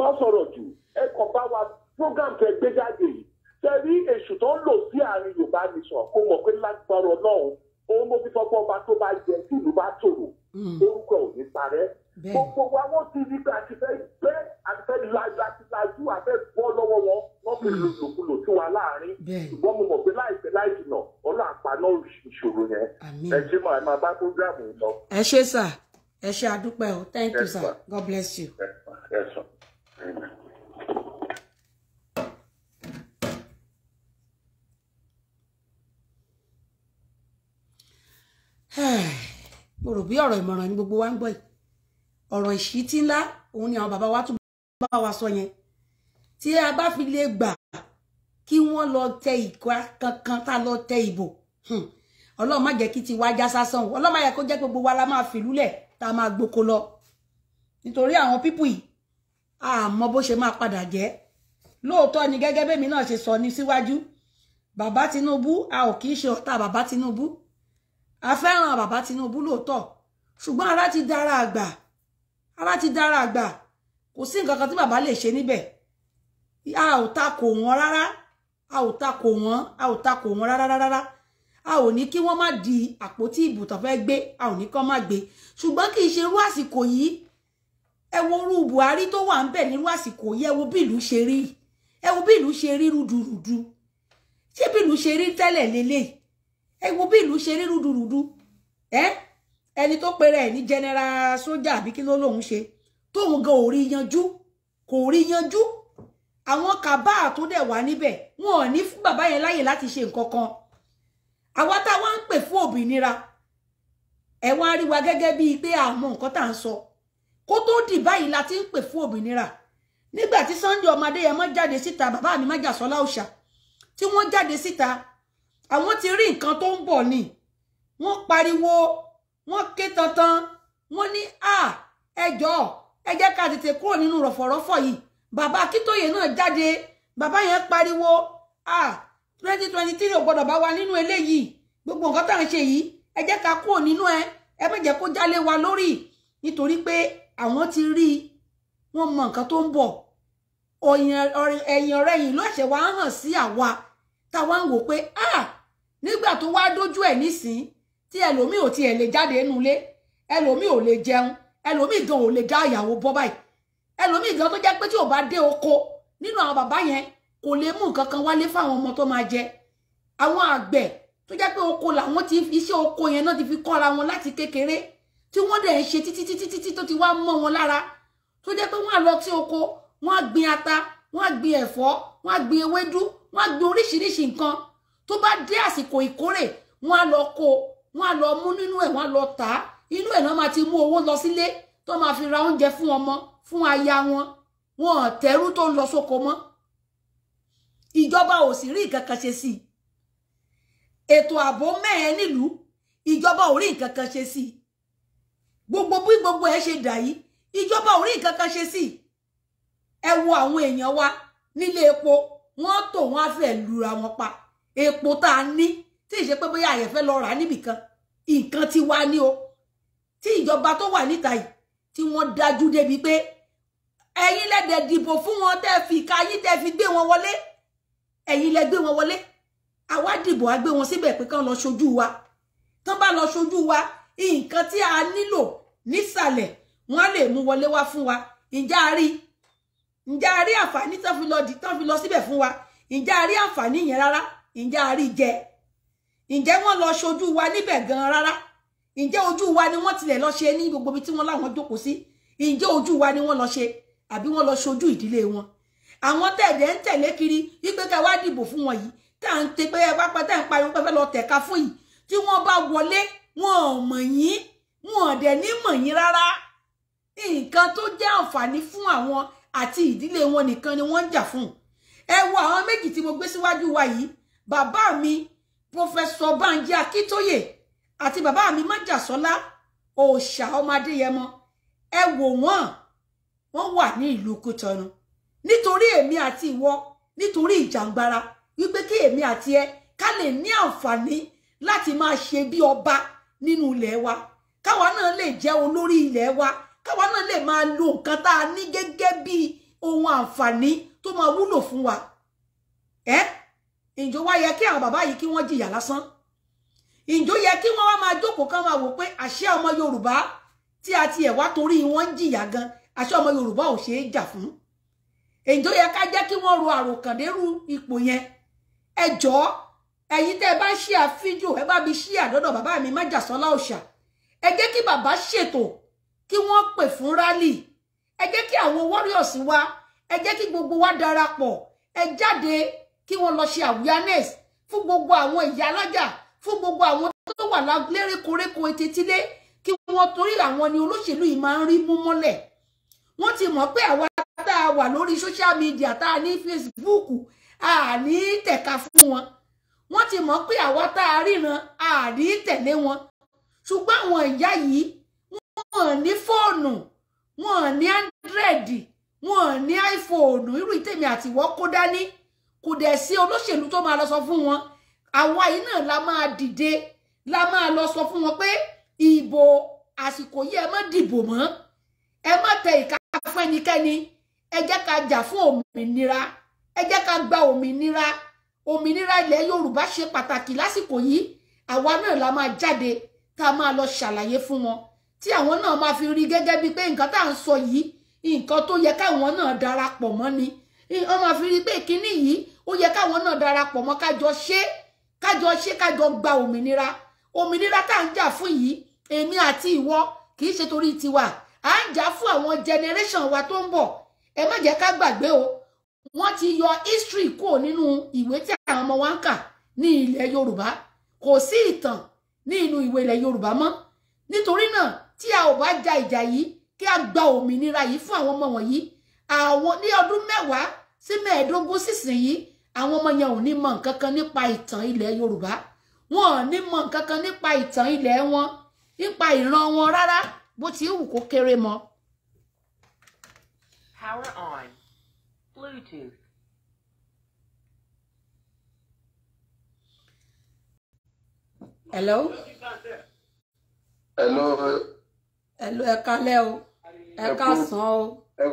máa sọ̀rọ̀ jù ẹ kàn bá wa prógámù tẹ gbé jáde yìí sẹ́rí èṣù tó ń lò sí àárín yorùbá nation kó mọ̀ pé lágbára ọlọ́run òun mo fi fọgbọ́n ọba tó bá yẹ tí ìlú bá tòrò hmm. orúkọ ò ní parẹ́ gbogbo wa ti rí pé àti fẹ́ gbẹ́ àti fẹ́ àfẹ́ bọ́ lọ́wọ́ wọn wọ́n fi hmm. lòlòkulò sí wa láàrin ṣùgbọ́n mo mọ̀ pé láìpẹ́ láì jìnà ọlọ́run àpaná ìṣòro yẹn ẹ ṣe mọ̀ ẹ máa bá programu lọ. ẹ ṣé sà ẹ ṣé àdúpẹ́ o thank you sir god bless you. mo rò bí ọ̀rọ̀ ìmọ̀ràn ni gbogbo wa ń gbọ́ yìí ọ̀rọ̀ ìṣítí ńlá òun ni àwọn bàbá wa tún bá wa sọ yẹn tí a bá fi lè gbà kí wọ́n lọ tẹ ìka kankan tá lọ tẹ ìbò ọlọ́run má jẹ́ kí ti wá já sásán o ọlọ́run má yẹ kó jẹ́ gbogbo wa la máa fìlúlẹ̀ tá a máa gboko lọ nítorí àwọn pípù yìí a mọ̀ bó ṣe máa padà jẹ́ lóòótọ́ ni gẹ́gẹ́ bẹ́mi náà ṣe sọ ní síwájú bàbá Tinubu a ò kì í ṣe ọ̀tá bàbá Tinubu a fẹ́ràn bàbá Tinubu lóòótọ́ ṣùgbọ́n ara ti dára àgbà ara ti dára àgbà kò sí nǹkan kan tí bàbá lè ṣe níbẹ̀ a ò ta kò wọ́n rárá a ò ta kò wọ́n a ò ta kò wọ́n rárá rárá a ò ní kí wọ́n má di àpótí ìbò tó fẹ́ gbé a ò ní kán má gbé ṣùgbọ́n kì í ṣe irú àsìkò yìí ẹ wo irú Buhari tó wà ń bẹ̀ nírú àsìkò yìí ẹ wo bí ìlú ṣe rí ẹ wo bí ìlú ṣe rí rúdurùdu ṣé bí ìlú ṣe rí tẹ́lẹ̀ lélẹ́yìí ẹ wo bí ìlú ṣe rí rúdurùdu ẹ ẹni tó pèrè ẹ ní general sójà àbí kí ló lòun ṣe tóun gan ò rí yanjú kò rí yanjú àwọn kàbá tó dẹ̀ wà níbẹ̀ wọn ò ní fún bàbá yẹn láyè láti ṣe nǹkan kan àwa táwa ń pè fún òmìnira ẹ wá rí wa gẹ́gẹ́ bíi pé àmọ́ nǹkan tá à ń sọ kó tó dì báyìí la ti ń pè fún òmìnira nígbà tí Sunday ọmọdé yẹn mọ́ jáde síta bàbá mi má jà sọ́lá òòṣà tí wọ́n jáde síta àwọn ti rí nǹkan tó ń bọ̀ ni wọ́n pariwo wọ́n ké tantan wọ́n ní à ẹjọ́ ẹ jẹ́ ká tètè kúrò nínú rọ̀fọ̀rọ̀fọ̀ yìí bàbá akíntóye náà jáde bàbá yẹn pariwo à twenty twenty three ò gbọ́dọ̀ bá wa nínú eléyìí gbogbo nǹkan tá à ń ṣe yìí ẹ jẹ́ ká kúrò nínú ẹ ẹ má jẹ́ kó jálé wa lórí nítorí pé àwọn ti rí wọ́n mọ nǹkan tó ń bọ̀ ẹ̀yìn ọ̀rẹ́yìn ló ẹ̀ṣẹ̀ wa hàn sí àwa táwa ń wò pé ah nígbà tó wá dójú ẹ̀ nísìn tí ẹlòmíì ò tiẹ̀ lè jáde nínú ilé ẹlòmíì ò lè jẹun ẹlòmíì gan ò lè dá ìyàwó bọ́ báyìí ẹlòmíì gan tó jẹ́ pé tí ò bá dé oko nínú àwọn bàbá yẹn kò lè mú nǹkan kan wálé fáwọn ọmọ tó máa jẹ àwọn àgbẹ̀ tó jẹ́ pé oko làwọn ti iṣẹ́ oko yẹn náà ti fi kọ́ra wọn láti kékeré tí wọ́n dẹ̀ ń ṣe títí títí títí tó ti wá mọ́ wọn lára tó jẹ́ pé wọ́n lọ sí oko wọ́n gbin ata wọ́n á gbin ẹ̀fọ́ wọ́n á gbin ewédú wọ́n á gbin oríṣiríṣi nǹkan tó bá dé àsìkò ìkórè wọ́n á lọ kó wọ́n á lọ mú nínú ẹ̀ wọ́n á lọ tà á inú ẹ̀ náà máa ti mú owó lọ sílé tó máa fi ra oúnjẹ fún ọmọ fún aya wọn wọn ò tẹrú tó ń lọ sóko mọ́ ìjọba ò sì rí nǹkan kan ṣe sí i ètò ààbò mẹ́ẹ̀ẹ́ nílùú ìjọba ò rí nǹkan kan ṣe sí i gbogbo bí gbogbo ẹ̀ ṣe dà yìí ìjọba ò rí nǹkan kan ṣe sí i ẹ wo àwọn èèyàn wa nílé epo wọ́n tò wọ́n á fẹ́ lura wọn pa epo tá a ní tí ìṣe pé bóyá àyẹ̀ fẹ́ lọ rà níbìkan ti wá ní o tí ìjọba tó wà níta yìí tí wọ́n dájú débi pé le de dìbò fún wọn tẹ́ fi ìka yín tẹ́ fi gbé wọn wọlé ẹ̀yin lẹ gbé wọn wọlé àwa dìbò á gbé wọn síbẹ̀ pé kán lọ ṣojú wa tán bá lo ṣojú wa nǹkan tí a nílò nísàlẹ̀ wọ́n lè mú wọlé wá fún wa ǹjẹ́ a rí ǹjẹ́ a rí àǹfààní tán fi lọ síbẹ̀ fún wa ǹjẹ́ a rí àǹfààní yẹn ǹjẹ́ a rí jẹ ǹjẹ́ wọ́n lọ ṣojú wa níbẹ̀ gan rárá ǹjẹ́ ojú wa ni wọ́n tilẹ̀ lọ ṣe ní gbogbo ibi tí wọ́n láwọn jókòó sí ǹjẹ́ ojú wa ni wọ́n lọ ṣe àbí wọ́n lọ ṣojú ìdílé wọn àwọn tẹ̀dẹ̀ ń tẹ̀lé kiri wípé ká wá dìbò fún wọn yìí tá à ń te pé pápá tá à ń pariwo pé fẹ́ lọ tẹ̀ka fún yìí tí wọ́n bá wọlé wọn ò mọ̀ yín wọn ò dẹ̀ ní mọ̀ yín rárá nǹkan tó jẹ́ àǹfààní fún àwọn àti ìdílé wọn nìkan ni wọ́n ń jà fún ẹ wo àwọn méjì tí mo gbé síwájú wa yìí baba mi professor Bánjí Akíntóyè ati baba mi májàsọlá òòṣà ọmọ adéyẹmọ ẹ wò wọ́n wọ́n wà ní ìlú Kútọ̀nù nítorí èmi àti ìwọ nítorí ìjàngbara wípé kí èmi àti ẹ ká lè ní àǹfààní láti máa ṣe bí ọba nínú ilẹ̀ wa káwa náà lè jẹ́ olórí ilẹ̀ wa káwa náà lè máa lo nǹkan tá a ní gẹ́gẹ́ ohun àǹfààní tó máa wúlò fún wa ẹ ǹjọ́ wá yẹ kí àwọn bàbá yìí kí wọ́n jìyà lásán ǹjọ́ yẹ kí wọ́n wá máa jókòó kán máa wò pé àṣẹ ọmọ Yorùbá tí a ti ẹ̀wá torí wọn ń jìyà gan àṣẹ ọmọ Yorùbá ò ṣeé jà fún ǹjọ́ yẹ ká jẹ́ kí wọ́n ro àròkàndérú ipò yẹn ẹ jọ̀ọ́ ẹ̀yin tẹ́ ẹ bá ṣí àfíjò ẹ bá mi ṣí àdọ́dọ̀ mi Májàsọ́lá Òòṣà ẹ jẹ́ kí bàbá ṣètò kí wọ́n pè fún rálì ẹ jẹ́ kí warriors wa ẹ jẹ́ gbogbo wa darapọ̀ ẹ jáde kí wọ́n lọ ṣe awareness fún gbogbo àwọn ìyá alájà fún gbogbo àwọn tó wà lérèkórèkó etétílé kí wọ́n torí àwọn ni olóṣèlú yìí máa ń rí mú mọ́lẹ̀ wọ́n ti mọ̀ pé àwa tá a wà lórí social media tá a ní Facebook a ní tẹ̀ka fún wọn wọ́n ti mọ̀ pé àwa tá a ríran a ní tẹ̀lé wọn ṣùgbọ́n àwọn ìyá yìí wọ́n ní fóònù wọ́n ní áńdírẹ́ẹ̀dì wọ́n ní áífóònù irú ìtẹ̀mí àtiwọ́ kó dání kò dẹ̀ sí olóṣèlú tó máa lọ sọ fún wọn àwa yìí náà la máa dìde la máa lọ sọ fún wọn pé ìbò àsìkò yìí ẹ má dìbò mọ́ ẹ má tẹ ìka fún ẹnikẹ́ni ẹ jẹ́ ká jà fún òmìnira ẹ jẹ́ ká gba òmìnira òmìnira ilẹ̀ Yorùbá ṣe pàtàkì lásìkò yìí àwa náà la máa jáde tá máa lọ ṣàlàyé fún wọn tí àwọn náà máa fi rí gẹ́gẹ́ bíi pé nǹkan tá à ń sọ yìí nǹkan tó yẹ káwọn náà darapọ̀ mọ́ ni wọ́n máa fi rí pé kínní yìí ó yẹ káwọn náà darapọ̀ mọ́ kájọ ṣe kájọ ṣe kájọ gba òmìnira òmìnira tá à ń jà fún yìí èmi àti ìwọ kì í ṣe torí tiwa à ń jà fún àwọn generation wa tó ń bọ̀ ẹ má jẹ́ ká gbàgbé o wọ́n ti yọ history kúrò nínú ìwé tí àwọn ọmọ wa ń kà ní ilẹ̀ Yorùbá kò sí ìtàn ní inú ìwé ilẹ̀ Yorùbá mọ́ nítorí náà tí a ò bá ja ìjà yìí kí a gba òmìnira yìí fún àwọn ọmọ wọ̀nyí àwọn ní ọdún mẹ́wàá sí mẹ́ẹ̀ẹ́dógún sísìnyí àwọn ọmọ yẹn ò ní mọ nǹkan kan nípa ìtàn ilẹ̀ Yorùbá wọn ò ní mọ nǹkan kan nípa ìtàn ilẹ̀ wọn nípa ìran wọn rárá bó ti wù kó kéré mọ. Power on. Bluetooth. Hello. Hello. Hello, ẹ kálẹ́ o. Ẹ káàsán o ẹ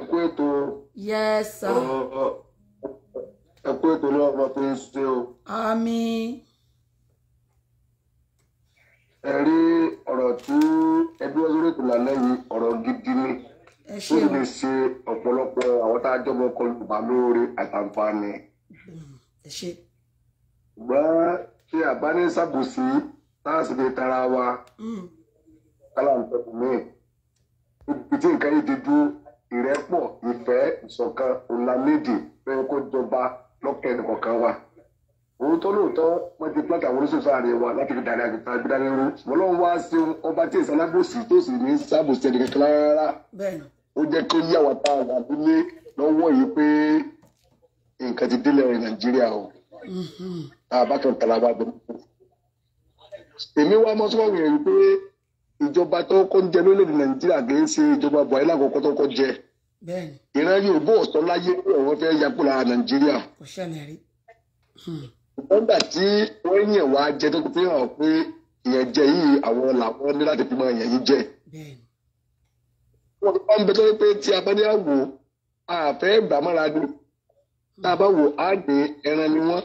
yes sir. ẹ kú ètò lọ́wọ́ ọmọ tó ń ṣe o. àmín. ẹ rí ọ̀rọ̀ tí ẹbí wọn lórí lẹ́yìn ọ̀rọ̀ gidi ni ó sì lè ṣe ọ̀pọ̀lọpọ̀ àwọn tá a jọmọ ọkọ Yorùbá lóore àtàǹfààní. ṣùgbọ́n ṣé àbá ní sábòsí láti lè tara wa mm. kálá ń tẹkùn mí ibi tí nǹkan yìí ti dúró ìrẹ́pọ̀ ìfẹ́ ìṣọ̀kan ọ̀lànídì lóyún kó jọba lọ́kẹ́ ẹnìkọ̀ọ̀kan wa. òun tó lóòótọ́ wọ́n ti pàtàkì àwọn oníṣòwò sáàrin wa láti fi dàrí àgbẹ̀ta gbẹdàrí rú. wọ́n lọ́n wá sí ọba tí èsì alábòsí tó sì ní sábòsí ẹnì kankan rárá. ó jẹ́ kó yá wa tá a wà nílé lọ́wọ́ yìí pé nǹkan ti délẹ̀ nàìjíríà o. àbákan kalaba bẹ èmi wá mọ́ sọ́wọ́ yẹn wípé ìjọba tó kọ́ jẹ lórílẹ̀-èdè nàìjíríà kì í ṣe ìjọba buhari lákòókò tó kọ́ jẹ ìran Yorùbá ò sọ láyé pé àwọn fẹ́ yapò lára Nàìjíríà hmm. nígbà tí wọ́n yàn wá jẹ tó fi hàn pé ìyànjẹ yìí àwọn làwọn ní láti fi máa yàn yín jẹ wọ́n ń bẹ tó pé tí a bá ní àwò àfẹ́ ìbámọ́ra ni tá a bá wò á ní ẹran ni wọ́n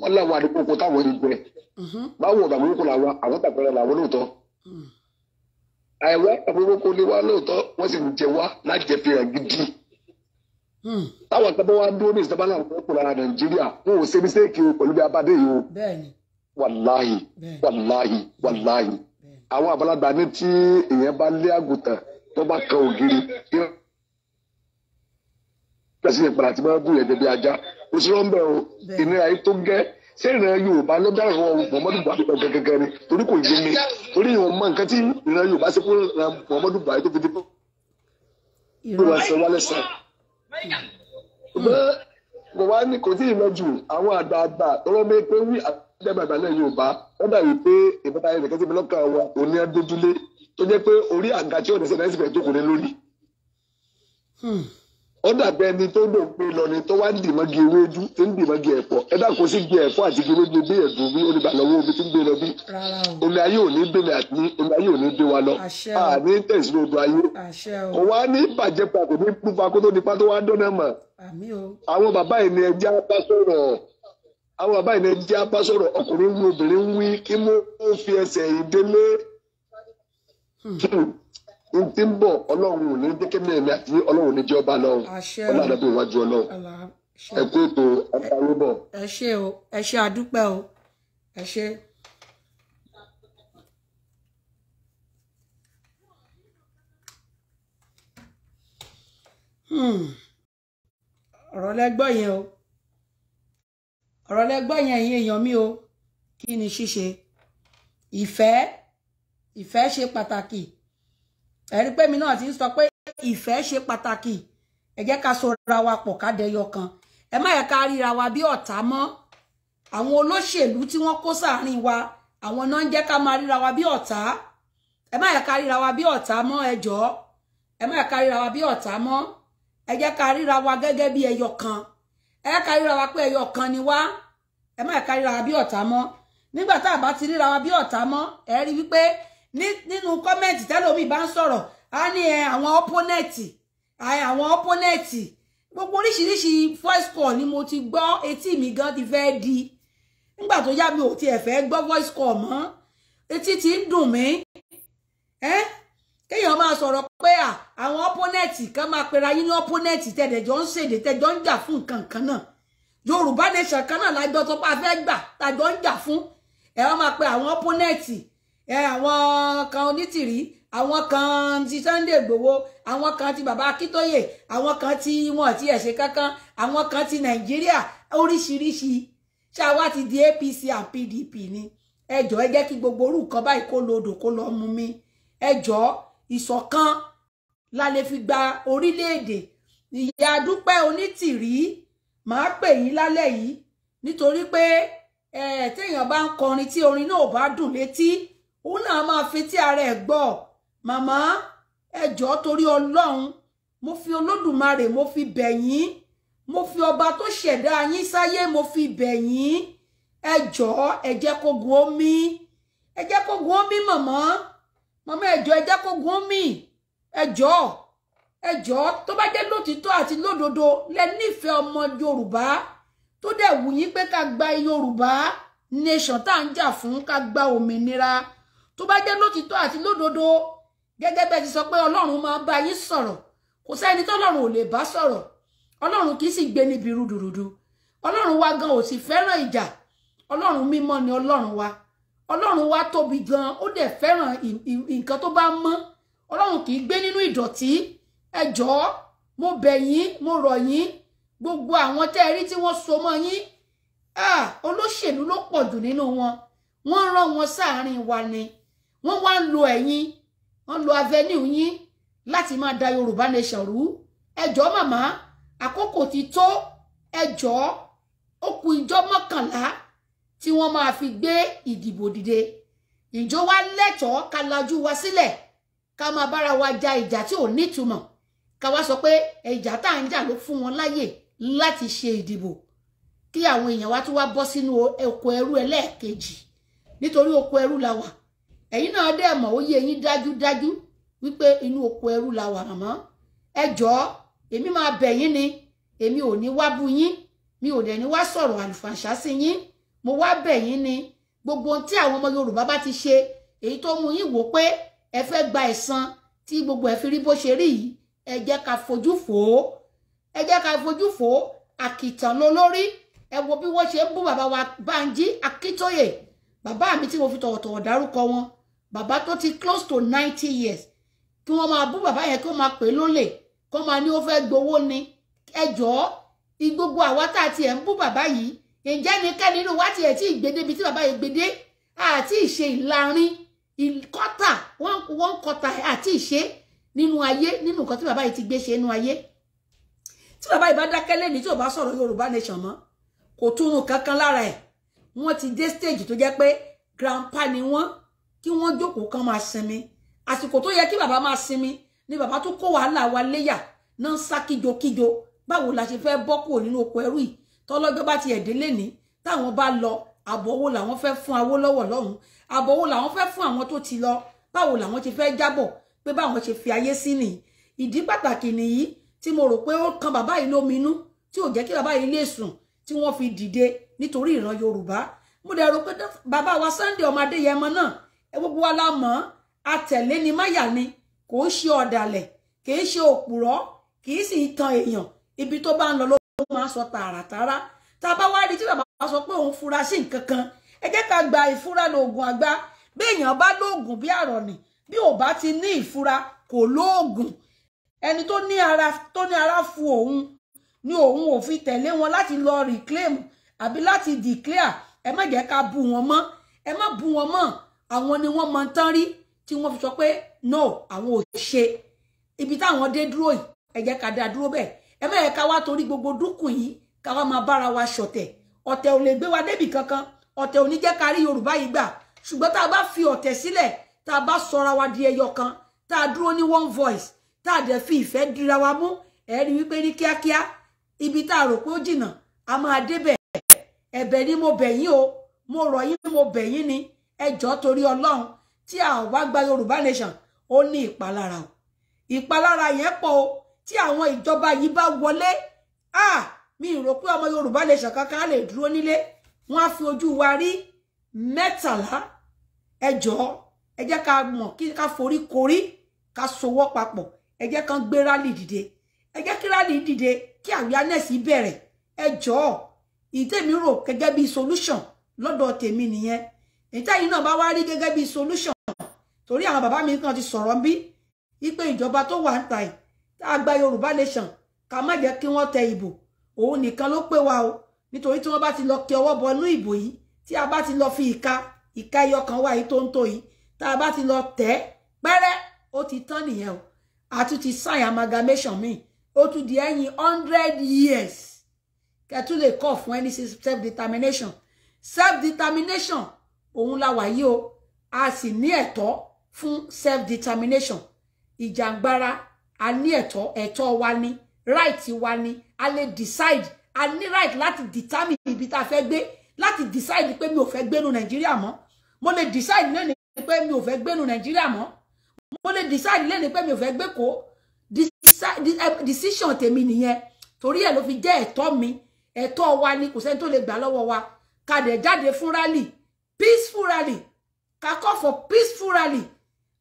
wọ́n láwọn àdúgbò kó táwọn ń gbẹ mm-hmm. báwo bàbá olóko làwọn àwọn tàbí ẹran làwọn lóòótọ́. Mm àìwá àkókò ní wa lóòótọ́ wọ́n sì ń jẹ wá lájẹfihàn gidi. Hmm. táwọn àtàbọ̀ wa dúró ní ìsọ̀bá náà wọ́n kò lára nàìjíríà wọn ò ṣe ní séèkì o pẹ̀lú bí abadé yìí o. wàláhì wàláhì wàláhì àwọn àbálàgbà ní tí èèyàn bá lé àgùntàn tó bá kan ògiri ìrẹsì ìpàdà tí wọ́n gùn yẹn débi ajá òṣìṣẹ́ ń o ìnira yìí tó gẹ́ ṣé ìran Yorùbá ló dára fún Muhammadu Buhari pẹ̀lú gẹ́gẹ́ ni torí kò yé mi torí ìwọ̀n mọ nǹkan tí ìran Yorùbá ṣe fún Muhammadu Buhari tó fi dé pọ̀ ló sọ wálẹ̀ sàn. kò wá ní kò tí ì àwọn àgbààgbà mi pé wí náà Yorùbá wọ́n pé mi lọ́kàn ní adójúlé tó jẹ́ pé orí àga tí ò ó dàgbẹ́ ẹni tó dò pé lọ́ni tó wá ń dìmọ́gi ewédú tí ń dìmọ́gi ẹ̀fọ́ ẹ dákun sí gbé ẹ̀fọ́ àti gbé ewédú bí ẹ̀dùn bí oníbàlọ́wọ́ omi tí ń gbé lọ bí omi ayé ò ní bẹ̀rẹ̀ àti omi ayé ò ní dé wa lọ àní tẹ̀sí odò ayé kò wá ní bàjẹ́ pàtó ní púpa kó tó di pátó wá dọ́nà mọ̀ àwọn bàbá yìí ni ẹjẹ́ apá sọ̀rọ̀ àwọn bàbá yìí ni ẹjẹ́ apá sọ̀rọ̀ ọkùnrin n tí ń bọ̀ ọlọ́run ò ní dékè ní ẹ̀mí àti ọlọ́run ò ní jẹ́ ọba lọ́run ọlọ́run àdàbí ìwájú ọlọ́run ẹ kú ètò àtàrúbọ. ẹ ṣé o ẹ ṣé àdúpẹ́ o ẹ ṣé. Hmm. ọ̀rọ̀ lẹ́gbọ́ yẹn o ọ̀rọ̀ lẹ́gbọ́ yẹn ẹ̀yin èèyàn mi o kí ni ṣíṣe ìfẹ́ ìfẹ́ ṣe pàtàkì ẹ̀rí pé mi náà ti ń sọ pé ìfẹ́ ṣe pàtàkì ẹ ká sora wa pọ̀ ká dẹyọ kan ẹ má yẹ ká ríra wa bí ọ̀tá mọ́ àwọn olóṣèlú tí wọ́n kó sáàrin wa àwọn náà ń jẹ́ ká máa ríra wa bí ọ̀tá ẹ má yẹ ká ríra wa bí ọ̀tá mọ́ ẹ ẹ má yẹ ká ríra wa bí ọ̀tá mọ́ ẹ ká ríra wa gẹ́gẹ́ bí ẹyọ kan ẹ jẹ́ ká ríra wa pé ẹyọ kan ni wá ẹ má yẹ ká ríra wa bí ọ̀tá mọ́ nígbà tá a bá ti ríra wa bí ọ̀tá mọ́ ẹ rí wípé nínú kọ́mẹ́ǹtì tẹ́lómi bá ń sọ̀rọ̀ á ní àwọn a àwọn ọ́pọ́nẹ́ẹ̀tì gbogbo oríṣiríṣi voice call ni mo ti gbọ́ etí mi gan ti fẹ́ di nígbà tó yá mi ò tiẹ̀ fẹ́ gbọ́ voice call mọ́ etí ti ń dùn mí kéèyàn máa sọ̀rọ̀ pé àwọn ọ́pọ́nẹ́ẹ̀tì kan máa pera yín ní ọ́pọ́nẹ́ẹ̀tì tẹ̀dẹ̀jọ́ ń ṣèdè tẹ̀jọ́ ń jà fún nǹkan kan náà Yorùbá nation kan náà lájọ tó pa fẹ́ gbà tàjọ ń jà fún ẹ wọ́n máa pe àwọn ọ́pọ́nẹ́ẹ̀tì àwọn kan onítìrí àwọn kan ti Sunday Igboho àwọn kan ti baba Akíntóyè àwọn kan ti wọn ti ẹ̀ṣẹ̀ kankan àwọn kan ti Nàìjíríà oríṣiríṣi ṣáwa ti di APC and PDP ni ẹ jọ̀ọ́ ẹ jẹ́ kí gbogbo orú nǹkan báyìí kó lo odò kó lọ mú mi ẹ jọ̀ọ́ ìṣọ̀kan la lè fi gba orílẹ̀-èdè ìyá dúpẹ́ onítìrí màá pè yín lálẹ́ yìí nítorí pé téèyàn bá ń kọrin tí orin náà ò bá dùn létí òun náà máa fetí ara ẹ̀ gbọ́ màmá ẹ jọ̀ọ́ torí ọlọ́run mo fi olódùmarè mo fi bẹ̀ yín mo fi ọba tó ṣẹ̀dá yín sáyé mo fi bẹ̀ yín ẹ jọ̀ọ́ ẹ jẹ́ kógun omi ẹ jẹ́ kógun omi màmá màmá ẹ jọ̀ọ́ ẹ jẹ́ kógun omi ẹ jọ̀ọ́ ẹ jọ̀ọ́ tó bá jẹ́ lótìtọ́ àti lódodo lẹ nífẹ̀ẹ́ ọmọ yorùbá tó dẹ̀ wù yín pé ká gba yorùbá nation tá à ń jà fún ká gba òmìnira tó bá jẹ́ lótìtọ́ àti lódodo gẹ́gẹ́ bẹ́ẹ̀ ti sọ pé ọlọ́run máa bá yín sọ̀rọ̀ kò sẹ́ni tọ́lọ́run ò lè bá sọ̀rọ̀ ọlọ́run kì í sì gbé níbi rúdurùdu ọlọ́run wa gan ò sì fẹ́ràn ìjà ọlọ́run mímọ́ ni ọlọ́run wa ọlọ́run wa tóbi gan ó dẹ̀ fẹ́ràn nǹkan tó bá mọ́ ọlọ́run kì í gbé nínú ìdọ̀tí ẹ mo bẹ̀ yín mo rọ̀ yín gbogbo àwọn tẹ́ ẹ rí tí wọ́n so mọ́ yín olóṣèlú ló pọ̀ jù nínú wọn wọ́n rán wọn sáàárín wa ni wọ́n wá ń lo ẹ̀yin wọ́n lo avenue yín láti máa da Yorùbá nation rú ẹjọ́ màmá àkókò ti tó ẹjọ́ ó kù ìjọ́ mọ́kànlá tí wọ́n máa fi gbé ìdìbò dìde ìjọ wa lẹ́tọ̀ọ́ ká lajú wa sílẹ̀ ká máa bára wa ja ìjà tí ò nítumọ̀ ká wá sọ pé ìjà tá à ń jà ló fún wọn láyè láti ṣe ìdìbò kí àwọn èèyàn wa tún wá bọ́ sínú oko ẹrú ẹlẹ́ẹ̀kejì nítorí oko ẹrú la wà ẹ̀yin náà dẹ̀ mọ̀ ó yé yín dájúdájú wípé inú oko ẹrú la wà àmọ́ ẹ jọ̀ọ́ èmi máa bẹ̀ yín ni èmi ò ní wá bú yín mi ò dẹ̀ ní wá sọ̀rọ̀ àlùfàǹṣá sí yín mo wá bẹ̀ yín ni gbogbo ohun tí àwọn ọmọ Yorùbá bá ti ṣe èyí tó mú yín wò pé ẹ fẹ́ gba ẹ̀san tí gbogbo ẹ̀ fi rí bó ṣe rí yìí ẹ jẹ́ ká fojú fò ó ẹ jẹ́ ká fojú fò ó àkìtàn ló lórí ẹ wo bí wọ́n ṣe ń bú bàbá wa Bánjí Akíntóyè bàbá mi tí mo fi tọ̀wọ̀tọ̀wọ̀ dárúkọ wọn Baba tó ti close to ninety years kí wọ́n máa bú bàbá yẹn kí wọ́n máa pè lólè kí wọ́n máa ní ó fẹ́ gbowó ni ẹ jọ̀ọ́ àwa tá a tiẹ̀ ń bú Baba yìí ǹjẹ́ nìkan nínú wa tiẹ̀ tí ìgbédé ibi tí bàbá yìí gbédé àti ìṣe ìlarin ìkọ́tà wọ́n kọ́tà àti ìṣe nínú ayé nínú nǹkan tí bàbá yìí ti gbé ṣe nínú ayé tí bàbá yìí bá dákẹ́ lẹ́ni tí ò bá sọ̀rọ̀ Yorùbá nation mọ́ kò túnú kankan lára ẹ̀ wọ́n ti dé stage tó jẹ́ pé grandpa ni wọ́n ki wọ́n jókòó kán máa sinmi àsìkò tó yẹ kí bàbá máa sinmi ni bàbá tó kó wàhálà wa leya, náà sá kíjokíjo báwo la ṣe fẹ́ bọ́ kúrò nínú oko ẹrú yìí tọ́lọ́gbẹ́ bá ti ẹ̀dín lẹ́ni táwọn bá lọ àbọ̀wò làwọn fẹ́ fún Awólọ́wọ̀ lọ́hùn àbọ̀wò làwọn fẹ́ fún àwọn tó ti lọ báwo làwọn ti fẹ́ jábọ̀ pé báwọn ṣe fi ayé sí nìyí ìdí pàtàkì nìyí tí mo rò pé ó kan bàbá yìí lóminú tí ò jẹ́ kí bàbá yìí lè sùn tí fi dìde nítorí ìran Yorùbá mo dẹ̀ rò pé bàbá wa Sunday ọmọ Adéyẹmọ náà gbogbo wa la mọ̀ atẹ̀lé ni máyà ni kò ń ṣe ọ̀dàlẹ̀ kì í ṣe òpùrọ́ kì í sì tan èèyàn ibi tó bá ń lọ ló máa sọ tààràtàrà tá a bá wá rí tí bàbá sọ pé òun fura sí nǹkan kan ẹ jẹ́ ká gba ìfura lóògùn àgbà bí èèyàn bá lóògùn bí àrọ̀ nì bí ò bá ti ní ìfura kò lóògùn ẹni tó ní ara tó ní ara fu òun ni òun ò fi tẹ̀lé wọn láti lọ reclaim àbí láti declare ẹ má jẹ́ ká bú wọn mọ́ ẹ má bú wọn mọ́ àwọn ni wọ́n máa ń tán rí tí wọ́n fi sọ pé no àwọn ò ṣe ibi táwọn dé dúró yìí ẹ jẹ́ ká dá dúró bẹ́ẹ̀ ẹ bẹ́ẹ̀ ká wá torí gbogbo dúkùn yìí ká wá máa bára wa ṣọ̀tẹ̀ ọ̀tẹ̀ ò lè gbé wa débì kankan ọ̀tẹ̀ ò ní jẹ́ ká rí Yorùbá yìí gbà ṣùgbọ́n tá a bá fi ọ̀tẹ̀ sílẹ̀ tá a bá sọra wa di ẹyọ kan tá a dúró ní one voice tá a dẹ̀ fi ìfẹ́ dira wa mú ẹ rí wípé ní kíákíá ibi tá a rò pé ó jìnnà a máa débẹ̀ ẹ̀bẹ̀ ni mo bẹ̀ yín o mo rọ̀ yín mo bẹ̀ yín ni ẹjọ́ torí ọlọ́run tí a ò bá gba yorùbá nation ó ní ìpalára o ìpalára yẹn pọ̀ o tí àwọn ìjọba yìí bá wọlé a mi rò pé ọmọ yorùbá nation kankan lè dúró nílé wọn á fi ojú wa rí mẹ́tàlá ẹjọ́ ẹ jẹ́ ká mọ̀ kí ká forí korí ká sowọ́ papọ̀ ẹ jẹ́ kán gbé rálì dìde ẹ jẹ́ kí rálì dìde kí awareness bẹ̀rẹ̀ ẹjọ́ ìtẹ̀mí rò gẹ́gẹ́ bí solution lọ́dọ̀ tèmi nìyẹn ìtẹ́yìn náà bá wá rí gẹ́gẹ́ bí solution torí àwọn bàbá mi kan ti sọ̀rọ̀ bí wípé ìjọba tó wà ń ta ẹ̀ tá a gba Yorùbá nation ká má jẹ́ kí wọ́n tẹ ìbò òun nìkan ló pé wa o nítorí tí wọ́n bá ti lọ kí ọwọ́ bọnú ìbò yìí tí a bá ti lọ fi ìka ìka ẹyọ kan wá yìí tó ń tó yìí tá a bá ti lọ tẹ̀ pẹ́rẹ́ ó ti tán nìyẹn o a ti sign amalgamation míì ó tún di ẹ̀yìn hundred years kẹ́tù lè kọ̀ fún ẹni self determination self determination òun la wà yìí o a sì ní ẹ̀tọ́ fún self determination ìjàngbara a ní ẹ̀tọ́ ẹ̀tọ́ wa ni right wa ni a lè decide a ní right láti determine ibi tá a fẹ́ gbé láti decide pé mi ò fẹ́ gbénu nàìjíríà mọ́ mo lè decide lẹ́nu pé mi ò fẹ́ gbénu nàìjíríà mọ́ mo lè decide lẹ́nu pé mi ò fẹ́ gbé kó eh, decision tèmi nìyẹn torí ẹ̀ ló fi jẹ́ ẹ̀tọ́ mi ẹ̀tọ́ wa ni kò sẹ́ni tó lè gbà lọ́wọ́ wa ká jáde fún rálì peaceful rally ká call for peaceful rally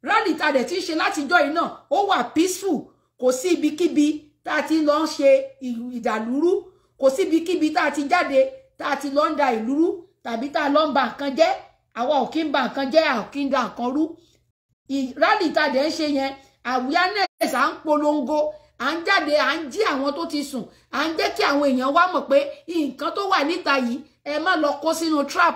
rally tá a dẹ̀ ti ń ṣe látijọ́ yìí náà ó peaceful kò sí ibikíbi tá a ti lọ ń ṣe ìdàlúrú kò sí ibikíbi tá a ti jáde tá a ti lọ ń da ìlú rú tàbí tá a lọ ń ba nǹkan ba nǹkan jẹ́ a ò kí da nǹkan rú rally tá a dẹ̀ ń awareness à polongo à ń jáde à ń jí àwọn tó ti sùn à ń jẹ́ kí àwọn èèyàn wá mọ̀ pé nǹkan tó wà níta ẹ má lọ kó sínú trap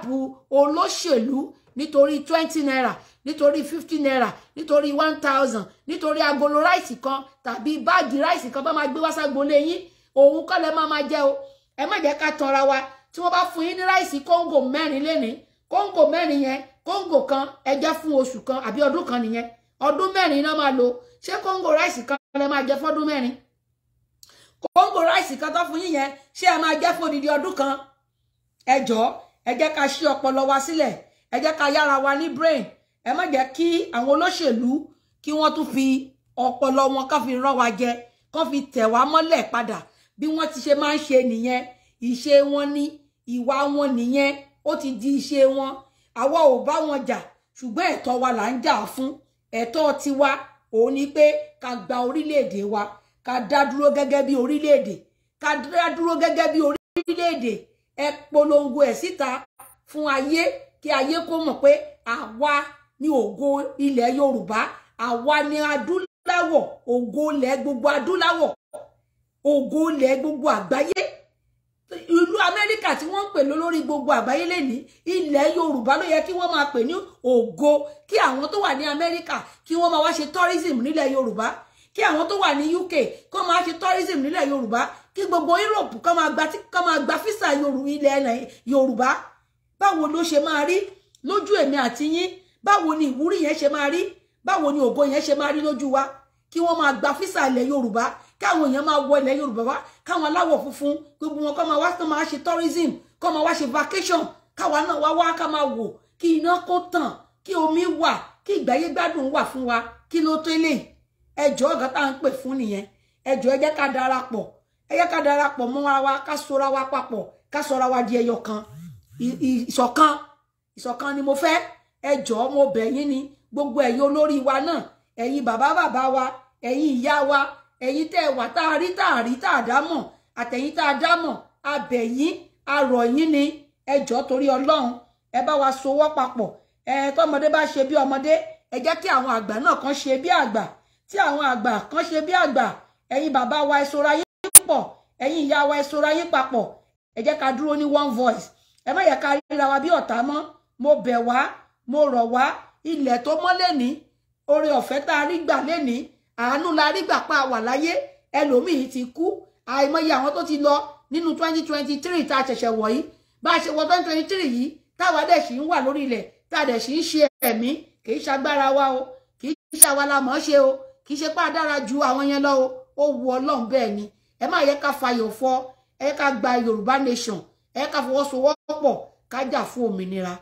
olóṣèlú nítorí twenty naira nitori fifty naira nitori one thousand nítorí agolo ráìsì kan tàbí báàgì ráìsì kan bá máa gbé wá ságbolé yín òun kọ́ lẹ máa máa jẹ o ẹ má jẹ́ ká tanra wa tí wọ́n bá fún yín ní ráìsì kóńgò mẹ́rin lénìí kóńgò mẹ́rin yẹn kóńgò kan ẹ jẹ fún oṣù kan àbí ọdún kan nìyẹn ọdún mẹ́rin náà máa lò ṣé kóńgò ráìsì kan lẹ máa jẹ fọ́dún mẹ́rin kóńgò ráìsì kan tó fún yín yẹn ṣé ẹ máa jẹ fún odidi ọdún kan Ejo, jọ̀ọ́ ẹ jẹ́ ká ṣí ọpọlọ wa sílẹ̀ ẹ jẹ́ ká yára wa ní brain ẹ má jẹ́ kí àwọn olóṣèlú kí wọ́n tún fi ọpọlọ wọn ká fi rán wa jẹ kán fi tẹ̀ wá mọ́lẹ̀ padà bí wọ́n ti ṣe máa ń ṣe nìyẹn ìṣe ni ìwà wọn nìyẹn ó ti di ìṣe wọn awo ò bá wọn jà ṣùgbọ́n ẹ̀tọ́ wa la ń jà fún ẹ̀tọ́ tiwa òun ni pé ká gba orílẹ̀ wa ká dá dúró gẹ́gẹ́ bí orílẹ̀-èdè ká dá dúró gẹ́gẹ́ bí ẹ polongo ẹ̀ síta fún ayé kí ayé kó mọ̀ pé àwa ni ògo ilẹ̀ Yorùbá àwa ni adúláwọ̀ ògo ilẹ̀ gbogbo adúláwọ̀ ògo ilẹ̀ gbogbo àgbáyé ìlú Amẹ́ríkà tí wọ́n ń pè lólórí gbogbo àgbáyé lẹ́ni ilẹ̀ Yorùbá ló yẹ kí wọ́n máa pè ní ògo kí àwọn tó wà ní Amẹ́ríkà kí wọ́n máa wá ṣe tourism nílẹ̀ Yorùbá kí àwọn tó wa ni UK kí wọ́n máa ṣe tourism nílẹ̀ Yorùbá kí gbogbo Europe kán máa gba tí kán máa gba físà ilẹ̀ Yorùbá báwo ló ṣe máa rí lójú èmi àti yín báwo ni ìwúrí yẹn ṣe máa rí báwo ni ògo yẹn ṣe máa rí lójú wa kí wọ́n máa gba físà ilẹ̀ Yorùbá káwọn èèyàn máa wọ ilẹ̀ Yorùbá wá káwọn aláwọ̀ funfun gbogbo wọn kán máa wá kán máa ṣe tourism kán máa wá ṣe vacation káwa náà wá wá ká máa wò kí iná kó tàn kí omi wà kí ìgbáyé gbádùn wà fún wa kí ló tó lè ẹjọ́ ọ̀gá tá à ń pè fún nìyẹn ẹjọ́ ẹ ká darapọ̀ ẹ yẹ ká darapọ̀ mọ́ ara wa ká sora wa papọ̀ ká sora wa di ẹyọ kan ìṣọ̀kan ìṣọ̀kan ni mo fẹ́ ẹ jọ̀ọ́ mo bẹ̀ yín ni gbogbo ẹ̀yin olórí wa náà ẹ̀yin bàbá bàbá wa ẹ̀yin ìyá wa ẹ̀yin tẹ́ ẹ wà tá a rí tá a rí tá a dá mọ̀ àtẹ̀yin tá a dá a bẹ̀ yín a rọ̀ yín ni ẹ jọ̀ọ́ torí Ọlọ́run ẹ bá wa sowọ́ papọ̀ ẹ tọmọdé bá ṣe bí ọmọdé ẹ jẹ́ kí àwọn àgbà náà kan ṣe bí àgbà tí àwọn àgbà kan ṣe bí àgbà ẹ̀yin bàbá wa ẹ ṣọ́ra yín pọ̀ ẹ̀yin ìyá wa ẹ sora yín papọ̀ ẹ jẹ́ ká dúró ní one voice ẹ má yẹ ká ríra wa bí ọ̀tá mọ́ mo bẹ̀ wá mo rọ̀ wá ilẹ̀ tó mọ́ lẹ́ni oore ọ̀fẹ́ tá a rí gbà lẹ́ni àánú la rí gbà pa wà láyé ẹlòmíì ti kú àìmọye àwọn tó ti lọ nínú twenty twenty three tá a ṣẹ̀ṣẹ̀ wọ̀nyí bá a ṣe wọ twenty twenty three yìí táwa dẹ̀ sì ń wà lórí ilẹ̀ tá a dẹ̀ sì ń ṣe ẹ̀mí kì í ṣagbára wa o kì í ṣàwa ṣe o kì í ṣe pá ju àwọn yẹn lọ o ó wu ọlọ́run bẹ́ẹ̀ ni ẹ má yẹ ká fàyọ̀ fọ́ ẹ ká gba yorùbá nation ẹ ká fọwọ́sowọ́pọ̀ ká jà fún òmìnira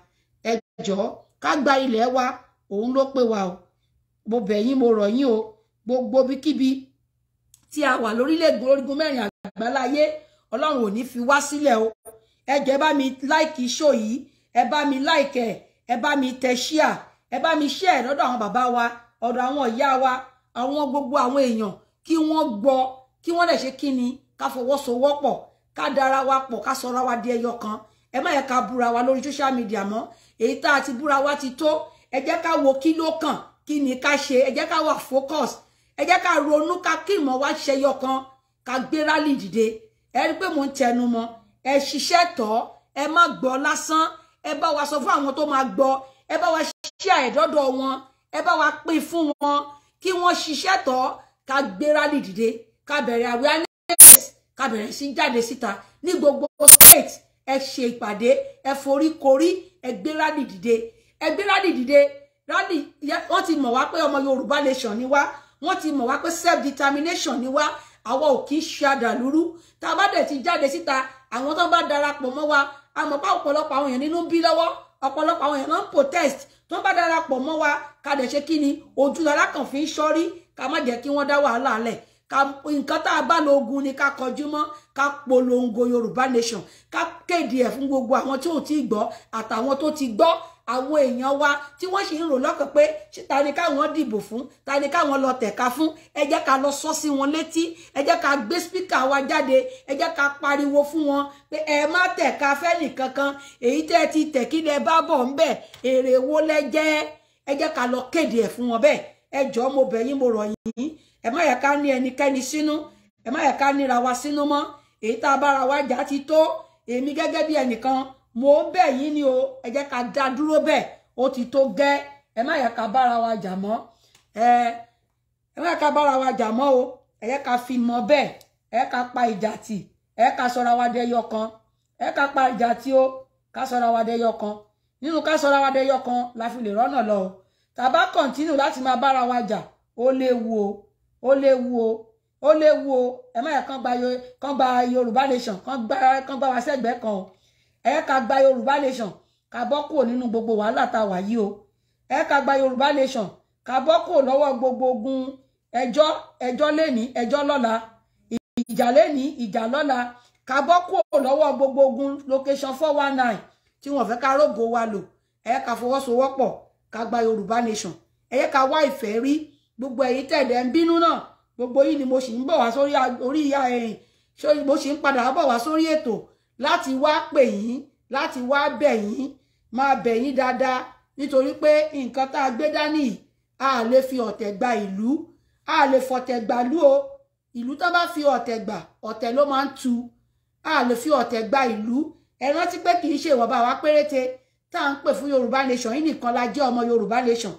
ẹ jọ̀ọ́ ká gba ilẹ̀ wa òun ló pé wa o mo bẹ̀ yín mo rọ̀ yín o gbogbo bíkíbi tí a wà lórílẹ̀-èdè orígun mẹ́rin àgbáláyé ọlọ́run ò ní fi wá sílẹ̀ o ẹ jẹ́ bá mi láìkì ṣó yìí ẹ bá mi láìkì ẹ ẹ bá mi tẹ ṣíà ẹ bá mi ṣíà ẹ lọ́dọ̀ àwọn bàbá wa ọ̀dọ̀ àwọn ìyá wa àwọn gbogbo àwọn èèyàn kí wọ́n gbọ́ kí wọ́n lè ṣe kí ni ká fọwọ́sowọ́pọ̀ ká dára wa pọ̀ ká sọra wa di ẹyọ kan ẹ má yẹ ká búra wa lórí social media mọ́ èyí tá a ti búra wa ti tó ẹ jẹ́ ká wo kí ló kàn kí ni ká ṣe ẹ jẹ́ ká wà focus ẹ jẹ́ ká ronú ká kí ìmọ̀ wa ṣẹyọ kan ká gbé rálì dìde ẹ rí pé mò ń tẹnu mọ́ ẹ ṣiṣẹ́ tọ́ ẹ má gbọ́ lásán ẹ bá wa sọ fún àwọn tó máa gbọ́ ẹ bá wa ṣíṣe àìdọ́dọ̀ wọn ẹ bá wa pín fún wọn kí wọ́n ṣiṣẹ́ tọ́ ká gbé rálì dìde ká bẹ̀rẹ̀ awareness ká bẹ̀rẹ̀ sí jáde síta ní gbogbo state ẹ ṣe ìpàdé e fori kori e gbé rádì dìde ẹ gbé Radi dìde rádì wọ́n ti mọ̀ wá pé ọmọ Yorùbá nation ni wá wọ́n ti mọ̀ wá pé self determination ni wá àwa ò kì í ṣe àdàlúrú tá a bá dẹ̀ ti jáde síta àwọn tó bá darapọ̀ mọ́ wa a mọ̀ bá ọ̀pọ̀lọpọ̀ àwọn èèyàn nínú bí lọ́wọ́ ọ̀pọ̀lọpọ̀ àwọn èèyàn náà ń protest tó bá darapọ̀ mọ́ wa ká dẹ̀ ṣe kí ni ojú lálákàn fi ń ṣọ́rí ká má jẹ́ kí wọ́n dá wàhálà nǹkan tá a bá lọ ogun ni ká kọjú mọ́ ká polongo yorùbá nation ká kéde ẹ̀ fún gbogbo àwọn tí ò ti gbọ́ àtàwọn tó ti gbọ́ àwọn èèyàn wa tí wọ́n sì ń rò lọ́kàn pé ta ni káwọn dìbò fún ta ni káwọn lọ tẹ̀ka fún ẹ jẹ́ ká lọ sọ sí wọn létí ẹ jẹ́ ká gbé spíkà wa jáde ẹ jẹ́ ká pariwo fún wọn pé ẹ má tẹ̀ka fẹ́nì kankan èyí tẹ́ ti tẹ̀kílẹ̀ bá bọ̀ ń bẹ̀ èrè wo lẹ jẹ́ ẹ jẹ́ ká lọ kéde ẹ̀ fún wọn bẹ́ẹ̀ ẹ jọ̀ọ́ mo bẹ̀ yín mo rọ̀ yín ẹ má yẹ ká ní ẹnikẹ́ni sínú ẹ má yẹ ká níra wa sínú mọ́ èyí tá a bára wa jà ti tó èmi gẹ́gẹ́ bí ẹnìkan mo bẹ̀ yín ni o ẹ jẹ́ ká dá dúró bẹ́ẹ̀ ó ti tó gẹ́ ẹ má yẹ ká bára wa jà mọ́ ẹ ẹ má yẹ ká wa jà mọ́ o ẹ jẹ́ ká fi mọ́ bẹ́ẹ̀ ẹ ká pa ìjà tì ẹ ká wa dẹyọ kan ẹ ká pa ìjà o ká sọra wa dẹyọ kan nínú ká sọra wa dẹyọ kan la fi lè rọ́nà lọ o tàbá kọ̀ntínù láti máa bára wa jà ó léwu o ó léwu o ó léwu o ẹ má yẹ kán gba kán gba yorùbá nation kán gba kán gba wa sẹ́gbẹ̀ẹ́ kan o ẹ ká gba yorùbá nation ká bọ́ kúrò nínú gbogbo wàhálà tá a wà yìí o ẹ ká gba yorùbá nation ká bọ́ kúrò lọ́wọ́ gbogbo ogun ẹjọ́ ẹjọ́ lẹ́ni ẹjọ́ lọ́la ìjà lẹ́ni ìjà lọ́la ká bọ́ kúrò lọ́wọ́ gbogbo ogun location four one nine tí wọ́n fẹ́ ká rògbò wa lò ẹ ká fọwọ́sowọ́pọ̀ ká gba yorùbá nation ẹ ká wá ìfẹ́ rí gbogbo ẹ̀yin tẹ̀dẹ̀ ń bínú náà gbogbo yìí ni mo sì ń bọ̀ wá sórí orí ìyá ẹ̀yìn mo sì ń padà bọ̀ wá sórí ètò láti wá pè yín láti wá bẹ̀ yín máa bẹ̀ yín dáadáa nítorí pé nǹkan tá a gbé dání a lè fi ọ̀tẹ̀ gba ìlú a lè fọ̀tẹ̀ gbà lú o ìlú tó bá fi ọ̀tẹ̀ gbà ọ̀tẹ̀ ló máa ń tu a lè fi ọ̀tẹ̀ gba ìlú ẹ rántí pé kì í ṣe ìwọ̀nba wa péréte tá à ń pè fún Yorùbá nation yìí nìkan la jẹ́ ọmọ Yorùbá nation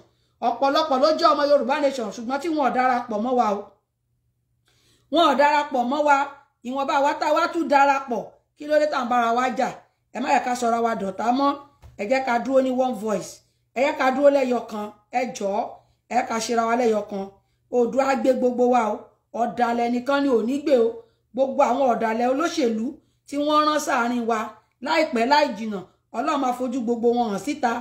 ọ̀pọ̀lọpọ̀ ló jẹ́ ọmọ Yorùbá nation ṣùgbọ́n tí wọn ò darapọ̀ mọ́ wa o wọn ò darapọ̀ mọ́ wa ìwọ̀nba wa tá a wá tún darapọ̀ kí ló dé tá à ń bára wa jà ẹ má yẹ ká sọra wa dọ̀tá mọ́ ẹ jẹ́ ká dúró ní one voice ẹ jẹ́ ká dúró lẹ́yọ kan ẹ jọ̀ọ́ ẹ ká ṣera wa lẹ́yọ kan odò á gbé gbogbo wa o ọ̀dàlẹ̀ nìkan ni ò ní gbé o gbogbo àwọn ọ̀dàlẹ̀ olóṣèlú tí wọ́n rán sáàrin wa láìpẹ́ láì ọlọ́run máa fojú gbogbo wọn hàn síta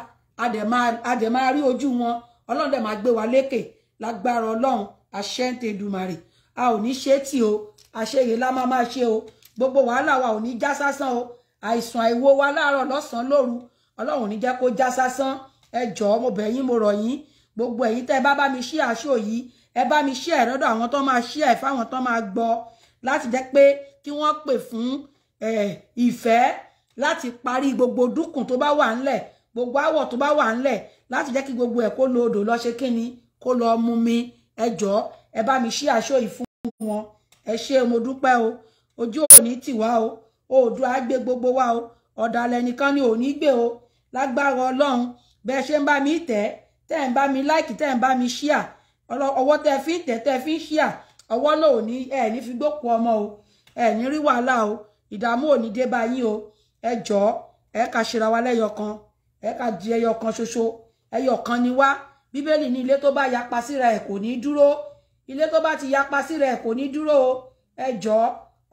a dẹ̀ máa rí ojú wọn ọlọ́run dẹ̀ máa gbé wa lékè lágbára ọlọ́run àṣẹ ń tẹdùmarè a ò ní ṣe tì o àṣeyè la máa máa ṣe o gbogbo wàhálà wa ò ní já sásán o àìsàn àìwo wa láàárọ̀ lọ́sàn-án lóru ọlọ́run ò ní jẹ́ kó já sásán ẹ jọ̀ọ́ mo bẹ̀ yín mo rọ̀ yín gbogbo ẹ̀yin tẹ́ ẹ bá bá mi ṣí àṣọ yìí ẹ bá mi ṣí ẹ̀ lọ́dọ̀ àwọn tó máa ṣí ẹ̀ fáwọn tó máa gbọ́ láti jẹ́ pé kí wọ́n pè fún ìfẹ́ láti parí gbogbo dúkùn tó bá wà ńlẹ̀ gbogbo àwọ̀ tó bá wà ńlẹ̀ láti jẹ́ kí gbogbo ẹ̀ kó lo odò lọ ṣe kíni kó lọ mú mi ẹ ẹ bá mi ṣí aṣọ yìí fún wọn ẹ ṣe mo dúpẹ́ o ojú òní tì wá o oòdùn àgbẹ̀ gbogbo wa o ọ̀dàlẹ̀ nìkan ni òní gbé o lágbára ọlọ́run bẹ́ẹ̀ ṣe ń bá mi tẹ̀ tẹ́ ń bá mi láìkì tẹ́ ń bá mi ṣíà ọwọ́ tẹ́ fi ń tẹ̀ tẹ́ fi ń ṣíà ọwọ́ náà ò ní ẹ̀ ní fi gbókùn ọmọ o ẹ̀ ní rí wàhálà o ìdààmú ò ní dé bá yín o ẹ jọ̀ọ́ ẹ ká ṣera wa lẹ́yọ̀kan ẹ ṣoṣo ẹyọ kan ni wá bíbélì ní ilé tó bá yapa síra ẹ̀ kò ní dúró ilé tó bá ti yapa síra ẹ̀ kò ní dúró o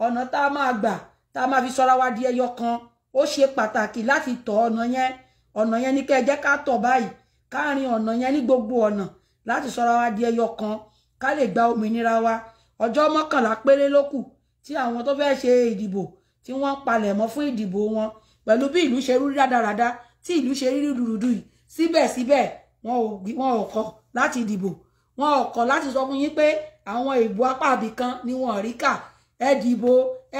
ọ̀nà tá a máa gbà tá a máa fi sọra wa di ẹyọ kan ó ṣe pàtàkì láti tọ̀ ọ̀nà yẹn ọ̀nà yẹn ni kẹ́ ẹ jẹ́ ká tọ̀ báyìí ká rin ọ̀nà yẹn ní gbogbo ọ̀nà láti sọra wa di ẹyọ kan ká lè gba òmìnira wa ọjọ́ mọ́kànlá péré ló kù tí àwọn tó fẹ́ẹ́ ṣe ìdìbò tí wọ́n palẹ̀mọ́ fún ìdìbò wọn pẹ̀lú bí ìlú ṣe rú rádaràda tí ìlú ṣe rí rúdurùdu yìí síbẹ̀síbẹ̀ wọn ò wọn ò kọ̀ láti dìbò wọn ò kọ̀ láti sọ fún yín pé àwọn ìbò apáàbì kan ni wọn rí kà ẹ dìbò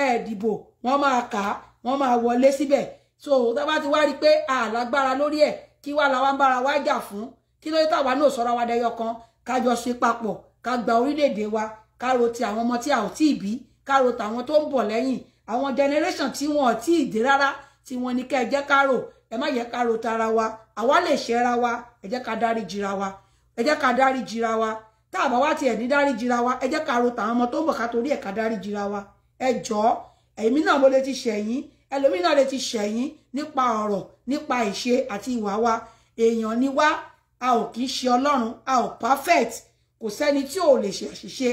ẹ dìbò wọn máa kà á wọn máa wọlé síbẹ̀ so tá bá ti wá rí i pé àlágbára lórí ẹ̀ kí wá làwa ń bára wá jà fún kí ló dé táwa náà sọ̀rọ̀ wa dẹyọ kan ká jọ ṣe papọ̀ ká gba orílẹ̀-èdè wa ká ro ti àwọn ọmọ tí a ò tí ì bí ká ro tàwọn tó ń bọ̀ lẹ́yìn àwọn generation tí wọn ò tí ì dé rárá tí wọn ní kẹ́ ẹ jẹ́ ká rò ẹ má yẹ ká ro tara wa àwa lè ṣẹra wa ẹ jẹ́ ká dárí jira wa ẹ jẹ́ ká dárí jira wa tá a bá wá tiẹ̀ ní dárí jira wa ẹ jẹ́ ká ro tàwọn ọmọ tó ń bọ̀ ká torí ẹ̀ ká dárí jira wa ẹ jọ̀ọ́ èmi náà mo lè ti ṣẹ̀yìn ẹlòmíì náà lè ti ṣẹ̀yìn nípa ọ̀rọ̀ nípa ìṣe àti ìwà wa èèyàn ni wá a ò kì í ṣe ọlọ́run a ò perfect kò sẹ́ni tí ò lè ṣe àṣìṣe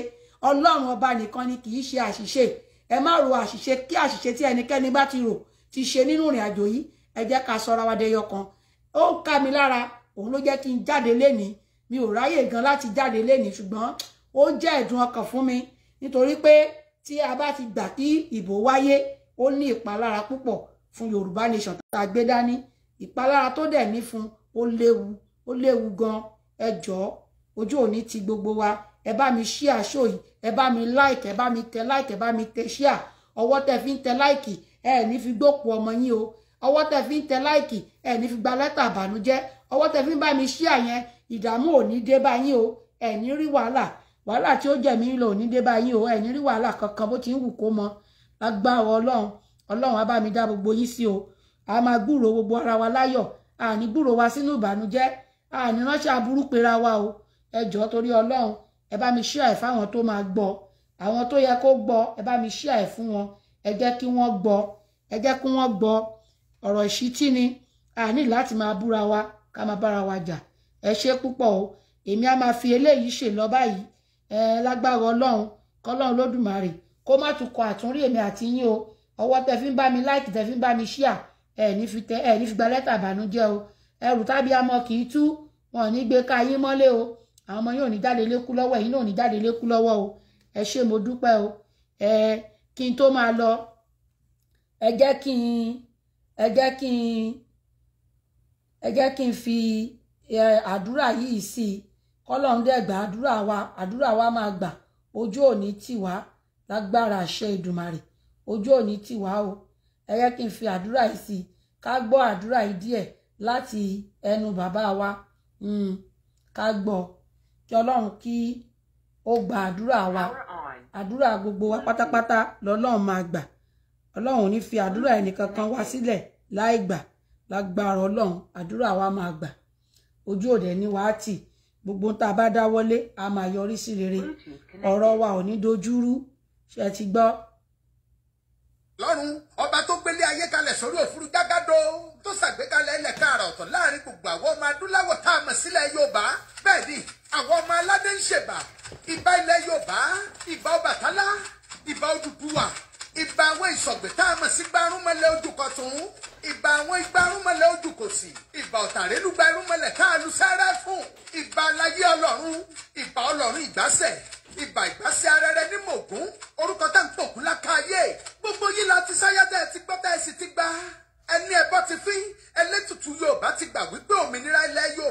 ọlọ́run ọba nìkan ni kì í ṣe àṣìṣe ẹ má ro àṣìṣe kí àṣìṣe tí ẹnikẹ́ni bá ti rò ti ṣe nínú ìrìn àjò yìí ẹ jẹ́ ká sọra wa dẹyọ kan ó ń ká mi lára òun ló jẹ́ kí n jáde lénìí mi ò ráyè gan láti jáde lénìí ṣùgbọ́n ó jẹ́ ẹ̀dùn ọkàn fún mi nítorí pé tí a bá ti gbà kí ìbò wáyé ó ní ìpalára púpọ̀ fún Yorùbá nation tá a gbé dání ìpalára tó dẹ̀ ní fún ó léwu ó léwu gan ẹ jọ̀ọ́ ojú òní ti gbogbo wa ẹ bá mi ṣíà ṣó yìí ẹ bá mi láìkì ẹ bá mi tẹ láìkì ẹ bá mi tẹ ṣíà ọwọ́ tẹ fi ń tẹ láìkì ẹ ní fi gbópo ọmọ yín o ọwọ́ tẹ fi ń tẹ láìkì ẹ̀ní fi gba lẹ́tà àbànújẹ́ ọwọ́ tẹ fi ń bá mi ṣí àyẹn ìdààmú ò ní dé bá yín o ẹ̀ní rí wàhálà wàhálà tí ó jẹ̀mí lò ò ní dé bá yín o ẹ̀ní rí wàhálà kankan bó ti ń wù kó mọ lágbára ọlọ́run ọlọ́run á bá mi dá gbogbo yín sí o a máa gbúrò gbogbo ara wa láyọ̀ àní gbúrò wa sínú ìbànújẹ́ àní ránṣẹ́ aburú pera wa o ẹ jọ̀ọ́ torí ọlọ́run ẹ bá mi ṣíà ẹ̀ fáwọn tó máa gbọ́ àwọn tó yẹ kó gbọ́ ẹ bá mi ṣíà ẹ̀ fún wọn ẹ jẹ́ kí wọ́n gbọ́ ẹ jẹ́ kí wọ́n gbọ́ ọ̀rọ̀ ìṣítí ni a ní láti máa búra wa ká máa bára wa jà ẹ ṣe púpọ̀ o èmi á máa fi eléyìí ṣe lọ báyìí ẹ lágbára ọlọ́run kọ́lọ́run lódùmarè kó má tún kọ àtúnrí èmi àti yín o ọwọ́ tẹ fi ń bá mi láìkì tẹ fi ń bá mi ṣíà ẹ ní fi tẹ ẹ ní fi gba lẹ́tà ìbànújẹ́ o ẹrù tábí amọ kì í tú wọn ò ní gbé ká yín mọ́lé o àwọn ọmọ yín ò ní jáde lékú lọ́wọ́ ẹ̀yin náà ò ní jáde lékú lọ́wọ́ o ẹ ṣé mo dúpẹ́ o ẹ kí n tó máa lọ ẹ jẹ́ kí n ẹ jẹ́ kí n ẹ jẹ́ kí n fi àdúrà yìí sí i kọ́lọ́run dẹ̀ gba àdúrà wa àdúrà wa máa gbà ojú òní tì wá lágbára àṣẹ Èdùmàrè ojú òní tì wá o ẹ jẹ́ kí n fi àdúrà yìí sí i ká gbọ́ àdúrà yìí díẹ̀ láti ẹnu bàbá wa hmm, ká gbọ́ kí ọlọ́run kí ó gba àdúrà wa àdúrà gbogbo wa pátápátá lọ́lọ́run máa gbà ọlọ́run ò ní fi àdúrà ẹnìkankan wá sílẹ̀ láì gbà lágbára ọlọ́run àdúrà wa máa gbà ojú òde ni wàá tì gbogbo tá a bá dáwọ́lé a máa yọrí sí rere ọ̀rọ̀ wa ò ní dojúrú ṣe ti gbọ́. lọ́run ọba tó gbélé ayé kalẹ̀ sórí òfurú gágádó tó ṣàgbékalẹ̀ ilẹ̀ káàrà ọ̀tọ̀ láàrin gbogbo àwọn ọmọ adúláwọ̀ tá a mọ̀ sílẹ̀ Yorùbá bẹ́ẹ̀ ni àwọn ọmọ aládé ń ṣèbà ìbà ilẹ̀ Yorùbá ìbà Ọbàtálá ìbà Odùduwà ìbà àwọn ìsọ̀gbẹ̀ tá a mọ̀ sí gbarúmọ̀lẹ̀ ojúkọ tòun ìbà àwọn gbarúmọ̀lẹ̀ ojúkọ sí ìbà ọ̀tàrẹ́lú gbarúmọ̀lẹ̀ tá a lu sára fún ìbà alayé ọlọ́run ìbà ọlọ́run ìgbásẹ̀ ìbà ìgbásẹ̀ arẹrẹ ní mògún orúkọ tá n pòkú lákàáyé gbogbo yìí la ti sáyá tẹ́ ẹ ti gbọ́ tẹ́ ẹ sì ti gbà ẹni ẹbọ ti fín ẹlẹ́tùtù Yorùbá ti gbà wípé òmìnira ilẹ̀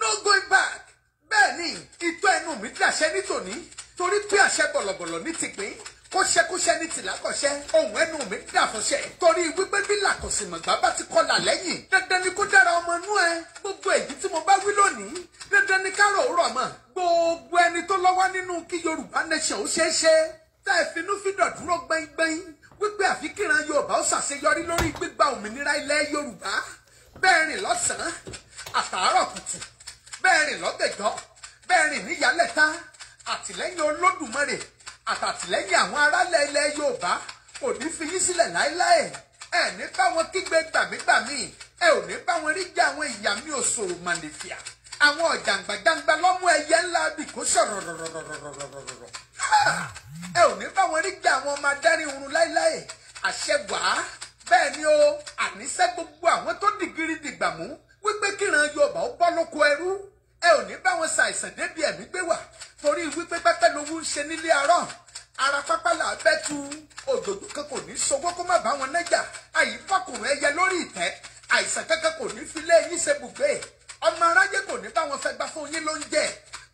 no going back bẹ́ẹ̀ ni itọ́ ẹnu mi dàṣẹ nítòní torí pé àṣẹ bọ̀lọ̀bọ̀lọ̀ ní ti pín kóṣẹ́kóṣẹ́ ní tìlákọ̀ṣẹ́ ohun ẹnu mi dàfọ̀ṣẹ́ torí wípé bí làkọ̀sìmọ̀gbà bá ti kọlà lẹ́yìn dandan ni kó dára ọmọ inú ẹ gbogbo èyí tí mo bá wí lónìí dandan ni ká rọ̀ọ́rọ̀ mọ̀ gbogbo ẹni tó lọ́wọ́ nínú kí Yorùbá nation ó ṣeé ṣe tá ẹ finú fídọ̀ dúró gbẹ́ngbẹ́ng wípé àfi kíran Yorùbá ó ṣàṣeyọrí lórí gbígba òmìnira ilẹ̀ Yorùbá bẹ́ẹ̀ rìn lọ́sàn-án àtàárọ̀ kùtù bẹ́ẹ̀ rìn lọ́dẹ̀gbọ́ bẹ́ẹ̀ rìn níyàlẹ́ta àtìlẹ́yìn olódùmarè àtàtìlẹ́yìn àwọn aráàlẹ̀ ilẹ̀ yorùbá ò ní fi yín sílẹ̀ láéláé ẹ ní bá wọn kígbe gbàmígbàmí ẹ ò ní bá wọn rí jẹ àwọn ìyá mi òṣòro màlèfìà àwọn ọ̀jàǹgbàjàǹgbà lọ́mú ẹyẹ ńlá bì kó sọ̀rọ̀ rọ̀rọ̀rọ̀rọ̀rọ̀rọ̀ ẹ ò ní bá wọn rí jẹ àwọn ọmọ adarí oorun láéláé àṣẹ wàá bẹ́ẹ̀ ni o àníṣẹ́ gbogbo àwọn tó dìgírí dìgbàmú wípé kíran yorùbá ó bọ́ lóko ẹrú ẹ ò ní bá wọn ṣàìsàn débi ẹ̀mí gbé wà torí wípé pẹ́pẹ́ lowó ń ṣe nílé arọ́ ara pápá là bẹ́ tu òdòdó kan kò ní sọwọ́ kó má bá wọn nájà àyífàkùnrin ẹyẹ lórí ìtẹ́ àìsàn kankan kò ní fi lé yín ṣe bùgbé ọmọ aráyé kò ní bá wọn fẹ́ gbà fún yín ló ń jẹ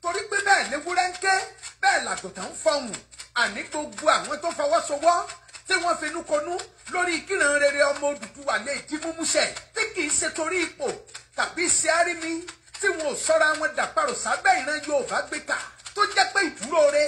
torí pé bẹ́ẹ̀ léwúrẹ́ ń ké bẹ́ẹ̀ làgùntàn ń fọhùn àní gbogbo àwọn tó fọwọ́sowọ́ tí wọ́n finú konú lórí kíran rere ọmọ Odùduwà lè jí múmúṣẹ tí kì í ṣe torí ipò tàbí ṣe árími tí wọn ò sọ́ra wọn dàparò sábẹ́ ìran Yorùbá gbé ta tó jẹ́ pé ìdúró re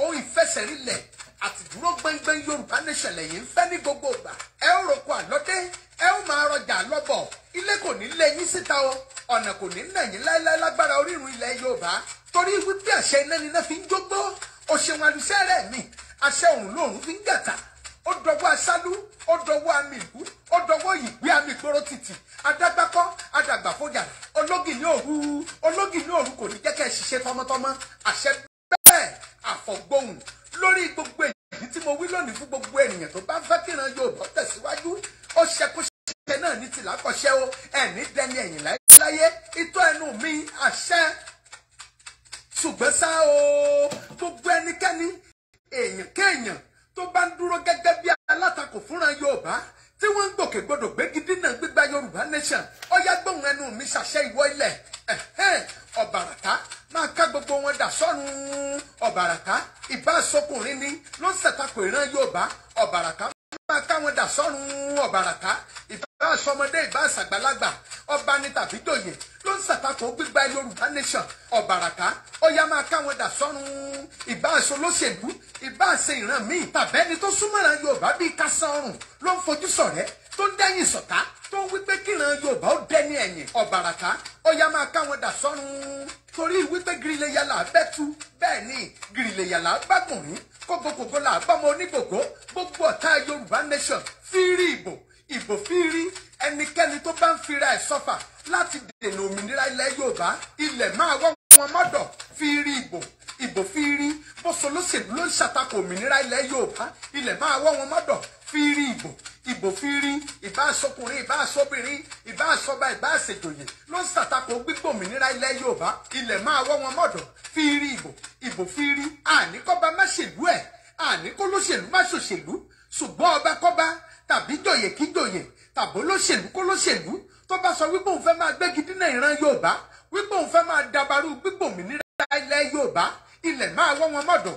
ohun ìfẹsẹ̀rinlẹ̀ àtìdúró gbẹ́ngbẹ́ng Yorùbá nation lẹ́yìn ń fẹ́ ní gbogbo ìgbà ẹ ó roko àlọ́dé ẹ ó máa rọjà lọ́bọ̀ ilé kò ní lé yín síta o ọ̀nà kò ní nà láéláé lágbára orírun ilẹ̀ Yorùbá torí wípé àṣẹ iná ni iná fi ń jógbó òṣèwọ̀n àlùsẹ́ rẹ̀ mi àṣẹ òrùn lòrùn fi ń gàtà ó Asalu, aṣálú ó dọwọ́ yi ìlú ó dọwọ́ ìgbé àmì ìgboro títì adágbákọ́ Ologi fòjà ológì ní òru ológì ní òru kò ní jẹ́ Lori ẹ ṣiṣẹ́ tọmọtọmọ àṣẹ bẹ́ẹ̀ àfọ̀gbóhùn lórí gbogbo èyí tí mo wí lónìí fún gbogbo ènìyàn tó bá fẹ́ kíran Yorùbá tẹ̀síwájú ó ṣe kó ṣe náà ní tìlá kọ́ṣẹ́ o ẹ̀ní dẹni ẹ̀yìn láyé ìtọ́ ẹnu mi àṣẹ ṣùgbọ́n o gbogbo ẹnikẹ́ni èèyàn kéèyàn tó bá ń dúró gẹ́gẹ́ bí alátakò fúnra Yorùbá tí wọ́n ń gbòkè gbọdọ̀ gbégi dínà gbígba Yorùbá nation ọyá gbóhùn ẹnu mi ṣàṣẹ ìwọ ilẹ̀ ọ̀bàràtà máa ká gbogbo wọn dà sọ́run ọ̀bàràtà ìbáṣọkùnrin ni ló ń ṣàtakò ìran Yorùbá ọ̀bàràtà máa ká wọn dà sọ́run ọ̀bàràtà ìbá bá aṣọmọdé ìbá àṣàgbàlagbà ọba ní tàbí dòye ló ń ṣàtakò gbígba yorùbá nation ọ̀bàràká ọya máa káwọn dà sọ́run ìbá aṣọ olóṣèlú ìbá àṣẹ ìran míì tàbẹ́ni tó súnmọ́ra yorùbá bíi kásán ọrùn ló ń fojú sọ̀rẹ́ tó ń dẹ́yìn sọ̀tá tó ń wí pé kíran yorùbá ó dẹ́ni ẹ̀yìn ọ̀bàràká ọya máa káwọn dà sọ́run torí wípé girileyala bẹ́tu bẹ́ẹ̀ ni girileyala bá gùn rí kógbókògbó là bá ọmọ onígbògbó gbogbo ọ̀tá yorùbá nation fírí ìbò ìbòfinrí ẹnikẹ́ni tó bá ń fira ẹ̀ sọ́fà láti dènà òmìnira ilẹ̀ Yorùbá ilẹ̀ máa wọ́ wọn mọ́dọ̀ fi rí ìbò ìbò fi rí bọ́sọ̀ lóṣèlú ló ń ṣàtakò òmìnira ilẹ̀ Yorùbá ilẹ̀ máa wọ́ wọn mọ́dọ̀ fi rí ìbò ìbò fi rí ìbáṣọkùnrin ìbáṣọbìnrin ìbáṣọba ìbáṣèjòyè ló ń ṣàtakò gbígbó òmìnira ilẹ̀ Yorùbá ilẹ̀ máa wọ́ wọn mọ́dọ̀ fi rí ìbò ìbò fi rí àníkọ́ba má ẹ̀ àníkó lóṣèlú má ṣùgbọ́n ọba kọ́ba tàbí jòyè kí jòyè tàbó lóṣèlú kó lóṣèlú tó bá sọ wípé òun fẹ́ máa gbégi dínà ìran Yorùbá wípé òun fẹ́ máa dabarú gbígbòmìnira ilẹ̀ Yorùbá ilẹ̀ máa wọ́ wọn mọ̀dọ̀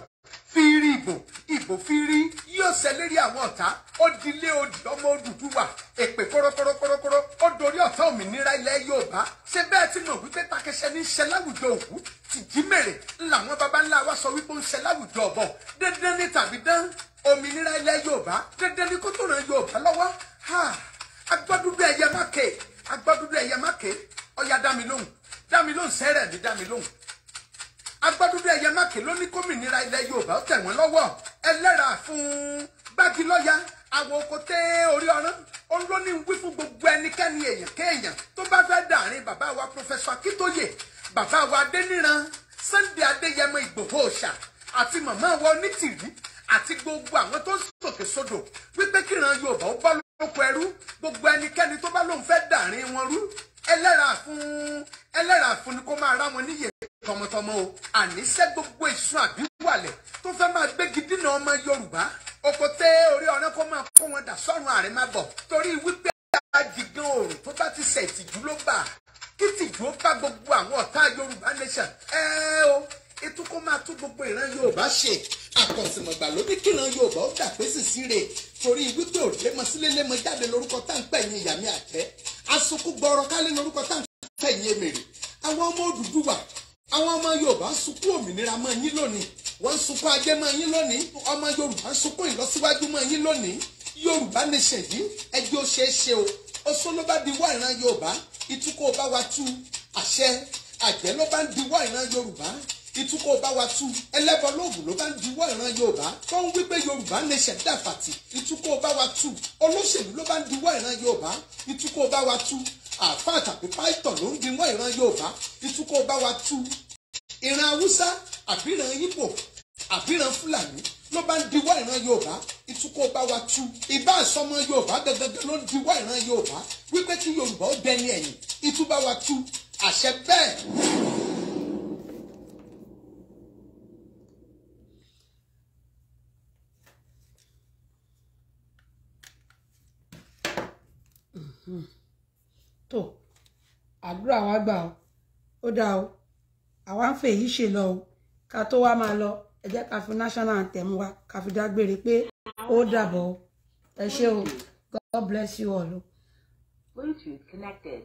fi rí ìbò ìbò fi rí yóò ṣẹ lérí àwọn ọ̀tá ó dilé ọmọ Odùduwà èpè kórókórókóró ó dorí ọ̀tá òmìnira ilẹ̀ Yorùbá ṣé bẹ́ẹ̀ tí mo wípé takẹsẹ ní ṣẹ láwùjọ òkú tìjímèrè làwọn baba ńlá wa sọ wípé ó ń ṣẹ láwùjọ ọ̀bọ dandan ní tàbí dán òmìnira ilẹ̀ yorùbá dandan ni kó tó ràn yorùbá lọ́wọ́ agbádúgbò ẹ̀yẹ mákè agbádúgbò ẹ̀yẹ mákè ọ̀yà dámi lóhùn dámi lóhùn sẹ́rẹ̀ ní dámi lóhùn agbádúgbò ẹ̀yẹ mákè ló ní kómìnira ilẹ̀ yorùbá ó tẹ̀ wọ́n lọ́wọ́ ẹlẹ́ra fún gbágilọ́ya àwọn okote orí ọ̀rán òun wí fún gbogbo ẹnikẹ́ni èèyàn kéèyàn tó bá fẹ́ dàrin bàbá wa pòfẹ́sọ̀ akíntóye bàbá wa adéníran sunday adéyẹmọ ìgbòho ọ̀ṣà àti màmá wa onítìrí àti gbogbo àwọn tó ń sòkè sódò wípé kíran Yorùbá ó bá lóko ẹrú gbogbo ẹnikẹ́ni tó bá lóun fẹ́ dàrin wọn rú ẹlẹ́ra fún ẹlẹ́ra fún ni kó máa rá wọn níyè tọmọtọmọ o àníṣẹ́ gbogbo ìsun àbíwálẹ̀ tó fẹ́ máa gbégi dínà ọmọ Yorùbá oko orí ọ̀rẹ́ kó máa kó wọn dà sọ́run àrẹ máa bọ̀ torí wípé àjìgàn òòrùn tó bá ti ṣe ìtìjú ló bà kí ìtìjú ó bá gbogbo àwọn ọ̀tá Yorùbá nation ẹ o ètò kó máa tún gbogbo ìran Yorùbá ṣe àkànṣìmọ̀gbà ló ní kíran Yorùbá ó dà pé sísí rè torí wípé òrùlémọ sílélémọ jáde lórúkọ táǹpẹ yín ìyàmí àtẹ asokú gbọrọ kálé lórúkọ táǹpẹ yín èmèrè àwọn ọmọ Odùduwà àwọn ọmọ Yorùbá ń sunkún òmìnira mọ́ yín lónìí wọ́n ń sunkún ajé mọ́ yín lónìí ọmọ Yorùbá ń sunkún ìlọsíwájú mọ́ yín lónìí Yorùbá nation yìí ẹjẹ o oṣó ló bá diwọ́ ìran Yorùbá ìtukọ̀ bá wa tú àṣẹ àgbẹ̀ ló bá ìtukọ̀ bá wa tú ẹlẹ́bọ lóògùn ló bá ń diwọ́ ìran yorùbá tó ń wípé yorùbá nation dàfàtì ìtukọ̀ bá wa tú olóṣèlú ló bá ń diwọ́ ìran yorùbá ìtukọ̀ bá wa tú àáfàá tàbí pàìtàn ló ń diwọ́ ìran yorùbá ìtukọ̀ bá wa tú ìran haúsá àbíran yíbò àbíran fúlàní ló bá ń diwọ́ ìran yorùbá ìtukọ̀ bá wa tú ìbá àsọmọ yorùbá gẹ́gẹ́gẹ́ ló ń diwọ́ ìran yorùbá wípé kí yorùbá ó dẹni ẹ̀yìn ìtúbá tó àdúrà wa gbà ó ó dáa o àwa ń fèyí ṣe lọ o ká tó wá máa lọ ẹ jẹ́ ká fi national anthem wa ká fi dágbére pé ó dàbọ̀ o ẹ ṣé o God bless you all o. Bluetooth connected.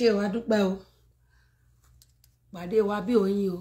ṣé o adúpẹ́ o pàdé wa bí oyin o.